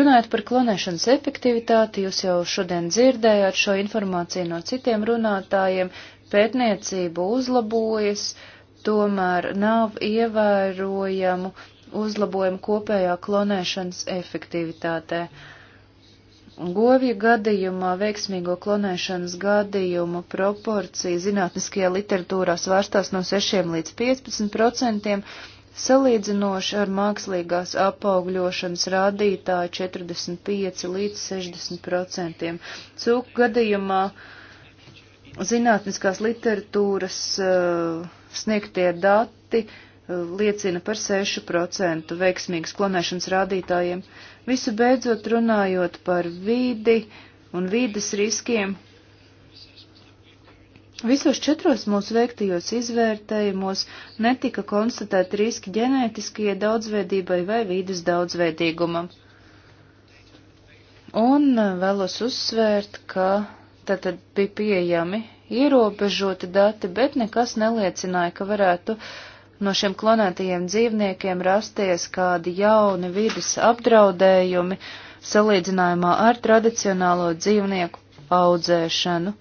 Runājot par klonēšanas efektivitāti, jūs jau šodien dzirdējāt šo informāciju no citiem runātājiem, pētniecība uzlabojas, tomēr nav ievērojamu uzlabojumu kopējā klonēšanas efektivitātē. Govju gadījumā veiksmīgo klonēšanas gadījumu proporcija zinātniskajā literatūrā svārstās no 6 līdz 15 procentiem, salīdzinoši ar mākslīgās apaugļošanas rādītāju 45 līdz 60 procentiem. Cūku gadījumā zinātniskās literatūras uh, sniegtie dati uh, liecina par 6% veiksmīgas klonēšanas rādītājiem. Visu beidzot runājot par vīdi un vīdes riskiem. Visos četros mūsu veiktajos izvērtējumos netika konstatēti riski ģenētiskajai daudzveidībai vai vīdes daudzveidīgumam. Un e, vēlos uzsvērt, ka tātad bija pieejami ierobežoti dati, bet nekas neliecināja, ka varētu uh, no šiem klonētajiem dzīvniekiem rasties kādi jauni vidas apdraudējumi salīdzinājumā ar tradicionālo dzīvnieku audzēšanu.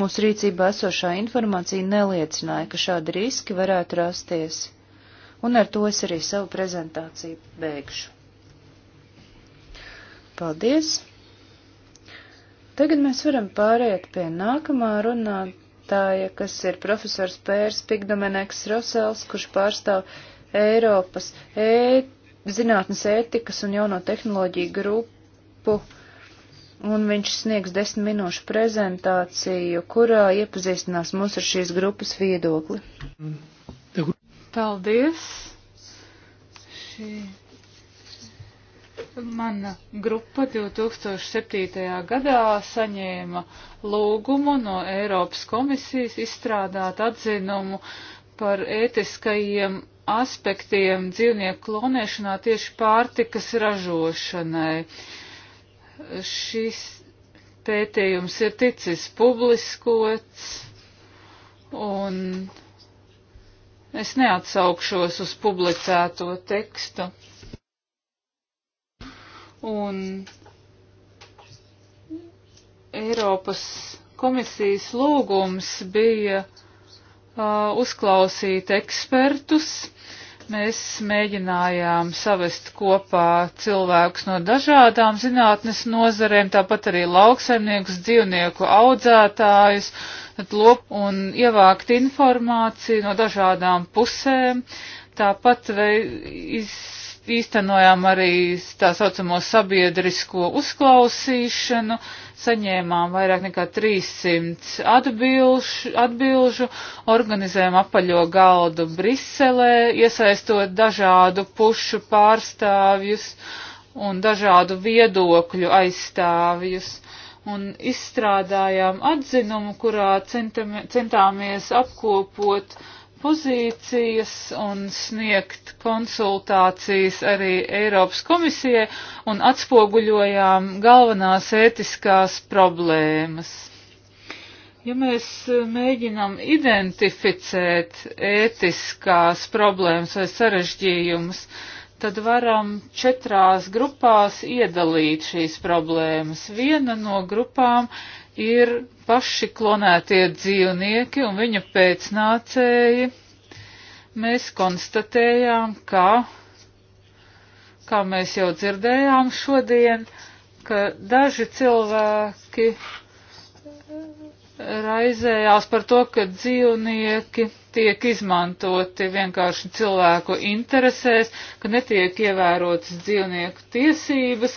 Mūsu rīcībā esošā informācija neliecināja, ka šādi riski varētu rasties. Un ar to es arī savu prezentāciju beigšu. Paldies! Tagad mēs varam pāriet pie nākamā runāt runātāja, kas ir profesors Pērs Pigdomeneks Rosels, kurš pārstāv Eiropas e zinātnes ētikas un jauno tehnoloģiju grupu, un viņš sniegs desmit minūšu prezentāciju, kurā iepazīstinās mūs ar šīs grupas viedokli. Paldies! Šī Mana grupa 2007. gadā saņēma lūgumu no Eiropas komisijas izstrādāt atzinumu par ētiskajiem aspektiem dzīvnieku klonēšanā tieši pārtikas ražošanai. Šis pētījums ir ticis publiskots un es neatsaukšos uz publicēto tekstu un Eiropas komisijas lūgums bija uh, uzklausīt ekspertus. Mēs mēģinājām savest kopā cilvēkus no dažādām zinātnes nozarēm, tāpat arī lauksaimniekus, dzīvnieku audzētājus, lop un ievākt informāciju no dažādām pusēm. Tāpat vei, iz, īstenojām arī tā saucamo sabiedrisko uzklausīšanu, saņēmām vairāk nekā 300 atbilžu, atbilžu organizējām apaļo galdu Briselē, iesaistot dažādu pušu pārstāvjus un dažādu viedokļu aizstāvjus. Un izstrādājām atzinumu, kurā centam, centāmies apkopot uh, pozīcijas un sniegt konsultācijas arī Eiropas komisijai un atspoguļojām galvenās ētiskās problēmas. Ja mēs eh, mēģinām identificēt ētiskās problēmas vai sarežģījumus, tad varam četrās grupās iedalīt šīs problēmas. Viena no grupām ir paši klonētie dzīvnieki un viņu pēcnācēji. Mēs konstatējām, ka, kā mēs jau dzirdējām šodien, ka daži cilvēki raizējās par to, ka dzīvnieki tiek izmantoti vienkārši cilvēku interesēs, ka netiek ievērotas dzīvnieku tiesības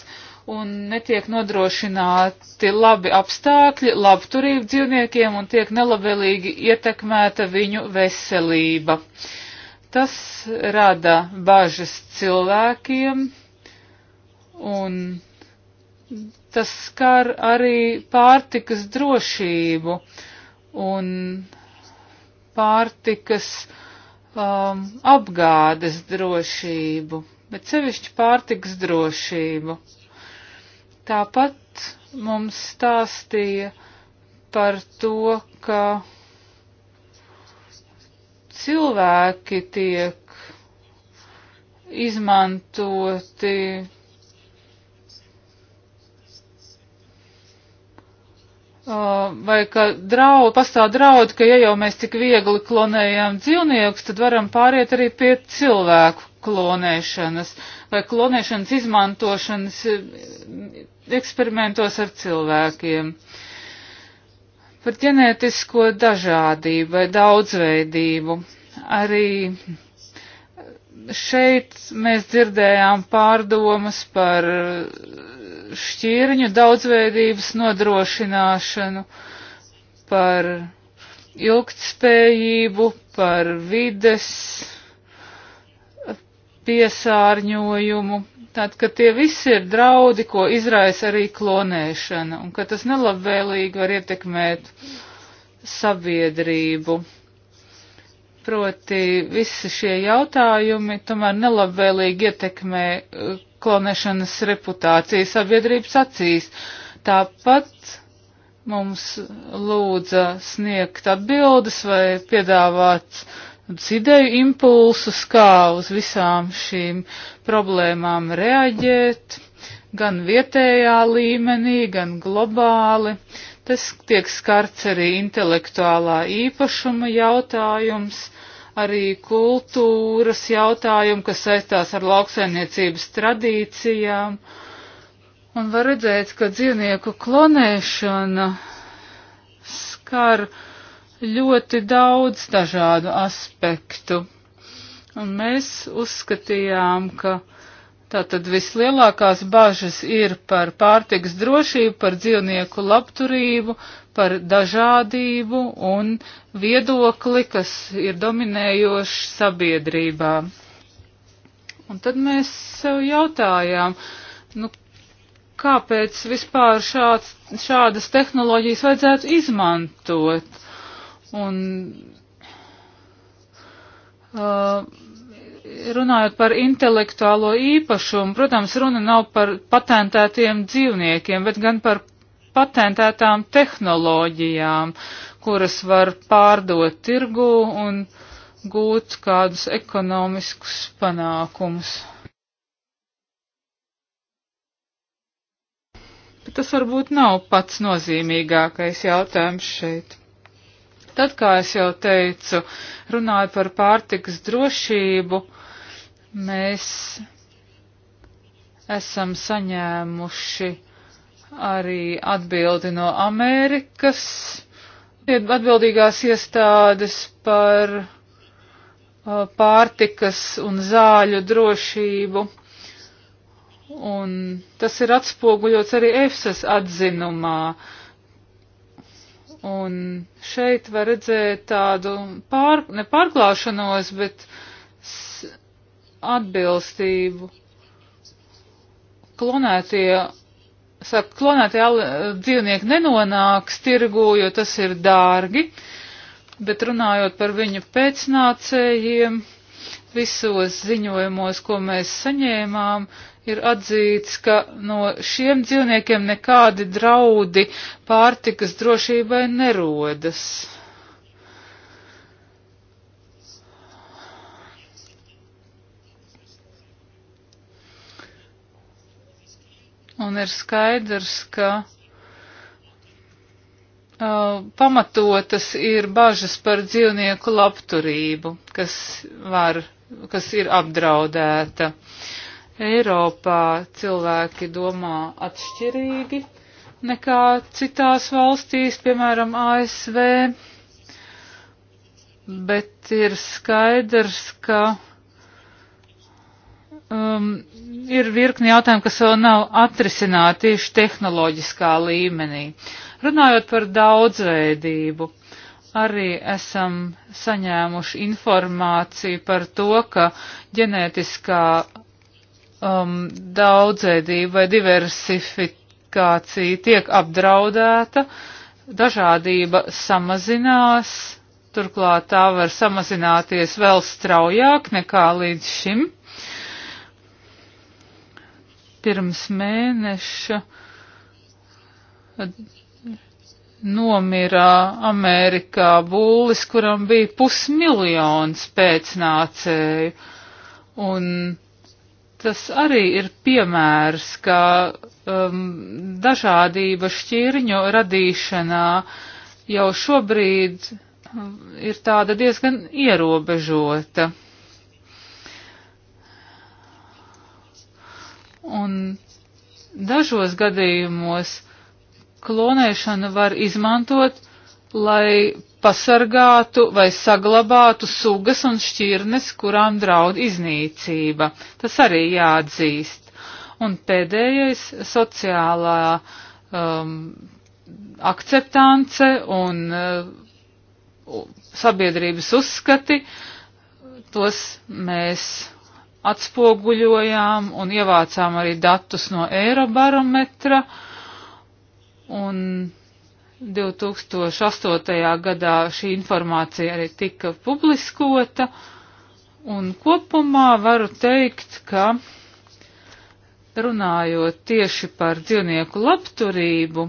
un netiek nodrošināti labi apstākļi, labturība dzīvniekiem un tiek nelabvēlīgi ietekmēta viņu veselība. Tas rada bažas cilvēkiem un tas skar arī pārtikas drošību un pārtikas um, apgādes drošību, bet sevišķi pārtikas drošību. Tāpat mums stāstīja par to, ka cilvēki tiek izmantoti uh, vai ka draud, pastāv draud, ka ja jau mēs tik viegli klonējam dzīvniekus, tad varam pāriet arī pie cilvēku klonēšanas vai klonēšanas izmantošanas eksperimentos ar cilvēkiem. Par ģenētisko dažādību vai daudzveidību. Arī šeit mēs dzirdējām pārdomas par šķirņu daudzveidības nodrošināšanu, par ilgtspējību, par vides piesārņojumu. Tātad, ka tie visi ir draudi, ko izraisa arī klonēšana, un ka tas nelabvēlīgi var ietekmēt sabiedrību. Proti, visi šie jautājumi tomēr nelabvēlīgi ietekmē eh, klonēšanas reputāciju sabiedrības acīs. Tāpat mums lūdza sniegt atbildes vai piedāvāts uh, ideju impulsus, kā uz visām šīm problēmām reaģēt, gan vietējā līmenī, gan globāli. Tas tiek skarts arī intelektuālā īpašuma jautājums, arī kultūras jautājumu, kas saistās ar lauksaimniecības tradīcijām. Un var redzēt, ka dzīvnieku klonēšana skar ļoti daudz dažādu aspektu. Un mēs uzskatījām, ka tātad vislielākās bažas ir par pārtiks drošību, par dzīvnieku labturību, par dažādību un viedokli, kas ir dominējoši sabiedrībā. Un tad mēs sev jautājām, nu, kāpēc vispār šāds, šādas tehnoloģijas vajadzētu izmantot? Un uh, runājot par intelektuālo īpašumu, protams, runa nav par patentētiem dzīvniekiem, bet gan par patentētām tehnoloģijām, kuras var pārdot tirgu un gūt kādus ekonomiskus panākumus. Bet tas varbūt nav pats nozīmīgākais jautājums šeit. Tad, kā es jau teicu, runāju par pārtikas drošību, mēs esam saņēmuši arī atbildi no Amerikas atbildīgās iestādes par uh, pārtikas un zāļu drošību. Un tas ir atspoguļots arī EFSAS atzinumā. Uh, Un šeit var redzēt tādu pār, nepārklāšanos, bet atbilstību. Klonētie, saka, klonētie dzīvnieki nenonāks tirgū, jo tas ir dārgi, bet runājot par viņu pēcnācējiem, visos ziņojumos, ko mēs saņēmām, ir atzīts, ka no šiem dzīvniekiem nekādi draudi pārtikas drošībai nerodas. Un ir skaidrs, ka Uh, pamatotas ir bažas par dzīvnieku labturību, kas, var, kas ir apdraudēta. Uh, Eiropā cilvēki domā atšķirīgi nekā citās valstīs, piemēram, ASV, bet ir skaidrs, ka um, ir virkni jautājumu, kas vēl nav atrisināti tieši tehnoloģiskā līmenī. Runājot par daudzveidību, arī esam saņēmuši informāciju par to, ka ģenētiskā um, daudzveidība vai diversifikācija tiek apdraudēta, dažādība samazinās, turklāt tā var samazināties vēl straujāk nekā līdz šim. Pirms mēneša nomira Amerikā būlis, kuram bija pusmiljons pēcnācēju. Un tas arī ir piemērs, ka um, dažādība šķirņu radīšanā jau šobrīd um, ir tāda diezgan ierobežota. Un dažos gadījumos klonēšanu var izmantot, lai pasargātu vai saglabātu sugas un šķirnes, kurām draud iznīcība. Tas arī jāatzīst. Un pēdējais - sociālā um, akceptance un uh, sabiedrības uzskati. Tos mēs atspoguļojām un ievācām arī datus no Eirobarometra. Un 2008. gadā šī informācija arī tika publiskota, un kopumā varu teikt, ka runājot tieši par dzīvnieku labturību,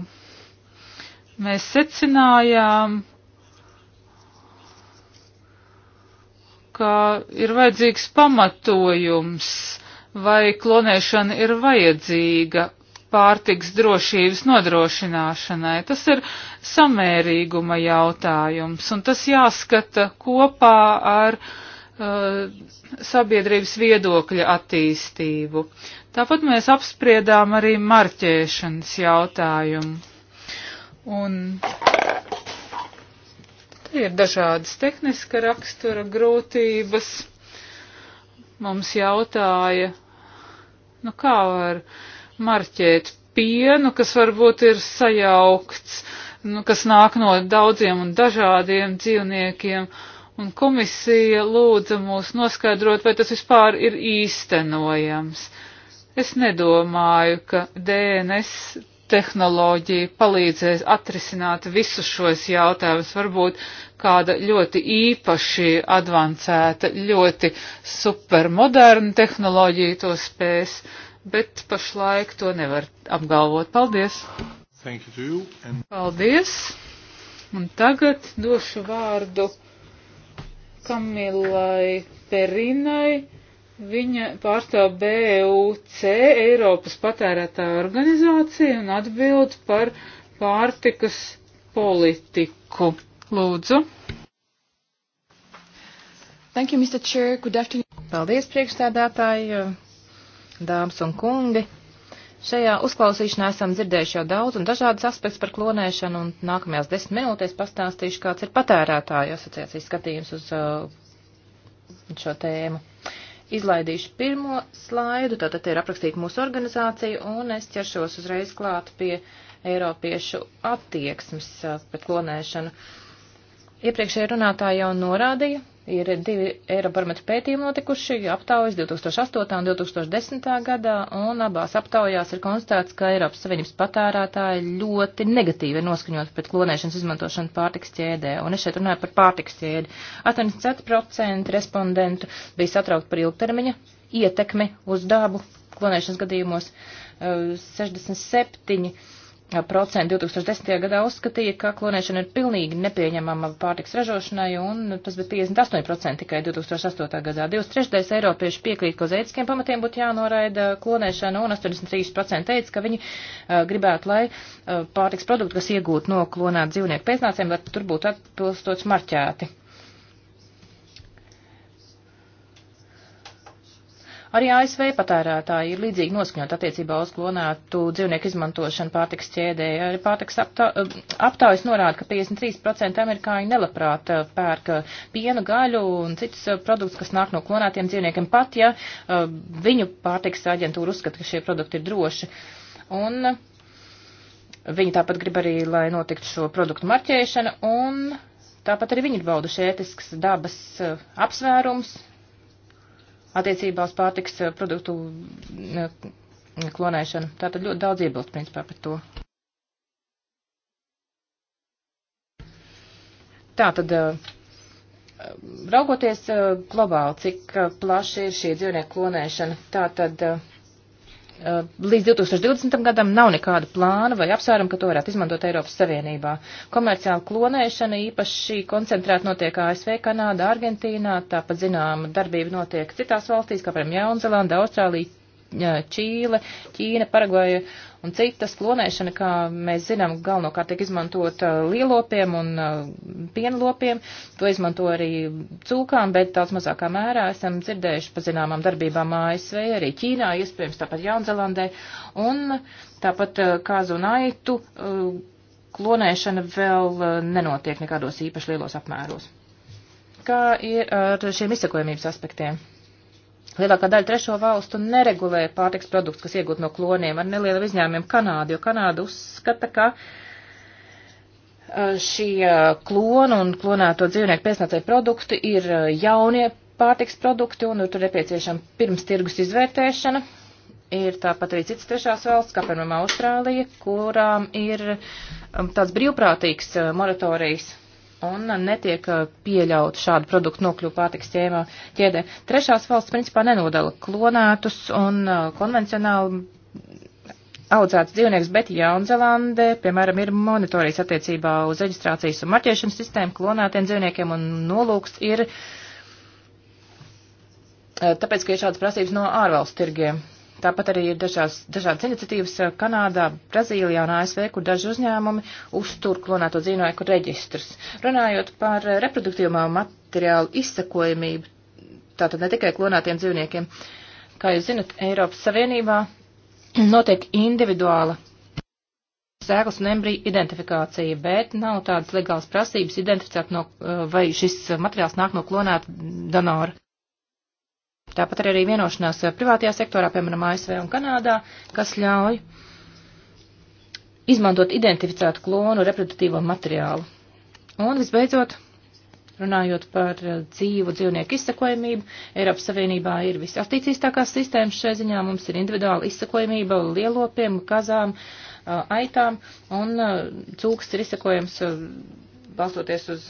mēs secinājām, ka ir vajadzīgs pamatojums, vai klonēšana ir vajadzīga pārtiks drošības nodrošināšanai. Tas ir samērīguma jautājums, un tas jāskata kopā ar uh, sabiedrības viedokļa attīstību. Tāpat mēs apspriedām arī marķēšanas jautājumu. Un te ir dažādas tehniska rakstura grūtības. Mums jautāja, nu kā var uh, marķēt pienu, kas varbūt ir sajaukts, nu, kas nāk no daudziem un dažādiem dzīvniekiem, un komisija lūdza mūs noskaidrot, vai tas vispār ir īstenojams. Es nedomāju, ka DNS tehnoloģija palīdzēs atrisināt visus šos jautājumus. Varbūt kāda ļoti īpaši advancēta, ļoti supermoderna tehnoloģija to spēs bet pašlaik to nevar apgalvot. Paldies! You, and... Paldies! Un tagad došu vārdu Kamilai Perinai. Viņa pārstāv BUC, Eiropas patērētāju organizāciju, un atbild par pārtikas politiku. Lūdzu. Thank you, Mr. Chair. Good afternoon. Paldies, priekšstādātāji dāmas un kungi! Šajā uzklausīšanā esam dzirdējuši jau daudz un dažādas aspekts par klonēšanu, un nākamajās desmit minūtēs pastāstīšu, kāds ir patērētāju asociācijas skatījums uz uh, šo tēmu. Izlaidīšu pirmo slaidu, tātad ir aprakstīta mūsu organizācija, un es ķeršos uzreiz klāt pie Eiropiešu attieksmes uh, pret klonēšanu. Iepriekšēji runātāji jau norādīja, Ir divi Eirobarometra pētījumi notikuši, aptaujas 2008. un 2010. gadā, un abās aptaujās ir konstatēts, ka Eiropas Savienības patērētāji ļoti negatīvi ir noskaņoti pret klonēšanas izmantošanu pārtiks ķēdē, un es šeit runāju par pārtiks ķēdi. 84% respondentu bija satraukti par ilgtermiņa ietekmi uz dabu klonēšanas gadījumos, 67% procenti 2010. gadā uzskatīja, ka klonēšana ir pilnīgi nepieņemama pārtiks ražošanai, un tas bija 58% tikai 2008. gadā. 2 trešdaļas eiropiešu piekrīt, ka uz ētiskiem pamatiem būtu jānoraida klonēšana, un 83% teica, ka viņi uh, gribētu, lai uh, pārtiks produktu, kas iegūtu no klonēt dzīvnieku pēcnācējiem, lai tur būtu atbilstoši marķēti. Arī ASV patērētāji ir līdzīgi noskaņot attiecībā uz klonētu dzīvnieku izmantošanu pārtiks ķēdē. Arī pārtiks aptā, aptājas norāda, ka 53% amerikāņi nelabprāt eh, pērka eh, pienu, gaļu un citus eh, produktus, kas nāk no klonētiem dzīvniekiem, pat ja viņu pārtiks aģentūra uzskata, ka šie produkti ir droši. Un Viņi tāpat grib arī, lai notiktu šo produktu marķēšana, un tāpat arī viņi ir bauduši ētisks dabas uh, apsvērums, attiecībā uz pārtiks eh, produktu eh, klonēšanu. Tātad ļoti daudz iebilst principā par to. Tātad, eh, raugoties globāli, cik plaši ir šī dzīvnieku klonēšana, tātad Uh, līdz 2020. gadam nav nekāda plāna vai apsvēruma, ka to varētu izmantot Eiropas Savienībā. Komerciāla klonēšana īpaši koncentrēta notiek ASV, Kanādā, Argentīnā, tāpat zināma darbība notiek citās valstīs, kā piemēram Jaunzelanda, Austrālija, Čīle, Ķīna, Paragvaja un citas. Klonēšana, kā mēs zinām, galvenokārt tiek izmantot uh, lielopiem un uh, pienlopiem, to izmanto arī cūkām, bet daudz mazākā mērā esam dzirdējuši pa zināmām darbībām ASV, arī Ķīnā, iespējams tāpat Jaunzelandē, un tāpat uh, kāzu un aitu klonēšana vēl nenotiek nekādos īpaši lielos apmēros. Kā ir ar šiem izsakojamības aspektiem? Lielākā daļa trešo valstu neregulē pārtiks produktus, kas iegūt no kloniem ar nelieliem izņēmumiem Kanādu, jo Kanāda uzskata, ka eh, šie klonu un klonēto dzīvnieku piesnācēju produkti ir eh, jaunie pārtiks produkti un tur nepieciešama pirms tirgus izvērtēšana. Ir tāpat arī citas trešās valsts, kā piemēram Austrālija, kurām ir um, tāds brīvprātīgs eh, moratorijas un netiek uh, pieļaut šādu produktu nokļuvu pārtiks ķēmā ķēdē. Trešās valsts principā nenodala klonētus un uh, konvencionāli audzēts dzīvnieks, bet Jaunzelandē, piemēram, ir monitorijas attiecībā uz reģistrācijas un marķēšanas sistēmu klonētiem dzīvniekiem un nolūks ir, uh, tāpēc, ka ir šādas prasības no ārvalstu tirgiem. Tāpat arī ir dažās, dažādas iniciatīvas eh, Kanādā, Brazīlijā un ASV, kur daži uzņēmumi uztur klonēto dzīvnieku reģistrus. Runājot par eh, reproduktīvā materiālu izsakojamību, tātad ne tikai klonētiem dzīvniekiem, kā jūs zinat, Eiropas Savienībā notiek individuāla sēklas un embriju identifikācija, bet nav tādas legālas prasības identificēt, no, eh, vai šis materiāls nāk no klonēta donora. Tāpat arī vienošanās privātajā sektorā, piemēram, ASV un Kanādā, kas ļauj izmantot identificētu klonu reproduktīvo materiālu. Un visbeidzot, runājot par dzīvu dzīvnieku izsakojamību, Eiropas Savienībā ir visattīcīstākās sistēmas šai ziņā. Mums ir individuāla izsakojamība lielopiem, kazām, aitām, un cūks ir izsakojams balstoties uz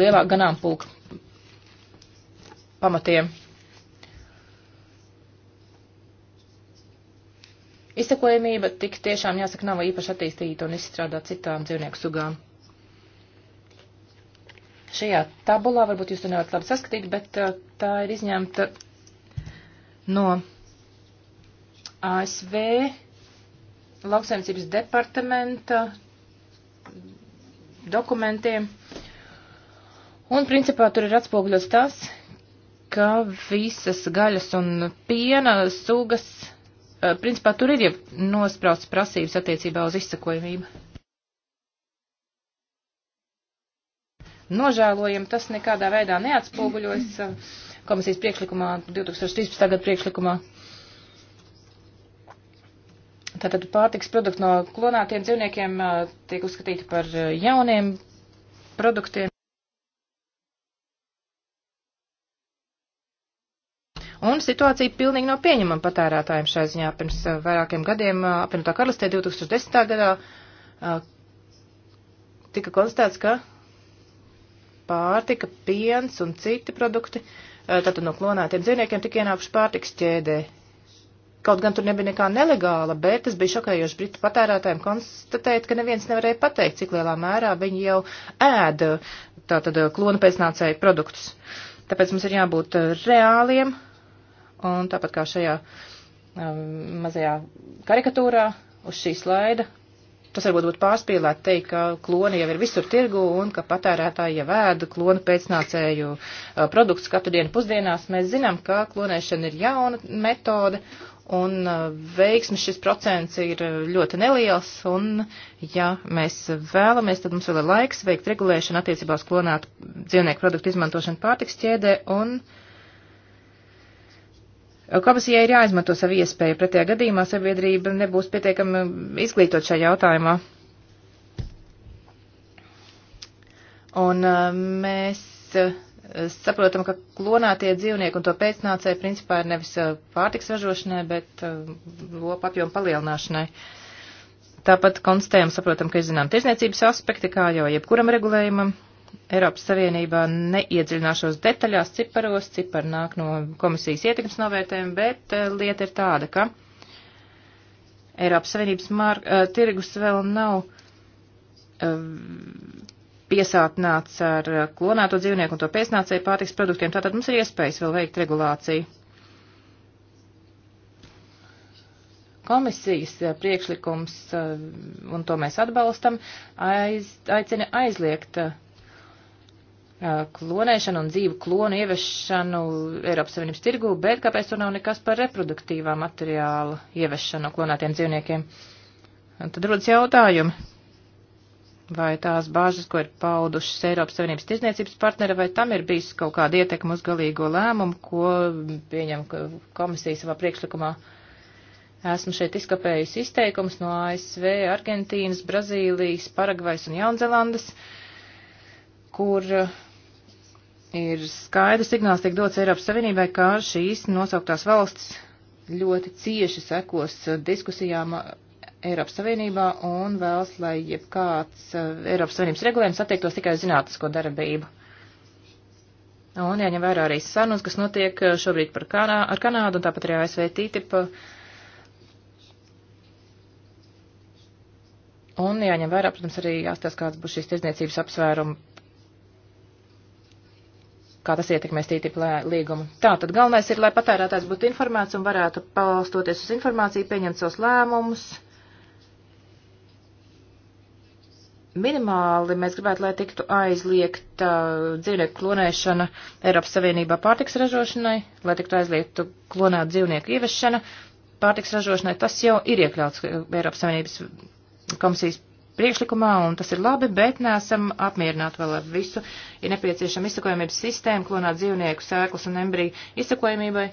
lielā ganāmpulka pamatiem. Izsekojamība tik tiešām jāsaka nav īpaši attīstīta un izstrādāta citām dzīvnieku sugām. Šajā tabulā varbūt jūs to nevarat labi saskatīt, bet uh, tā ir izņemta no ASV lauksaimniecības departamenta dokumentiem. Un principā tur ir atspoguļots tas, ka visas gaļas un piena sugas, eh, principā tur ir jau nosprauts prasības attiecībā uz izsakojumību. Nožēlojam, tas nekādā veidā neatspoguļojas eh, komisijas priekšlikumā, 2013. gada priekšlikumā. Tātad pārtiks produkti no klonātiem dzīvniekiem eh, tiek uzskatīti par jauniem produktiem. Un situācija pilnīgi nav pieņemama patērētājiem šai ziņā. Pirms eh, vairākiem gadiem, eh, apvienotā karalistē 2010. gadā, eh, tika konstatēts, ka pārtika, piens un citi produkti, tātad no klonētiem dzīvniekiem, tika ienākuši pārtiks ķēdē. Kaut gan tur nebija nekā nelegāla, bet tas bija šokējoši britu patērētājiem konstatēt, ka neviens nevarēja pateikt, cik lielā mērā viņi jau ēda tātad klonu pēcnācēju produktus. Tāpēc mums ir jābūt reāliem Un tāpat kā šajā um, mazajā karikatūrā uz šī slaida, tas varbūt būtu pārspīlēt teikt, ka kloni jau ir visur tirgu un ka patērētāji jau ēda klonu pēcnācēju uh, produktus katru dienu pusdienās. Mēs zinām, ka klonēšana ir jauna metode un uh, veiksmes šis procents ir uh, ļoti neliels, un ja mēs vēlamies, tad mums vēl ir laiks veikt regulēšanu attiecībā uz klonētu dzīvnieku produktu izmantošanu pārtiks ķēdē, un uh, Komisijai ir jāizmanto savu iespēju, pretējā gadījumā sabiedrība nebūs pietiekami izglītot šajā jautājumā. Un uh, mēs uh, saprotam, ka klonātie dzīvnieki un to pēcnācēji principā ir nevis uh, pārtiks ražošanai, bet lopu apjomu palielināšanai. Tāpat konstatējam, saprotam, ka ir zinām tirzniecības aspekti, kā jau jebkuram regulējumam. Eiropas Savienībā neiedziļināšos detaļās ciparos, cipari nāk no komisijas ietekmes novērtējuma, bet eh, lieta ir tāda, ka Eiropas Savienības mar, uh, tirgus vēl nav uh, eh, piesātināts ar uh, klonēto dzīvnieku un to pēcnācēju pārtiks produktiem, tātad mums ir iespējas vēl veikt regulāciju. Komisijas uh, priekšlikums, uh, un to mēs atbalstam, aiz, aicina aizliegt uh, klonēšanu un dzīvu klonu ievešanu Eiropas Savienības tirgū, bet kāpēc tur nav nekas par reproduktīvā materiāla ievešanu no klonētiem dzīvniekiem? Un tad rodas jautājumi, vai tās bāžas, ko ir paudušas Eiropas Savienības tirzniecības partneri, vai tam ir bijis kaut kāda ietekma uz galīgo lēmumu, ko pieņem komisija savā priekšlikumā. Esmu šeit izkapējusi izteikums no ASV, Argentīnas, Brazīlijas, Paragvajas un Jaunzelandes, kur uh, ir skaidrs signāls tiek dots Eiropas Savienībai, ka šīs nosauktās valstis ļoti cieši sekos diskusijām Eiropas Savienībā un vēlas, lai jebkāds uh, Eiropas Savienības regulējums attiektos tikai uz zinātnisko darbību. Un jāņem vērā arī sarunas, kas notiek uh, šobrīd par Kanā, ar Kanādu un tāpat arī ASV TTIP. Un jāņem vērā, protams, arī jāstāsta, kāds būs šīs tirdzniecības apsvērumu kā tas ietekmēs TTIP līgumu. Tā tad galvenais ir, lai patērētājs būtu informēts un varētu palstoties uz informāciju, pieņemt savus lēmumus. Minimāli mēs gribētu, lai tiktu aizliegta dzīvnieku klonēšana Eiropas Savienībā pārtiks ražošanai, lai tiktu aizliegta klonēt dzīvnieku ievešana pārtiks ražošanai. Tas jau ir iekļauts Eiropas Savienības komisijas priekšlikumā, un tas ir labi, bet neesam apmierināti vēl ar visu. Ir nepieciešama izsakojamības sistēma, klonāt dzīvnieku sēklas un embriju izsakojamībai,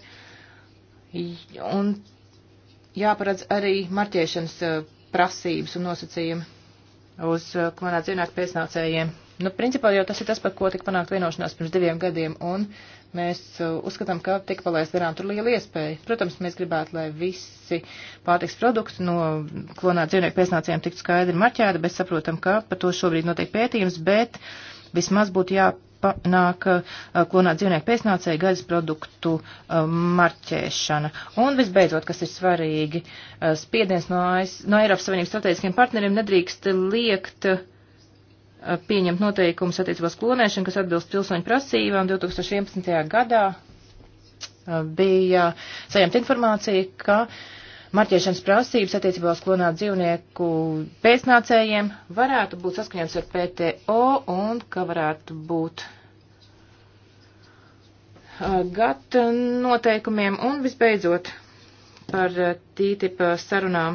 un jāparedz arī marķēšanas eh, prasības un nosacījumi uz eh, klonāt dzīvnieku pēcnācējiem. Nu, principā jau tas ir tas, par ko tika panākt vienošanās pirms diviem gadiem, un mēs uh, uzskatām, ka tika palaist garām tur liela iespēja. Protams, mēs gribētu, lai visi pārtiks produkti no klonēt dzīvnieku pēcnācējiem tiktu skaidri marķēti, bet saprotam, ka par to šobrīd notiek pētījums, bet vismaz būtu jāpanāk uh, klonēt dzīvnieku pēcnācēju gaļas produktu uh, marķēšana. Un visbeidzot, kas ir svarīgi, spiediens no, AS, no Eiropas Savienības strateģiskiem partneriem nedrīkst liekt Eh, pieņemt noteikumus attiecībās klonēšanu, kas atbilst pilsoņu prasībām. 2011. gadā eh, bija saņemta informācija, ka marķēšanas prasības attiecībā uz klonētu dzīvnieku pēcnācējiem varētu būt saskaņots ar PTO un ka varētu būt eh, GATT noteikumiem un visbeidzot par TTIP sarunām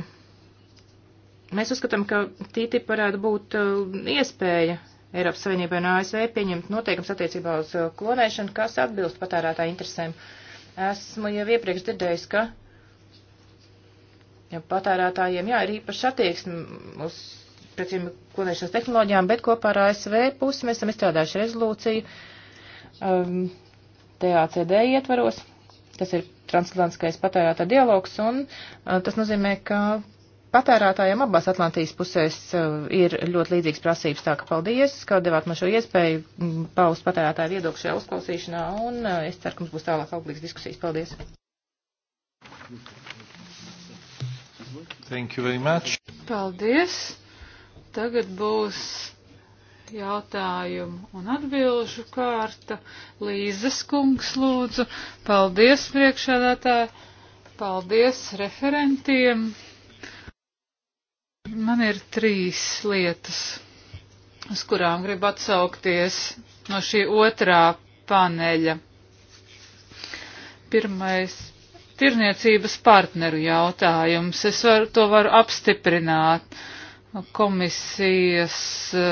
Mēs uzskatām, ka TTIP varētu būt uh, iespēja Eiropas Savienībai un ASV pieņemt noteikums attiecībā uz uh, klonēšanu, kas atbilst patērētāju interesēm. Esmu jau iepriekš dzirdējis, ka patērētājiem jā, ir īpaši attieksme uz precīm klonēšanas tehnoloģijām, bet kopā ar ASV pusi mēs esam izstrādājuši rezolūciju um, TACD ietvaros. Tas ir transatlantiskais patērētā dialogs, un uh, tas nozīmē, ka patērētājiem abās Atlantijas pusēs uh, ir ļoti līdzīgas prasības, tā ka paldies, ka devāt man šo iespēju mm, paust patērētāju viedokļu šajā uzklausīšanā, un uh, es ceru, ka mums būs tālāk auglīgas diskusijas. Paldies! Thank you very much. Paldies! Tagad būs jautājumu un atbilžu kārta. Līzes kungs lūdzu. Paldies priekšādātāji! Paldies referentiem! Man ir trīs lietas, uz kurām gribu atsaukties no šī otrā paneļa. Pirmais - tirniecības partneru jautājums. Es var, to varu apstiprināt komisijas eh,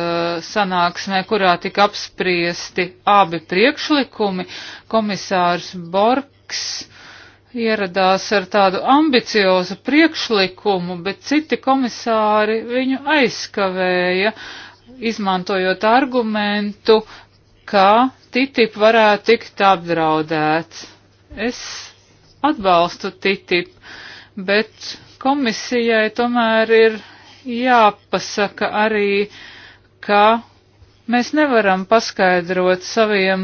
sanāksmē, kurā tika apspriesti abi priekšlikumi. Komisārs Borgs ieradās ar tādu ambiciozu priekšlikumu, bet citi komisāri viņu aizskavēja, izmantojot argumentu, ka TTIP varētu tikt apdraudēts. Es atbalstu TTIP, bet komisijai tomēr ir jāpasaka arī, ka Mēs nevaram paskaidrot saviem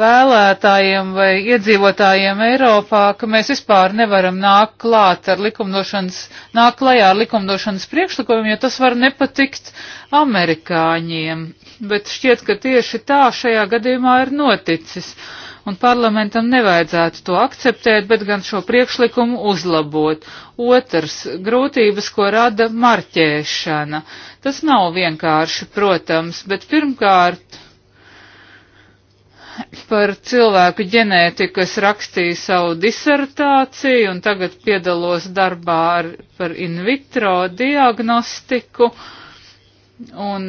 vēlētājiem vai iedzīvotājiem Eiropā, ka mēs vispār nevaram nākt klāt ar likumdošanas, nākt klajā ar likumdošanas priekšlikumiem, jo tas var nepatikt amerikāņiem. Bet šķiet, ka tieši tā šajā gadījumā ir noticis. Uh, un parlamentam nevajadzētu to akceptēt, bet gan šo priekšlikumu uzlabot. Otrs - grūtības, ko rada marķēšana. Tas nav vienkārši, protams, bet pirmkārt par cilvēku ģenētiku es rakstīju savu disertāciju un tagad piedalos darbā ar, par in vitro diagnostiku. Un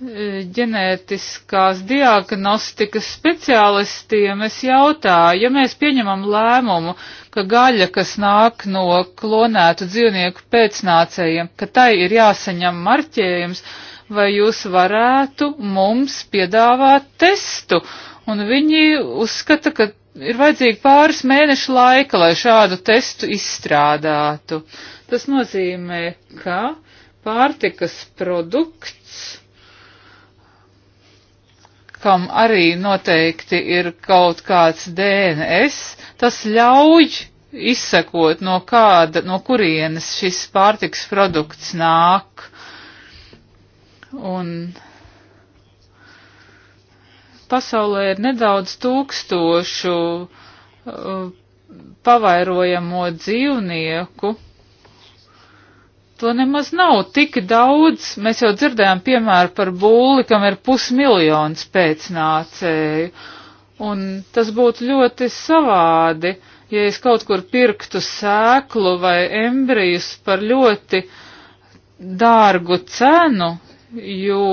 ģenētiskās diagnostikas speciālistiem es jautāju, ja mēs pieņemam lēmumu, ka gaļa, kas nāk no klonētu dzīvnieku pēcnācējiem, ka tai ir jāsaņem marķējums, vai jūs varētu mums piedāvāt testu? Un viņi uzskata, ka ir vajadzīgi pāris mēnešu laika, lai šādu testu izstrādātu. Tas nozīmē, ka pārtikas produkti kam arī noteikti ir kaut kāds DNS, tas ļauj izsekot, no kāda, no kurienes šis pārtiks produkts nāk. Un pasaulē ir nedaudz tūkstošu uh, pavairojamo dzīvnieku, To nemaz nav tik daudz. Mēs jau dzirdējām piemēru par būli, kam ir pusmiljons pēcnācēju. Un tas būtu ļoti savādi, ja es kaut kur pirktu sēklu vai embrijus par ļoti dārgu cenu, jo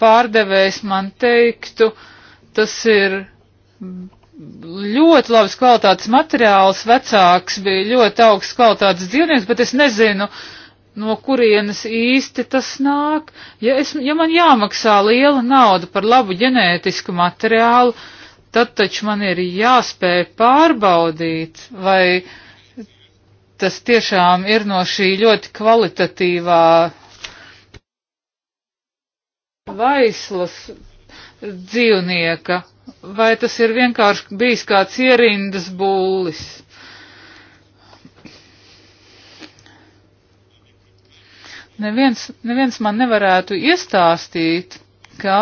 pārdevējs man teiktu, tas ir ļoti labas kvalitātes materiāls, vecāks bija ļoti augsts kvalitātes dzīvnieks, bet es nezinu, no kurienes īsti tas nāk. Ja, es, ja man jāmaksā liela nauda par labu ģenētisku materiālu, tad taču man ir jāspēj pārbaudīt, vai tas tiešām ir no šī ļoti kvalitatīvā vaislas dzīvnieka vai tas ir vienkārši bijis kāds ierindas būlis. Neviens, neviens man nevarētu iestāstīt, ka,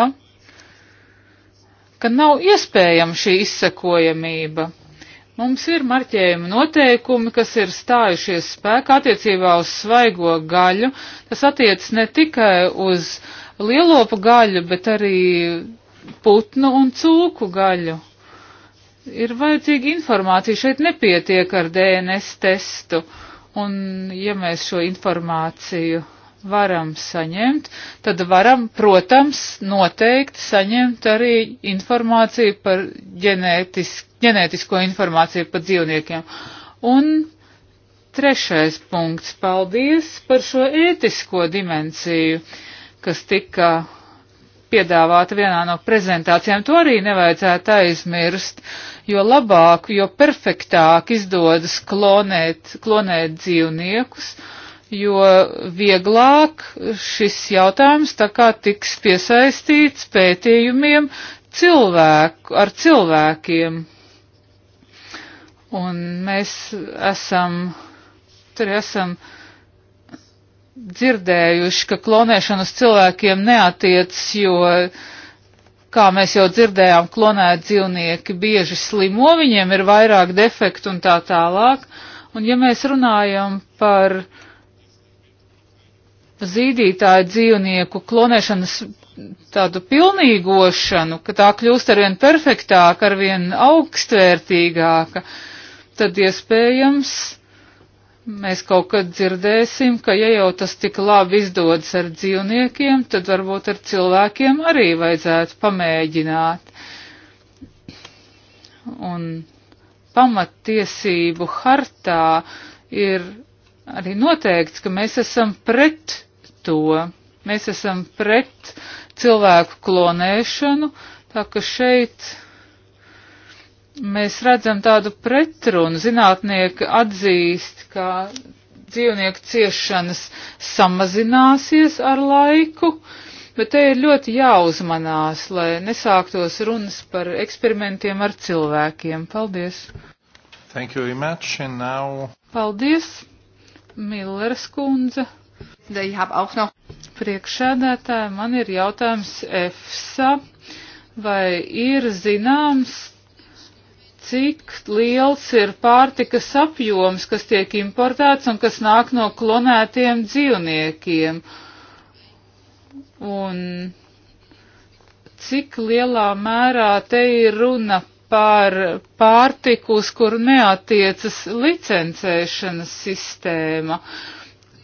ka nav iespējama šī izsekojamība. Mums ir marķējuma noteikumi, kas ir stājušies spēkā attiecībā uz svaigo gaļu. Tas attiec ne tikai uz lielopu gaļu, bet arī putnu un cūku gaļu. Ir vajadzīga informācija, šeit nepietiek ar DNS testu, un ja mēs šo informāciju varam saņemt, tad varam, protams, noteikti saņemt arī informāciju par ģenētisk, ģenētisko informāciju par dzīvniekiem. Un trešais punkts. Paldies par šo ētisko dimensiju, kas tika piedāvāta vienā no prezentācijām. To arī nevajadzētu aizmirst, jo labāk, jo perfektāk izdodas klonēt, klonēt dzīvniekus, jo vieglāk šis jautājums tā kā tiks piesaistīts pētījumiem cilvēku, ar cilvēkiem. Un mēs esam, tur esam. Uh, dzirdējuši, ka klonēšana uz cilvēkiem neatiec, jo, kā mēs jau dzirdējām, klonēt dzīvnieki bieži slimo, viņiem ir vairāk defektu un tā tālāk. Un ja mēs runājam par zīdītāju dzīvnieku klonēšanas tādu pilnīgošanu, ka tā kļūst arvien perfektāka, arvien augstvērtīgāka, tad iespējams Mēs kaut kad dzirdēsim, ka ja jau tas tik labi izdodas ar dzīvniekiem, tad varbūt ar cilvēkiem arī vajadzētu pamēģināt. Un pamattiesību hartā ir arī noteikts, ka mēs esam pret to. Mēs esam pret cilvēku klonēšanu, tā ka šeit mēs redzam tādu pretrunu. Zinātnieki atzīst, ka dzīvnieku ciešanas samazināsies ar laiku, bet te ir ļoti jāuzmanās, lai nesāktos runas par eksperimentiem ar cilvēkiem. Paldies! Thank you very much, and now... Paldies, Milleras kundze. No... Priekšēdētāji, man ir jautājums EFSA. Vai ir zināms cik liels ir pārtikas apjoms, kas tiek importēts un kas nāk no klonētiem dzīvniekiem. Un cik lielā mērā te ir runa par pārtiku, uz kuru neatiecas licencēšanas sistēma,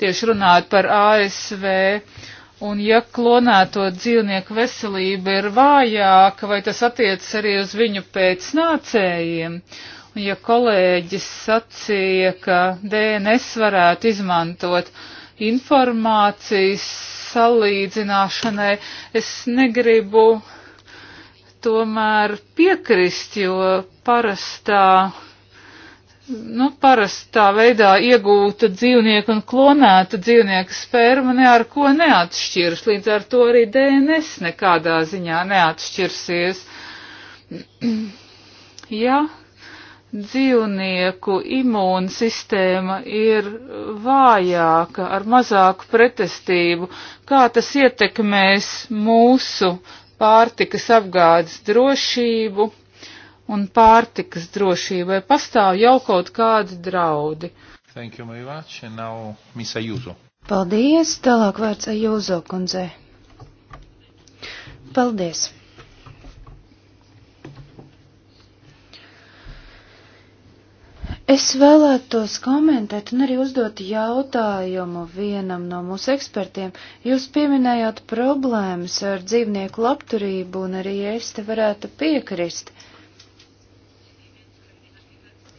tieši runājot par ASV. Uh, Un ja klonēto dzīvnieku veselība ir vājāka, vai tas attiecas arī uz viņu pēcnācējiem? Un ja kolēģis sacīja, ka DNS varētu izmantot informācijas salīdzināšanai, es negribu tomēr piekrist, jo parastā nu, parastā veidā iegūta dzīvnieka un klonēta dzīvnieka sperma ne ar ko neatšķiras, līdz ar to arī DNS nekādā ziņā neatšķirsies. [CLEARS THROAT] ja dzīvnieku imūnsistēma ir vājāka, ar mazāku pretestību, kā tas ietekmēs mūsu pārtikas apgādes drošību? un pārtikas drošībai pastāv jau kaut kādi draudi. Thank you very much, and now Miss Ayuso. Paldies, tālāk vārds Ayuso kundzei. Paldies. Es vēlētos komentēt un arī uzdot jautājumu vienam no mūsu ekspertiem. Jūs pieminējāt problēmas ar dzīvnieku labturību, un arī es te varētu piekrist. Uh,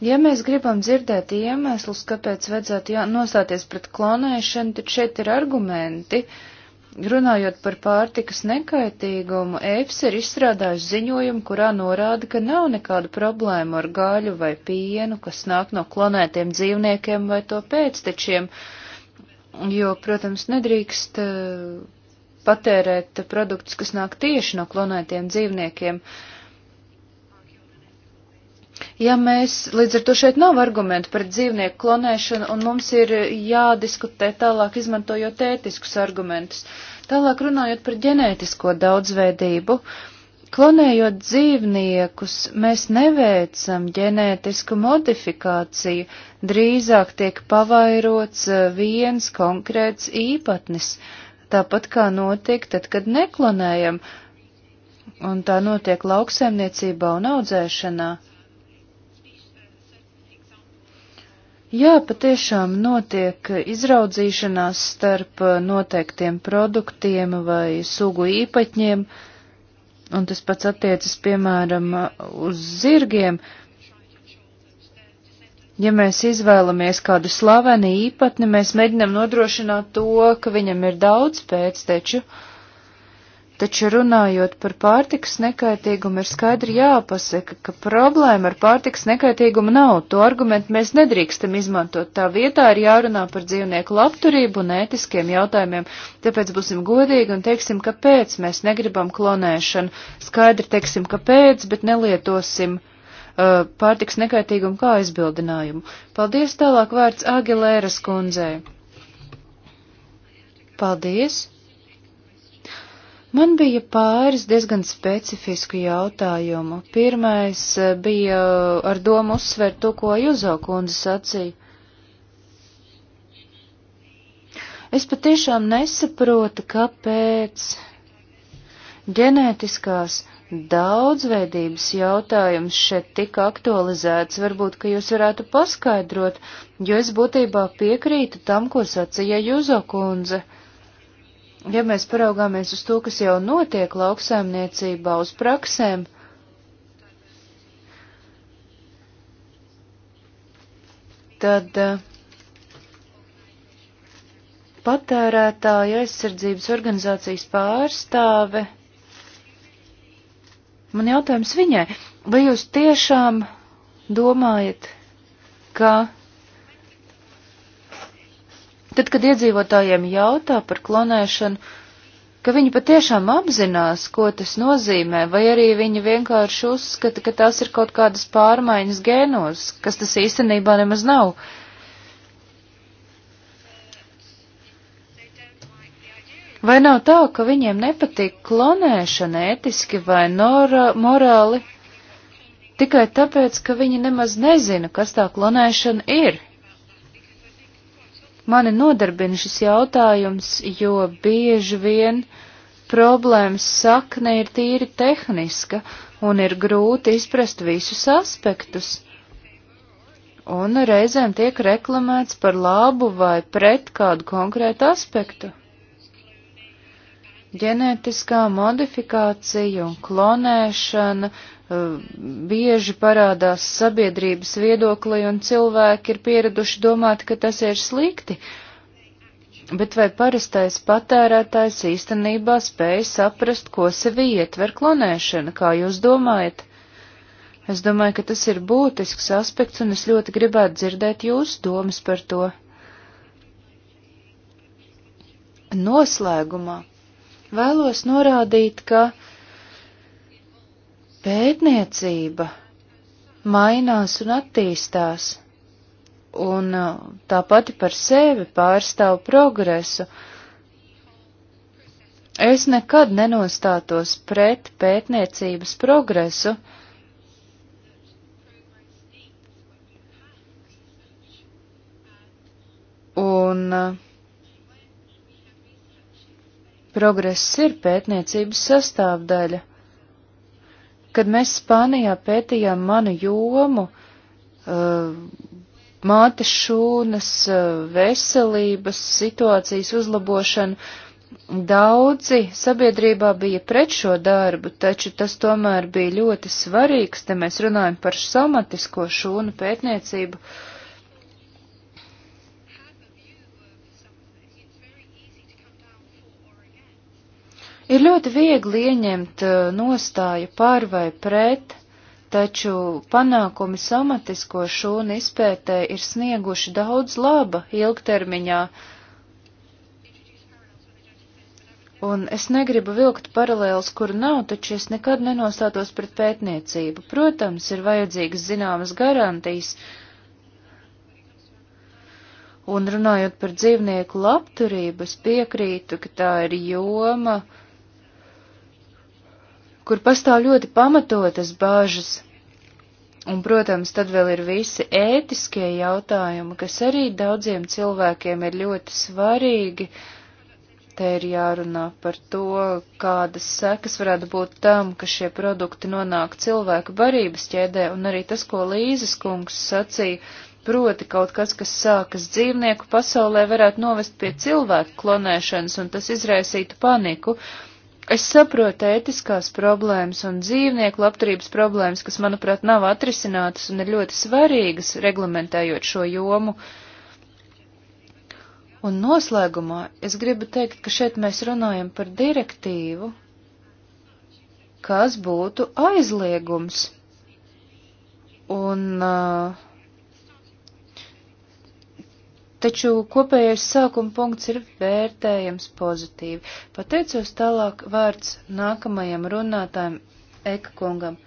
Ja mēs gribam dzirdēt iemeslus, kāpēc vajadzētu jā, nostāties pret klonēšanu, tad šeit ir argumenti. Runājot par pārtikas nekaitīgumu, EFS ir izstrādājusi ziņojumu, kurā norāda, ka nav nekādu problēmu ar gaļu vai pienu, kas nāk no klonētiem dzīvniekiem vai to pēctečiem, jo, protams, nedrīkst eh, patērēt produktus, kas nāk tieši no klonētiem dzīvniekiem. Uh, Ja mēs līdz ar to šeit nav argumentu pret dzīvnieku klonēšanu, un mums ir jādiskutē tālāk izmantojot ētiskus argumentus. Tālāk runājot par ģenētisko daudzveidību, klonējot dzīvniekus, mēs neveicam ģenētisku modifikāciju, drīzāk tiek pavairots eh, viens konkrēts īpatnis, tāpat kā notiek tad, kad neklonējam, un tā notiek lauksēmniecībā un audzēšanā. Jā, patiešām notiek izraudzīšanās starp uh, noteiktiem produktiem vai sugu īpaņiem, un tas pats attiecas, piemēram, uz zirgiem. Ja mēs izvēlamies kādu slavenu īpatni, mēs mēģinam nodrošināt to, ka viņam ir daudz pēcteču. Uh, Taču runājot par pārtikas nekaitīgumu, ir skaidri jāpasaka, ka problēma ar pārtikas nekaitīgumu nav. To argumentu mēs nedrīkstam izmantot. Tā vietā ir jārunā par dzīvnieku labturību un ētiskiem jautājumiem. Tāpēc būsim godīgi un teiksim, kāpēc mēs negribam klonēšanu. Skaidri teiksim, kāpēc, bet nelietosim uh, pārtikas nekaitīgumu kā aizbildinājumu. Paldies tālāk vārds Agilēras kundzei. Paldies! Man bija pāris diezgan specifisku jautājumu. Pirmais eh, bija eh, ar domu uzsvērt to, ko Juzo kundze sacīja. Es patiešām nesaprotu, kāpēc ģenētiskās daudzveidības jautājums šeit tika aktualizēts. Varbūt, ka jūs varētu paskaidrot, jo es būtībā piekrītu tam, ko sacīja Juzo kundze. Uh, ja mēs paraugāmies uz to, kas jau notiek lauksaimniecībā, uz praksēm, tad eh, patērētāja aizsardzības organizācijas pārstāve. Man jautājums viņai, vai jūs tiešām domājat, ka Tad, kad iedzīvotājiem jautā par klonēšanu, ka viņi patiešām apzinās, ko tas nozīmē, vai arī viņi vienkārši uzskata, ka tās ir kaut kādas pārmaiņas gēnos, kas tas īstenībā nemaz nav. Vai nav tā, ka viņiem nepatīk klonēšana ētiski vai nora, morāli, tikai tāpēc, ka viņi nemaz nezina, kas tā klonēšana ir? Mani nodarbina šis jautājums, jo bieži vien problēmas sakne ir tīri tehniska un ir grūti izprast visus aspektus. Un reizēm tiek reklamēts par labu vai pret kādu konkrētu aspektu. Ģenētiskā modifikācija un klonēšana Eh, bieži parādās sabiedrības viedoklī un cilvēki ir pieraduši domāt, ka tas ir slikti. Bet vai parastais patērētājs īstenībā spēj saprast, ko sevi ietver klonēšana, kā jūs domājat? Es domāju, ka tas ir būtisks aspekts, un es ļoti gribētu dzirdēt jūsu domas par to. Noslēgumā vēlos norādīt, ka Pētniecība mainās un attīstās, un uh, tā pati par sevi pārstāv progresu. Es nekad nenostātos pret pētniecības progresu, un uh, progress ir pētniecības sastāvdaļa. Kad mēs Spānijā pētījām manu jomu, eh, mātes šūnas, eh, veselības situācijas uzlabošanu, daudzi sabiedrībā bija pret šo darbu, taču tas tomēr bija ļoti svarīgs, te mēs runājam par somatisko šūnu pētniecību. Uh, Ir ļoti viegli ieņemt uh, nostāju par vai pret, taču panākumi somatisko šūnu izpētē ir snieguši daudz laba ilgtermiņā. Un es negribu vilkt paralēlus, kur nav, taču es nekad nenostātos pret pētniecību. Protams, ir vajadzīgas zināmas garantijas. Un runājot par dzīvnieku labturību, es piekrītu, ka tā ir joma, uh, kur pastāv ļoti pamatotas bāžas. Un, protams, tad vēl ir visi ētiskie jautājumi, kas arī daudziem cilvēkiem ir ļoti svarīgi. Te ir jārunā par to, kādas sekas varētu būt tam, ka šie produkti nonāk cilvēku barības ķēdē, un arī tas, ko Līzes kungs sacīja, proti kaut kas, kas sākas dzīvnieku pasaulē, varētu novest pie cilvēku klonēšanas, un tas izraisītu paniku. Uh, Es saprotu ētiskās problēmas un dzīvnieku labturības problēmas, kas, manuprāt, nav atrisinātas un ir ļoti svarīgas, reglamentējot šo jomu. Un noslēgumā es gribu teikt, ka šeit mēs runājam par direktīvu, kas būtu aizliegums. Un uh, taču kopējais sākuma punkts ir vērtējams pozitīvi. Pateicos tālāk vārds nākamajam runātājam Eka kungam.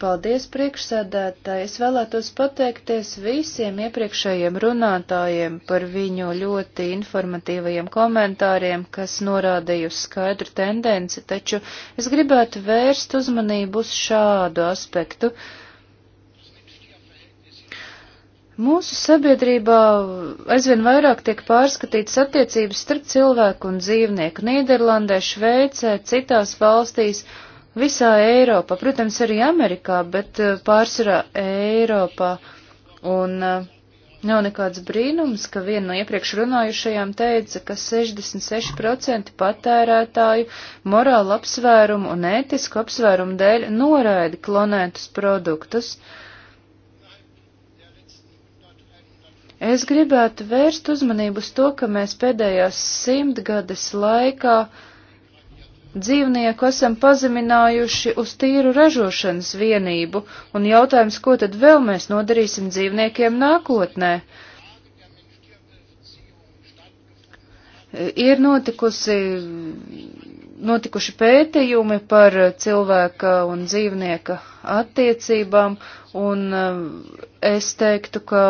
Paldies priekšsēdētāji. Es vēlētos pateikties visiem iepriekšējiem runātājiem par viņu ļoti informatīvajiem komentāriem, kas norādīja uz skaidru tendenci, taču es gribētu vērst uzmanību uz šādu aspektu. Uh, Mūsu sabiedrībā aizvien vairāk tiek pārskatītas attiecības starp cilvēku un dzīvnieku Nīderlandē, Šveicē, citās valstīs, visā Eiropā, protams, arī Amerikā, bet eh, pārsvarā Eiropā. Un eh, nav nekāds brīnums, ka viena no iepriekš runājušajām teica, ka 66% patērētāju morāla apsvērumu un ētisku apsvērumu dēļ noraida klonētus produktus. Uh, Es gribētu vērst uzmanību uz to, ka mēs pēdējās simtgades laikā dzīvnieku esam pazeminājuši uz tīru ražošanas vienību, un jautājums, ko tad vēl mēs nodarīsim dzīvniekiem nākotnē? Ir notikusi, notikuši pētījumi par cilvēka un dzīvnieka attiecībām, un eh, es teiktu, ka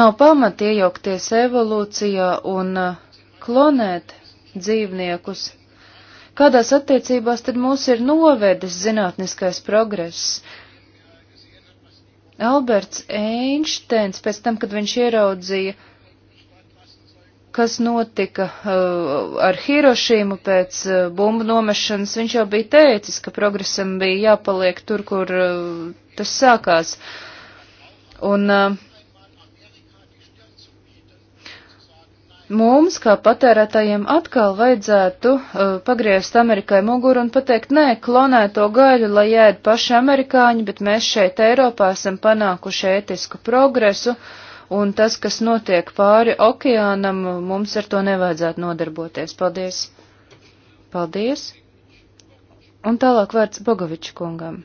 nav pamata iejaukties evolūcijā un uh, klonēt dzīvniekus. Kādās attiecībās tad mūs ir novedis zinātniskais progress? Alberts Einsteins pēc tam, kad viņš ieraudzīja, kas notika uh, ar Hirošīmu pēc uh, bumbu nomešanas, viņš jau bija teicis, ka progresam bija jāpaliek tur, kur uh, tas sākās. Un uh, mums, kā patērētājiem, atkal vajadzētu uh, pagriezt Amerikai muguru un pateikt, nē, klonēto gaļu, lai ēd paši amerikāņi, bet mēs šeit Eiropā esam panākuši ētisku progresu, un tas, kas notiek pāri okeānam, mums ar to nevajadzētu nodarboties. Paldies! Paldies! Un tālāk vārds Bogoviču kungam.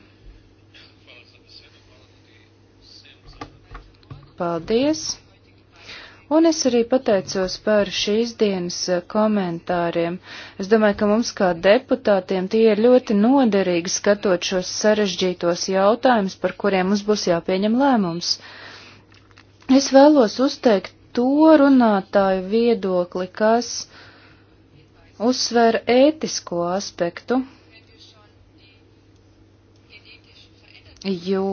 Paldies! Un es arī pateicos par šīs dienas eh, komentāriem. Es domāju, ka mums kā deputātiem tie ir ļoti noderīgi skatot šos sarežģītos jautājumus, par kuriem mums būs jāpieņem lēmums. Es vēlos uzteikt to runātāju viedokli, kas uzsver ētisko aspektu, jo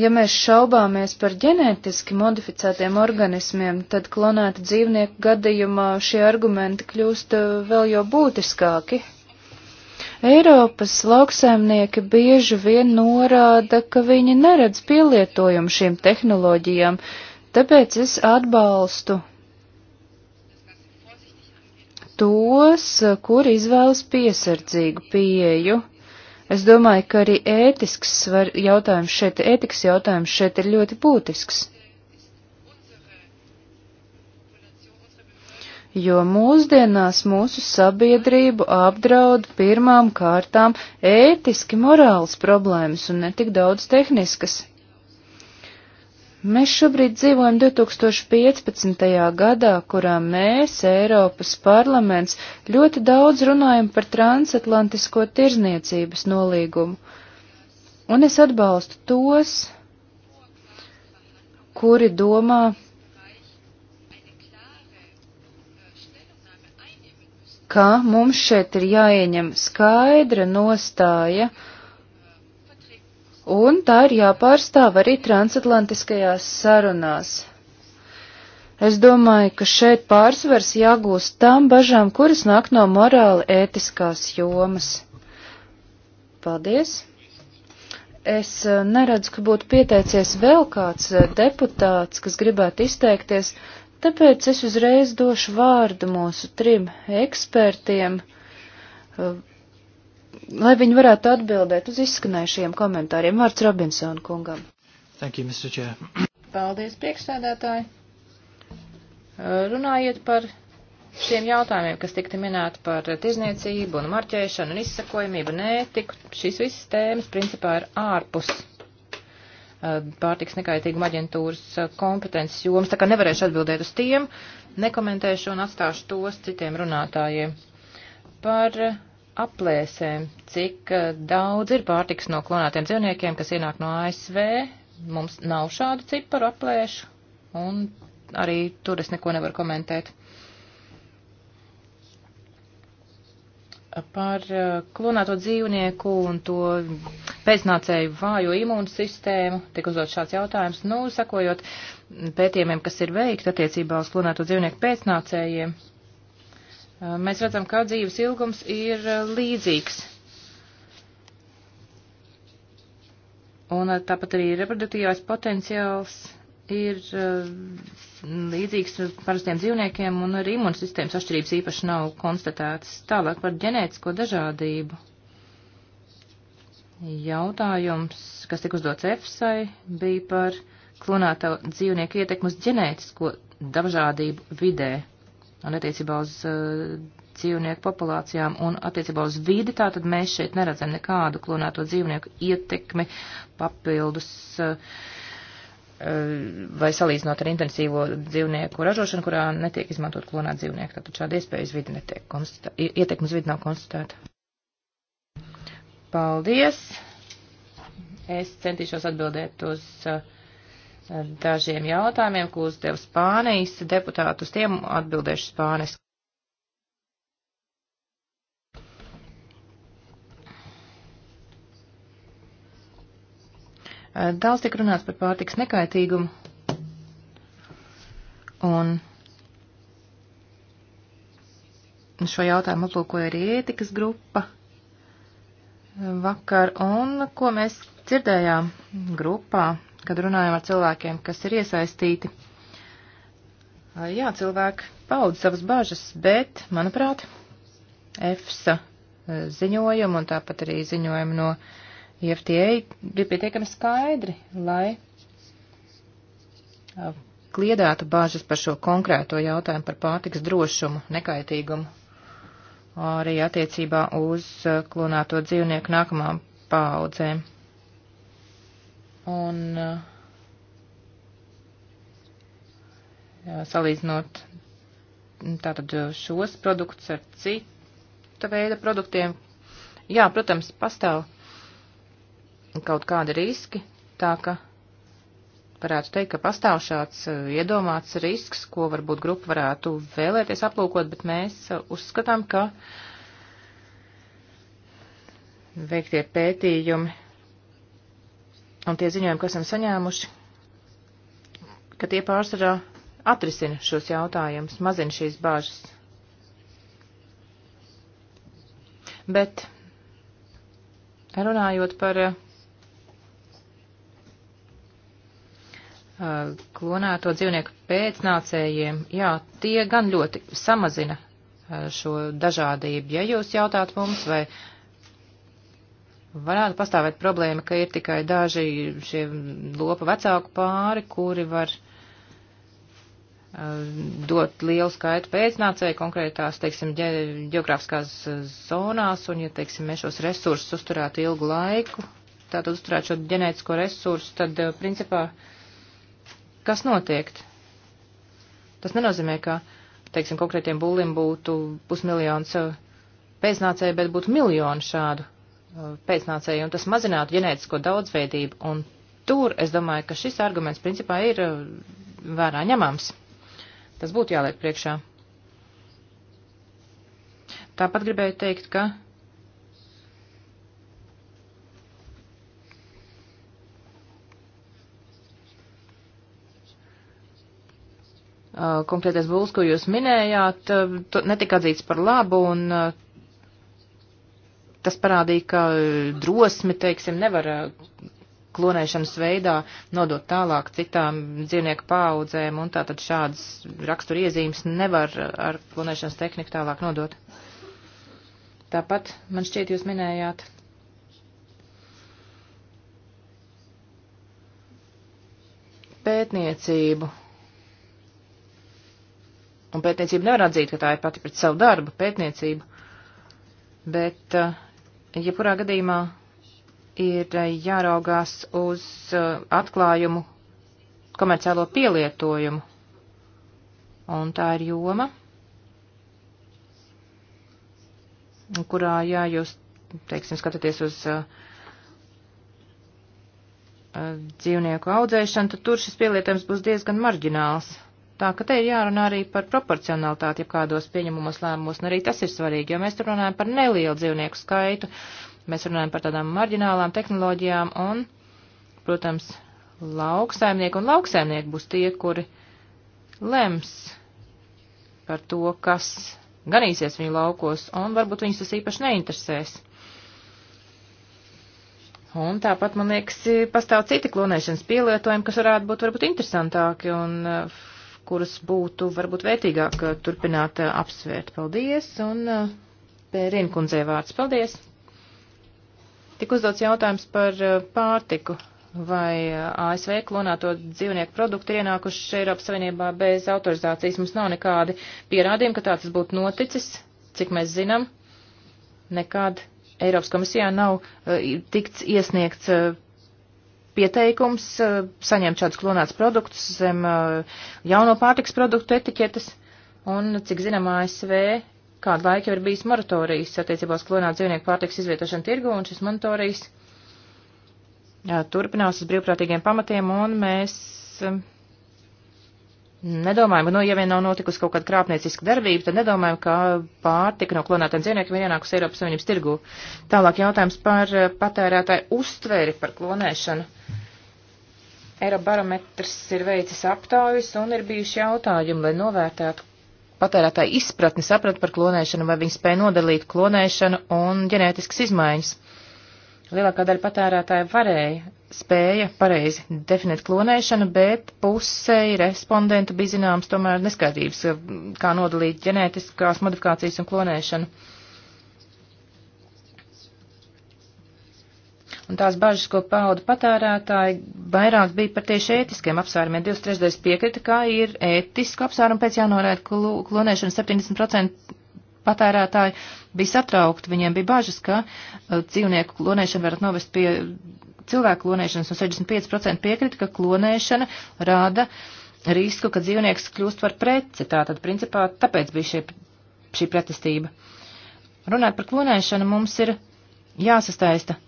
Ja mēs šaubāmies par ģenētiski modificētiem organismiem, tad klonēta dzīvnieku gadījumā šie argumenti kļūst eh, vēl jau būtiskāki. Eiropas lauksēmnieki bieži vien norāda, ka viņi neredz pielietojumu šīm tehnoloģijām, tāpēc es atbalstu tos, eh, kur izvēlas piesardzīgu pieeju. Es domāju, ka arī ētisks svar, jautājums šeit, ētikas jautājums šeit ir ļoti būtisks. Jo mūsdienās mūsu sabiedrību apdraud pirmām kārtām ētiski morāls problēmas un netik daudz tehniskas. Mēs šobrīd dzīvojam 2015. gadā, kurā mēs, Eiropas parlaments, ļoti daudz runājam par transatlantisko tirzniecības nolīgumu. Un es atbalstu tos, kuri domā, ka mums šeit ir jāieņem skaidra nostāja, uh, un tā ir jāpārstāv arī transatlantiskajās sarunās. Es domāju, ka šeit pārsvars jāgūst tām bažām, kuras nāk no morāli ētiskās jomas. Paldies! Es eh, neredzu, ka būtu pieteicies vēl kāds eh, deputāts, kas gribētu izteikties, tāpēc es uzreiz došu vārdu mūsu trim ekspertiem. Uh, lai viņi varētu atbildēt uz izskanējušiem komentāriem. Vārds Robinsona kungam. Thank you, Mr. Chair. Paldies, priekšsēdētāji. Runājiet par šiem jautājumiem, kas tika minēti par tirzniecību un marķēšanu un izsakojamību. Nē, tik šīs visas tēmas principā ir ārpus eh, pārtiks nekaitīguma aģentūras eh, kompetences jomas, tā kā nevarēšu atbildēt uz tiem, nekomentēšu un atstāšu tos citiem runātājiem. Par uh, aplēsēm, cik eh, daudz ir pārtiks no klonētiem dzīvniekiem, kas ienāk no ASV. Mums nav šādu ciparu aplēšu, un arī tur es neko nevaru komentēt. Par eh, klonēto dzīvnieku un to pēcnācēju vājo imūnu sistēmu tika uzdot šāds jautājums. Nu, sakojot pētījumiem, kas ir veikti attiecībā uz klonēto dzīvnieku pēcnācējiem, Eh, mēs redzam, ka dzīves ilgums ir eh, līdzīgs. Un eh, tāpat arī reproduktīvais potenciāls ir līdzīgs parastiem dzīvniekiem, un arī imunsistēmas atšķirības īpaši nav konstatētas. Tālāk par ģenētisko dažādību. Jautājums, kas tika uzdots EFSAI, bija par klonēto dzīvnieku ietekmu uz ģenētisko dažādību vidē un attiecībā uz uh, dzīvnieku populācijām un attiecībā uz vidi, tātad mēs šeit neredzam nekādu klonēto dzīvnieku ietekmi papildus uh, vai salīdzinot ar intensīvo dzīvnieku ražošanu, kurā netiek izmantot klonēt dzīvnieku. Tātad šāda iespēja uz vidi netiek konstatēta, ietekme uz vidi nav konstatēta. Paldies! Es centīšos atbildēt uz uh, dažiem jautājumiem, ko uzdeva Spānijas deputātus, tiem atbildēšu Spānis. Daudz tik runāts par pārtiks nekaitīgumu un šo jautājumu aplūkoja arī ētikas grupa vakar, un ko mēs dzirdējām grupā kad runājam ar cilvēkiem, kas ir iesaistīti. Jā, cilvēki paud savas bažas, bet, manuprāt, EFSA ziņojumu un tāpat arī ziņojumu no IFTA bija pietiekami skaidri, lai kliedētu bāžas par šo konkrēto jautājumu par pārtiks drošumu, nekaitīgumu, arī attiecībā uz klonēto dzīvnieku nākamām paudzēm. Un uh, salīdzinot tātad uh, šos produktus ar cita veida produktiem, jā, protams, pastāv kaut kādi riski, tā ka varētu teikt, ka pastāv šāds uh, iedomāts risks, ko varbūt grupa varētu vēlēties aplūkot, bet mēs uzskatām, ka veiktie pētījumi un tie ziņojumi, ko esam saņēmuši, ka tie pārsvarā atrisina šos jautājumus, mazina šīs bāžas. Bet runājot par uh, klonēto dzīvnieku pēcnācējiem, jā, tie gan ļoti samazina uh, šo dažādību. Ja jūs jautāt mums, vai varētu pastāvēt problēma, ka ir tikai daži šie lopa vecāku pāri, kuri var eh, dot lielu skaitu pēcnācēju konkrētās, teiksim, geogrāfiskās eh, zonās, un, ja, teiksim, mēs šos resursus uzturētu ilgu laiku, tātad uzturētu šo ģenētisko resursu, tad, eh, principā, kas notiek? Tas nenozīmē, ka, teiksim, konkrētiem bullim būtu pusmiljons pēcnācēju, bet būtu miljoni šādu pēcnācēji, un tas mazinātu ģenētisko daudzveidību. Un tur es domāju, ka šis arguments principā ir uh, vērā ņemams. Tas būtu jāliek priekšā. Tāpat gribēju teikt, ka uh, konkrētais būls, ko jūs minējāt, uh, netika atzīts par labu, un tas parādīja, ka eh, drosmi, teiksim, nevar eh, klonēšanas veidā nodot tālāk citām dzīvnieku paaudzēm, un tātad šādas rakstura iezīmes nevar eh, ar klonēšanas tehniku tālāk nodot. Tāpat man šķiet jūs minējāt. Pētniecību. Un pētniecība nevar atzīt, ka tā ir pati pret savu darbu, pētniecību. Bet uh, jebkurā ja gadījumā ir eh, jāraugās uz eh, atklājumu komerciālo pielietojumu. Un tā ir joma, kurā, jā, jūs, teiksim, skatāties uz uh, dzīvnieku audzēšanu, tad tur šis pielietojums būs diezgan marģināls. Tā ka te ir jārunā arī par proporcionalitāti, ja kādos pieņemumos lēmumos, un arī tas ir svarīgi, jo mēs tur runājam par nelielu dzīvnieku skaitu, mēs runājam par tādām marģinālām tehnoloģijām, un, protams, lauksaimnieki un lauksaimnieki būs tie, kuri lems par to, kas ganīsies viņu laukos, un varbūt viņus tas īpaši neinteresēs. Un tāpat, man liekas, pastāv citi klonēšanas pielietojumi, kas varētu būt varbūt interesantāki, un uh, kurus būtu varbūt vērtīgāk eh, turpināt eh, apsvērt. Paldies, un eh, Pērinkundzē vārds. Paldies! Tik uzdots jautājums par pārtiku. Vai ASV klonēto dzīvnieku produktu ir ienākuši Eiropas Savienībā bez autorizācijas? Mums nav nekādi pierādījumi, ka tāds būtu noticis, cik mēs zinām. Nekad Eiropas komisijā nav uh, tikts iesniegts uh, pieteikums eh, saņemt šādus klonētus produktus zem eh, jauno pārtiks produktu etiķetes. Un, cik zinām, ASV kādu laiku jau ir bijis moratorijas attiecībā uz klonētu dzīvnieku pārtiks izvietošanu tirgu, un šis moratorijas eh, turpinās uz brīvprātīgiem pamatiem, un mēs nedomājam, nu, ja vien nav notikusi kaut kāda krāpnieciska darbība, tad nedomājam, ka pārtika no klonētiem dzīvniekiem ir ienākusi Eiropas Savienības tirgu. Tālāk jautājums par patērētāju uztveri par klonēšanu. Eirobarometrs ir veicis aptaujas un ir bijuši jautājumi, lai novērtētu patērētāju izpratni, sapratu par klonēšanu, vai viņi spēja nodalīt klonēšanu un ģenētiskas izmaiņas. Lielākā daļa patērētāju varēja, spēja pareizi definēt klonēšanu, bet pusei respondentu bija zināms tomēr neskaidrības, kā nodalīt ģenētiskās modifikācijas un klonēšanu. Un tās bažas, ko pauda patērētāji, vairāk bija par tieši ētiskiem apsvērumiem. 23. piekrita, kā ir ētisku apsvērumu pēc jānorēd klonēšana 70% patērētāji bija satraukti, viņiem bija bažas, ka uh, dzīvnieku klonēšana varat novest pie cilvēku klonēšanas, un 65% piekrita, ka klonēšana rāda risku, ka dzīvnieks kļūst par preci. Tātad, principā, tāpēc bija šie, šī pretestība. Runājot par klonēšanu, mums ir jāsastaista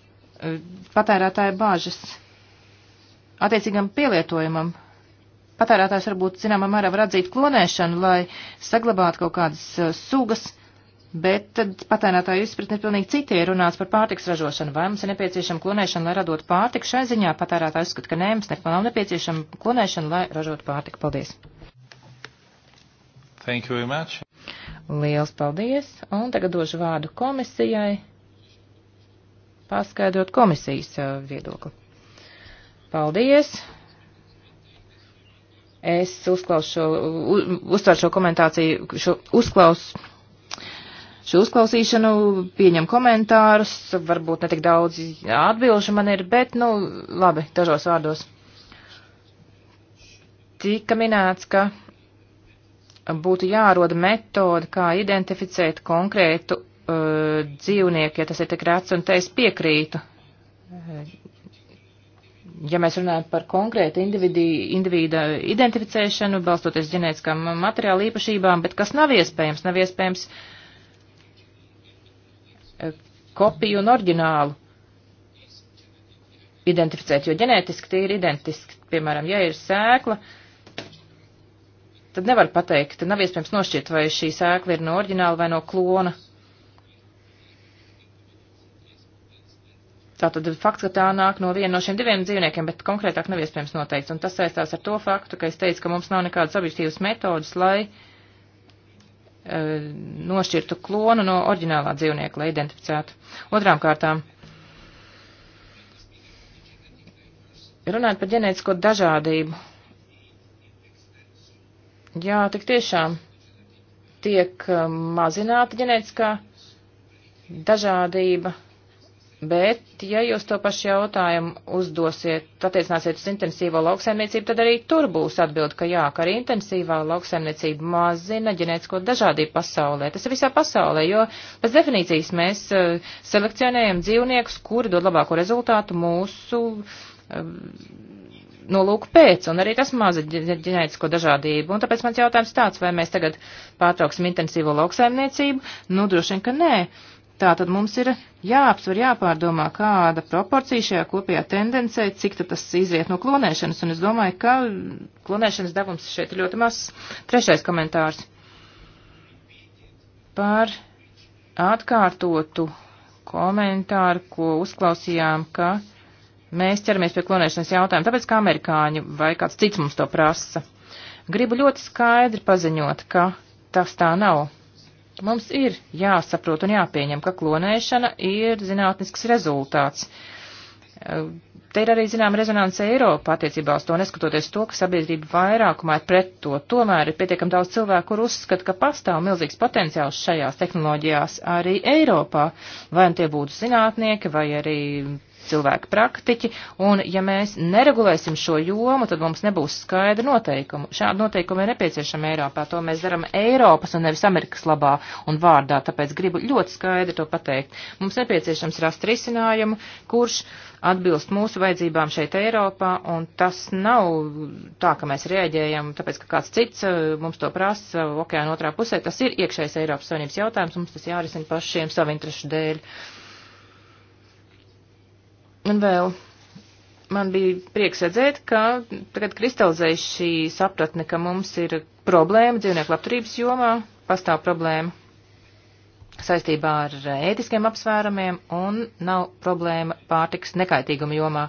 patērētāja bāžas attiecīgam pielietojumam. Patērētājs varbūt zināmā mērā var atzīt klonēšanu, lai saglabātu kaut kādas uh, sugas, bet tad patērētāju izpratne ir pilnīgi citi, ja runāts par pārtiks ražošanu. Vai mums ir nepieciešama klonēšana, lai radot pārtiku? Šai ziņā patērētājs uzskata, ka nē, mums neko nav nepieciešama klonēšana, lai ražotu pārtiku. Paldies! Thank you very much. Liels paldies! Un tagad došu vārdu komisijai paskaidrot komisijas uh, viedokli. Paldies! Es uzklausu šo, uztver šo komentāciju, šo uzklausu. Šo uzklausīšanu pieņem komentārus, varbūt netik daudz atbilžu man ir, bet, nu, labi, dažos vārdos. Tika minēts, ka būtu jāroda metode, kā identificēt konkrētu uh, dzīvnieki, ja tas ir tik rēts, un te es piekrītu. Ja mēs runājam par konkrētu individu identificēšanu, balstoties ģenētiskām materiāla īpašībām, bet kas nav iespējams, nav iespējams uh, kopiju un orģinālu identificēt, jo ģenētiski tie ir identiski. Piemēram, ja ir sēkla, tad nevar pateikt, tad nav iespējams nošķirt, vai šī sēkla ir no orģināla vai no klona. Tātad fakts, ka tā nāk no viena no šiem diviem dzīvniekiem, bet konkrētāk nav iespējams noteikts. Un tas saistās ar to faktu, ka es teicu, ka mums nav nekādas objektīvas metodas, lai e, nošķirtu klonu no oriģinālā dzīvnieka, lai identificētu. Otrām kārtām, runājot par ģenētisko dažādību. Jā, tik tiešām tiek e, mazināta ģenētiskā dažādība Bet, ja jūs to pašu jautājumu uzdosiet, attiecināsiet uz intensīvo lauksaimniecību, tad arī tur būs atbild, ka jā, ka arī intensīvā lauksaimniecība mazina ģenētisko dažādību pasaulē. Tas ir visā pasaulē, jo pēc definīcijas mēs uh, selekcionējam dzīvniekus, kuri dod labāko rezultātu mūsu uh, nolūku pēc, un arī tas maza ģenētisko dažādību. Un tāpēc mans jautājums tāds, vai mēs tagad pārtrauksim intensīvo lauksaimniecību? Nu, droši vien, ka nē. Uh, Tātad mums ir jāapsver, jāpārdomā, kāda proporcija šajā kopējā tendencē, cik tas iziet no klonēšanas, un es domāju, ka klonēšanas devums šeit ir ļoti mazs. Trešais komentārs par atkārtotu komentāru, ko uzklausījām, ka mēs ķeramies pie klonēšanas jautājuma, tāpēc kā amerikāņi vai kāds cits mums to prasa. Gribu ļoti skaidri paziņot, ka tas tā nav Mums ir jāsaprot un jāpieņem, ka klonēšana ir zinātnisks rezultāts. Te ir arī zinām rezonance Eiropā attiecībā uz to, neskatoties to, ka sabiedrība vairākumā ir pret to. Tomēr ir pietiekami daudz cilvēku, kur uzskata, ka pastāv milzīgs potenciāls šajās tehnoloģijās arī Eiropā. Vai nu tie būtu zinātnieki, vai arī cilvēki praktiķi, un ja mēs neregulēsim šo jomu, tad mums nebūs skaidra noteikuma. Šāda noteikuma ir nepieciešama Eiropā, to mēs daram Eiropas un nevis Amerikas labā un vārdā, tāpēc gribu ļoti skaidri to pateikt. Mums nepieciešams rast risinājumu, kurš atbilst mūsu vajadzībām šeit Eiropā, un tas nav tā, ka mēs rēģējam, tāpēc, ka kāds cits uh, mums to prasa okeāna otrā pusē, tas ir iekšējais Eiropas Savienības jautājums, mums tas jārisina pašiem savu interesu dēļ. Uh, Un vēl man bija prieks redzēt, ka tagad kristalizējas šī sapratne, ka mums ir problēma dzīvnieku labturības jomā, pastāv problēma saistībā ar ētiskiem apsvērumiem un nav problēma pārtiks nekaitīguma jomā.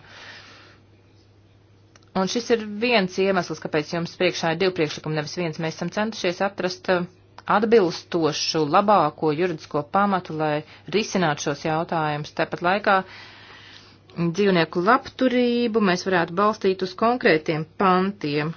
Un šis ir viens iemesls, kāpēc jums priekšā ir divi priekšlikumi, nevis viens. Mēs esam centušies atrast atbilstošu, labāko juridisko pamatu, lai risinātu šos jautājumus. Tāpat laikā uh, dzīvnieku labturību mēs varētu balstīt uz konkrētiem pantiem.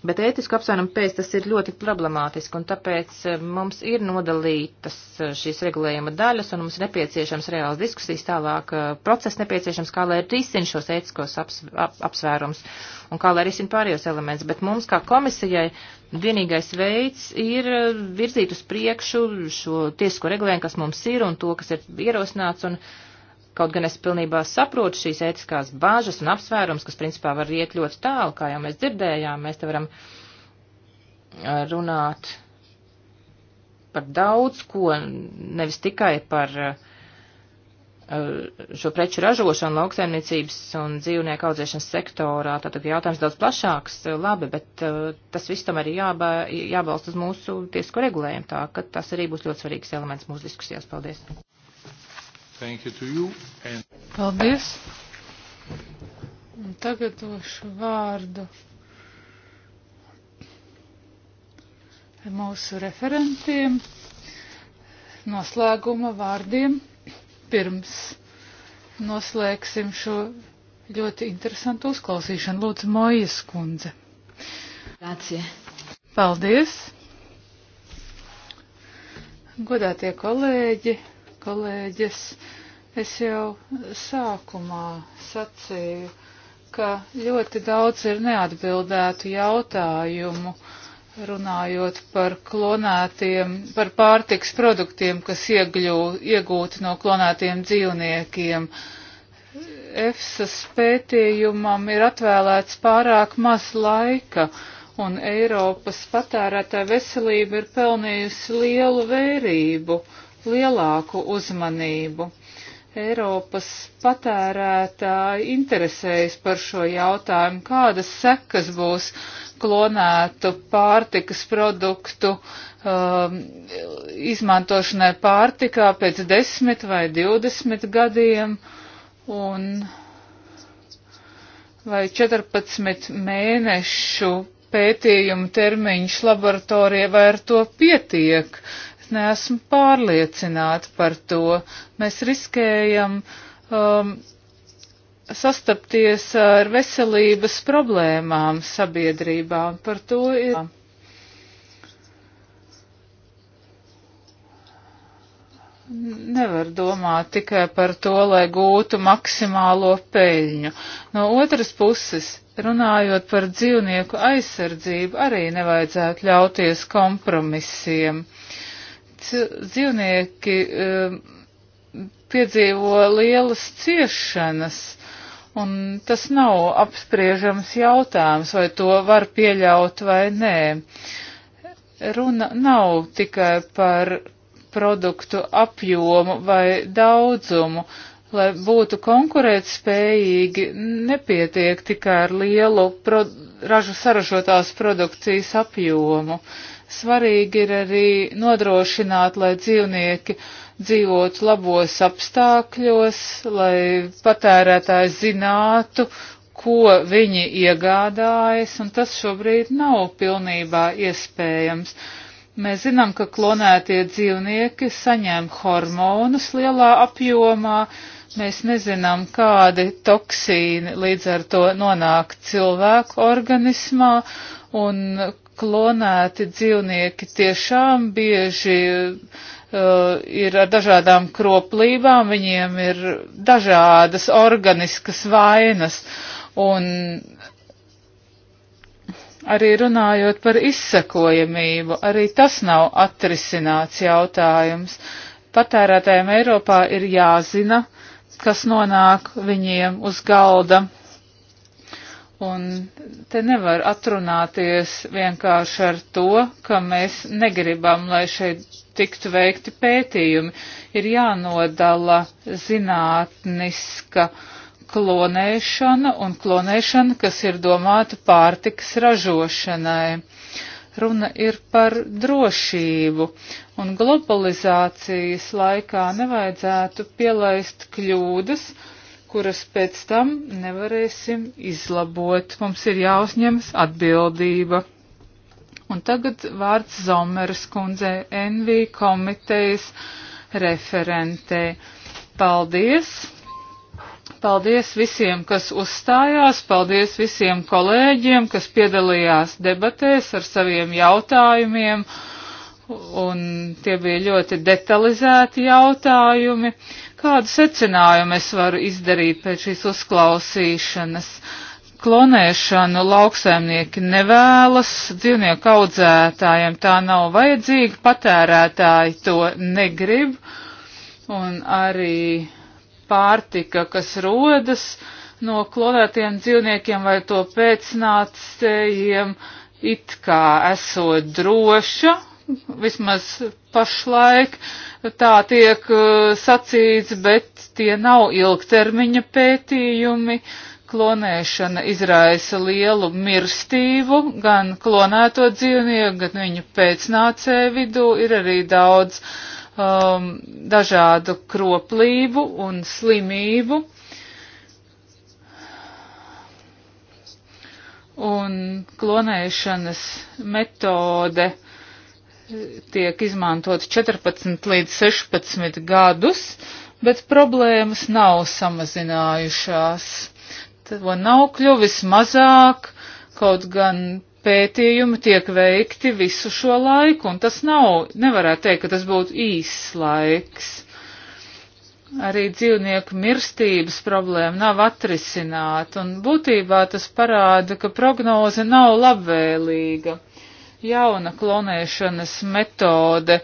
Bet ētisku apsvērumu pēc tas ir ļoti problemātiski, un tāpēc eh, mums ir nodalītas eh, šīs regulējuma daļas, un mums ir nepieciešams reāls diskusijas tālāk, eh, process nepieciešams, kā lai risina šos ētiskos aps, ap, apsvērums, un kā lai risina pārējos elements. Bet mums, kā komisijai, vienīgais veids ir virzīt uz priekšu šo tiesisko regulējumu, kas mums ir, un to, kas ir ierosināts, un uh, Kaut gan es pilnībā saprotu šīs ētiskās bāžas un apsvērums, kas principā var iet ļoti tālu, kā jau mēs dzirdējām, mēs te varam runāt par daudz ko, nevis tikai par uh, šo preču ražošanu lauksaimniecības un dzīvnieku audzēšanas sektorā. Tātad jautājums daudz plašāks, labi, bet tas viss tam arī jāba, jābalst uz mūsu tiesku regulējumu, tā ka tas arī būs ļoti svarīgs elements mūsu diskusijās. Paldies! Thank you to you. And... Paldies. Un tagad došu vārdu mūsu referentiem noslēguma vārdiem pirms noslēgsim šo ļoti interesantu uzklausīšanu. Lūdzu, Mojas kundze. Grācie. Paldies. Godātie kolēģi kolēģis. Es jau sākumā sacīju, ka ļoti daudz ir neatbildētu jautājumu runājot par klonētiem, par pārtiks produktiem, kas iegļū, iegūti no klonētiem dzīvniekiem. EFSAS pētījumam ir atvēlēts pārāk maz laika, un Eiropas patērētā veselība ir pelnījusi lielu vērību lielāku uzmanību. Eiropas patērētāji interesējas par šo jautājumu, kādas sekas būs klonētu pārtikas produktu um, izmantošanai pārtikā pēc 10 vai 20 gadiem un vai 14 mēnešu pētījumu termiņš laboratorijā vai ar to pietiek. Uh, neesmu pārliecināta par to. Mēs riskējam um, sastapties ar veselības problēmām sabiedrībām. Par to ir. Nevar domāt tikai par to, lai gūtu maksimālo peļņu. No otras puses, runājot par dzīvnieku aizsardzību, arī nevajadzētu ļauties kompromisiem dzīvnieki eh, piedzīvo lielas ciešanas, un tas nav apspriežams jautājums, vai to var pieļaut vai nē. Runa nav tikai par produktu apjomu vai daudzumu, lai būtu konkurētspējīgi, nepietiek tikai ar lielu pro, ražu saražotās produkcijas apjomu. Svarīgi ir arī nodrošināt, lai dzīvnieki dzīvotu labos apstākļos, lai patērētājs zinātu, ko viņi iegādājas, un tas šobrīd nav pilnībā iespējams. Mēs zinām, ka klonētie dzīvnieki saņem hormonus lielā apjomā, mēs nezinām, kādi toksīni līdz ar to nonāk cilvēku organismā, un klonēti dzīvnieki tiešām bieži uh, ir ar dažādām kroplībām, viņiem ir dažādas organiskas vainas. Un arī runājot par izsakojamību, arī tas nav atrisināts jautājums. Patērētājiem Eiropā ir jāzina, kas nonāk viņiem uz galda Un te nevar atrunāties vienkārši ar to, ka mēs negribam, lai šeit tiktu veikti pētījumi. Ir jānodala zinātniska klonēšana un klonēšana, kas ir domāta pārtikas ražošanai. Runa ir par drošību, un globalizācijas laikā nevajadzētu pielaist kļūdas, kuras pēc tam nevarēsim izlabot. Mums ir jāuzņemas atbildība. Un tagad vārds Zomeras kundzei NV komitejas referentē. Paldies! Paldies visiem, kas uzstājās, paldies visiem kolēģiem, kas piedalījās debatēs ar saviem jautājumiem, un tie bija ļoti detalizēti jautājumi. Kādu secinājumu es varu izdarīt pēc šīs uzklausīšanas? Klonēšanu lauksaimnieki nevēlas, dzīvnieku audzētājiem tā nav vajadzīga, patērētāji to negrib, un arī pārtika, kas rodas no klonētiem dzīvniekiem vai to pēcnācējiem, it kā esot droša, vismaz pašlaik, tā tiek uh, sacīts, bet tie nav ilgtermiņa pētījumi. Klonēšana izraisa lielu mirstību gan klonēto dzīvnieku, gan viņu pēcnācēju vidū. Ir arī daudz um, dažādu kroplību un slimību. Un klonēšanas metode uh, tiek izmantot 14 līdz 16 gadus, bet problēmas nav samazinājušās. To nav kļuvis mazāk, kaut gan pētījumi tiek veikti visu šo laiku, un tas nav, nevarētu teikt, ka tas būtu īss laiks. Arī dzīvnieku mirstības problēma nav atrisināta, un būtībā tas parāda, ka prognoze nav labvēlīga jauna klonēšanas metode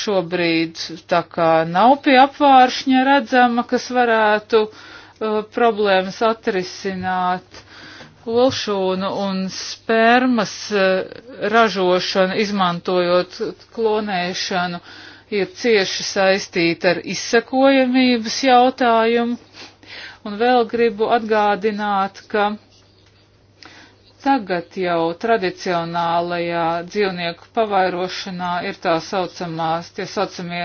šobrīd tā kā nav pie apvāršņa redzama, kas varētu uh, problēmas atrisināt. Olšūnu un spermas uh, ražošana, izmantojot klonēšanu, ir cieši saistīta ar izsekojamības jautājumu. Un vēl gribu atgādināt, ka Tagad jau tradicionālajā dzīvnieku pavairošanā ir tā saucamās, tie saucamie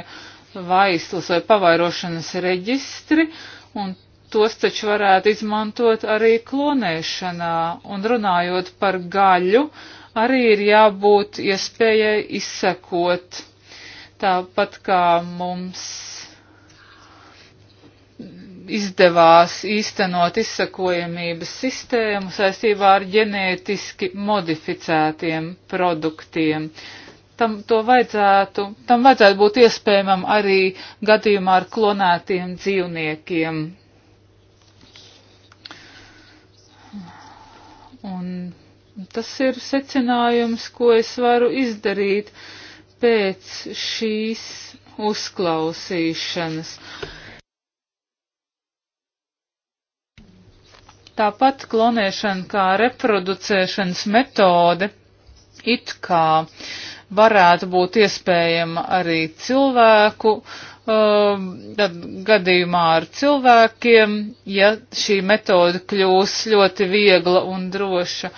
vaislas vai pavairošanas reģistri, un tos taču varētu izmantot arī klonēšanā. Un runājot par gaļu, arī ir jābūt iespējai izsekot. Tāpat kā mums izdevās īstenot izsakojamības sistēmu saistībā ar ģenētiski modificētiem produktiem. Tam, vajadzētu, tam vajadzētu būt iespējamam arī gadījumā ar klonētiem dzīvniekiem. Un tas ir secinājums, ko es varu izdarīt pēc šīs uzklausīšanas. Tāpat klonēšana kā reproducēšanas metode it kā varētu būt iespējama arī cilvēku uh, gadījumā ar cilvēkiem, ja šī metode kļūs ļoti viegla un droša.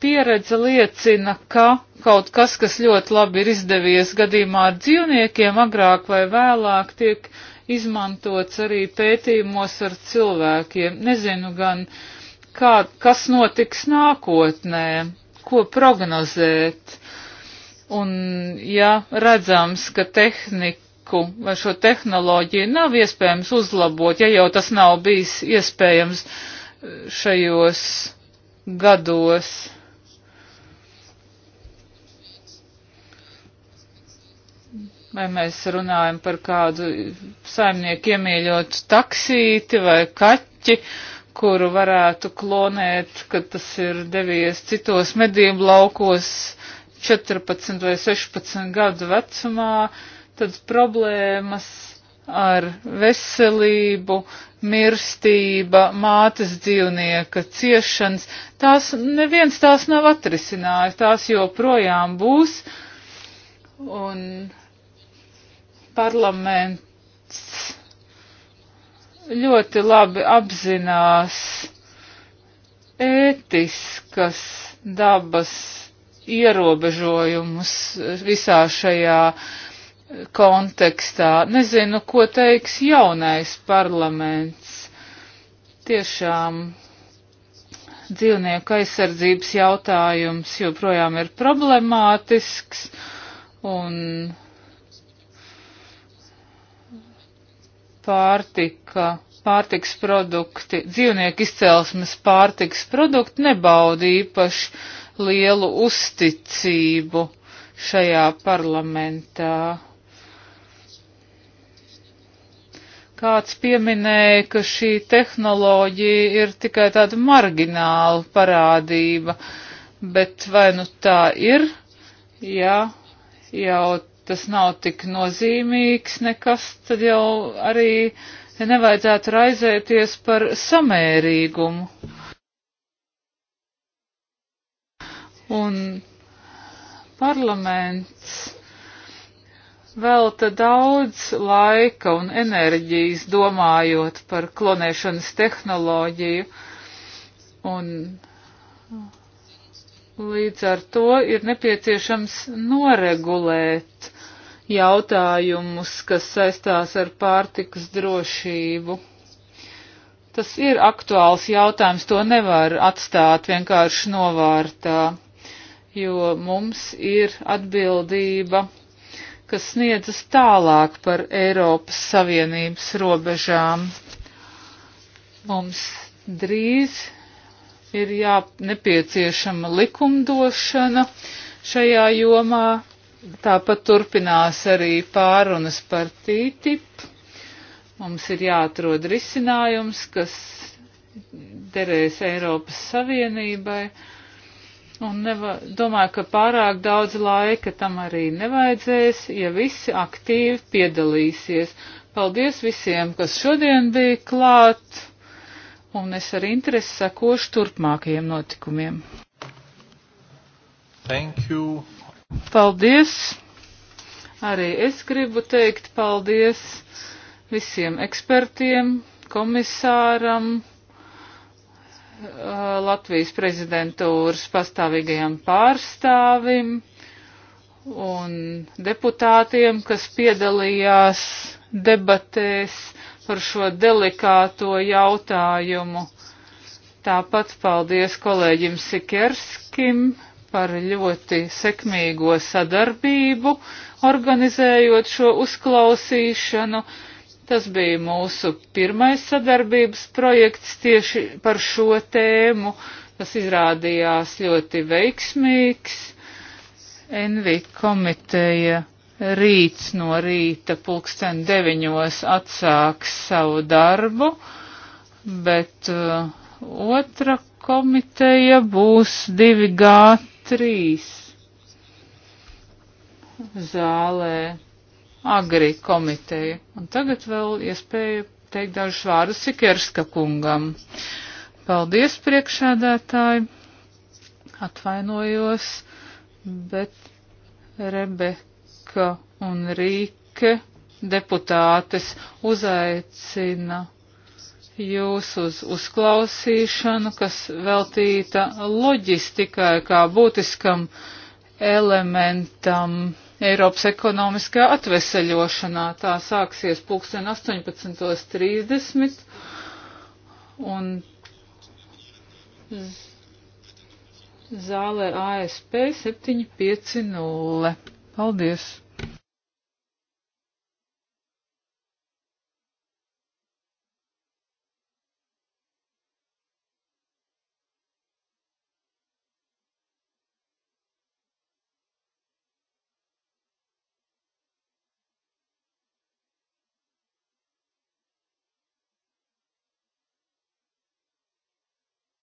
Pieredze liecina, ka kaut kas, kas ļoti labi ir izdevies gadījumā ar dzīvniekiem, agrāk vai vēlāk tiek izmantots arī pētījumos ar cilvēkiem. Nezinu gan, kā, kas notiks nākotnē, ko prognozēt. Un, ja redzams, ka tehniku vai šo tehnoloģiju nav iespējams uzlabot, ja jau tas nav bijis iespējams šajos gados. Vai mēs runājam par kādu saimnieku iemīļotu taksīti vai kaķi, kuru varētu klonēt, kad tas ir devies citos medību laukos 14 vai 16 gadu vecumā, tad problēmas ar veselību, mirstība, mātes dzīvnieka ciešanas, tās neviens tās nav atrisinājis, tās joprojām būs. Un parlaments ļoti labi apzinās ētiskas dabas ierobežojumus visā šajā kontekstā. Nezinu, ko teiks jaunais parlaments. Tiešām dzīvnieku aizsardzības jautājums joprojām ir problemātisks un pārtika, pārtiks produkti, dzīvnieku izcelsmes pārtiks produkti nebauda īpaši lielu uzticību šajā parlamentā. Kāds pieminēja, ka šī tehnoloģija ir tikai tāda margināla parādība, bet vai nu tā ir? Jā, jau tas nav tik nozīmīgs nekas, tad jau arī nevajadzētu raizēties par samērīgumu. Un parlaments velta daudz laika un enerģijas domājot par klonēšanas tehnoloģiju, un līdz ar to ir nepieciešams noregulēt jautājumus, kas saistās ar pārtikas drošību. Tas ir aktuāls jautājums, to nevar atstāt vienkārši novārtā, jo mums ir atbildība, kas sniedzas tālāk par Eiropas Savienības robežām. Mums drīz ir jā, nepieciešama likumdošana šajā jomā, Tāpat turpinās arī pārunas par TTIP. Mums ir jāatrod risinājums, kas derēs Eiropas Savienībai. Un neva, domāju, ka pārāk daudz laika tam arī nevajadzēs, ja visi aktīvi piedalīsies. Paldies visiem, kas šodien bija klāt, un es ar interesi sekošu turpmākajiem notikumiem. Thank you. Paldies! Arī es gribu teikt paldies visiem ekspertiem, komisāram, Latvijas prezidentūras pastāvīgajam pārstāvim un deputātiem, kas piedalījās debatēs par šo delikāto jautājumu. Tāpat paldies kolēģim Sikerskim par ļoti sekmīgo sadarbību, organizējot šo uzklausīšanu. Tas bija mūsu pirmais sadarbības projekts tieši par šo tēmu. Tas izrādījās ļoti veiksmīgs. Envi komiteja rīts no rīta pulksten deviņos atsāks savu darbu, bet uh, otra komiteja būs 2G 3 zālē agri komiteja. Un tagad vēl iespēja teikt dažus vārdus Sikerska kungam. Paldies priekšādātāji, atvainojos, bet Rebeka un Rīke deputātes uzaicina jūs uz uzklausīšanu, kas veltīta loģistikai kā būtiskam elementam Eiropas ekonomiskajā atveseļošanā. Tā sāksies pulksten 18.30 un zālē ASP 750. Paldies!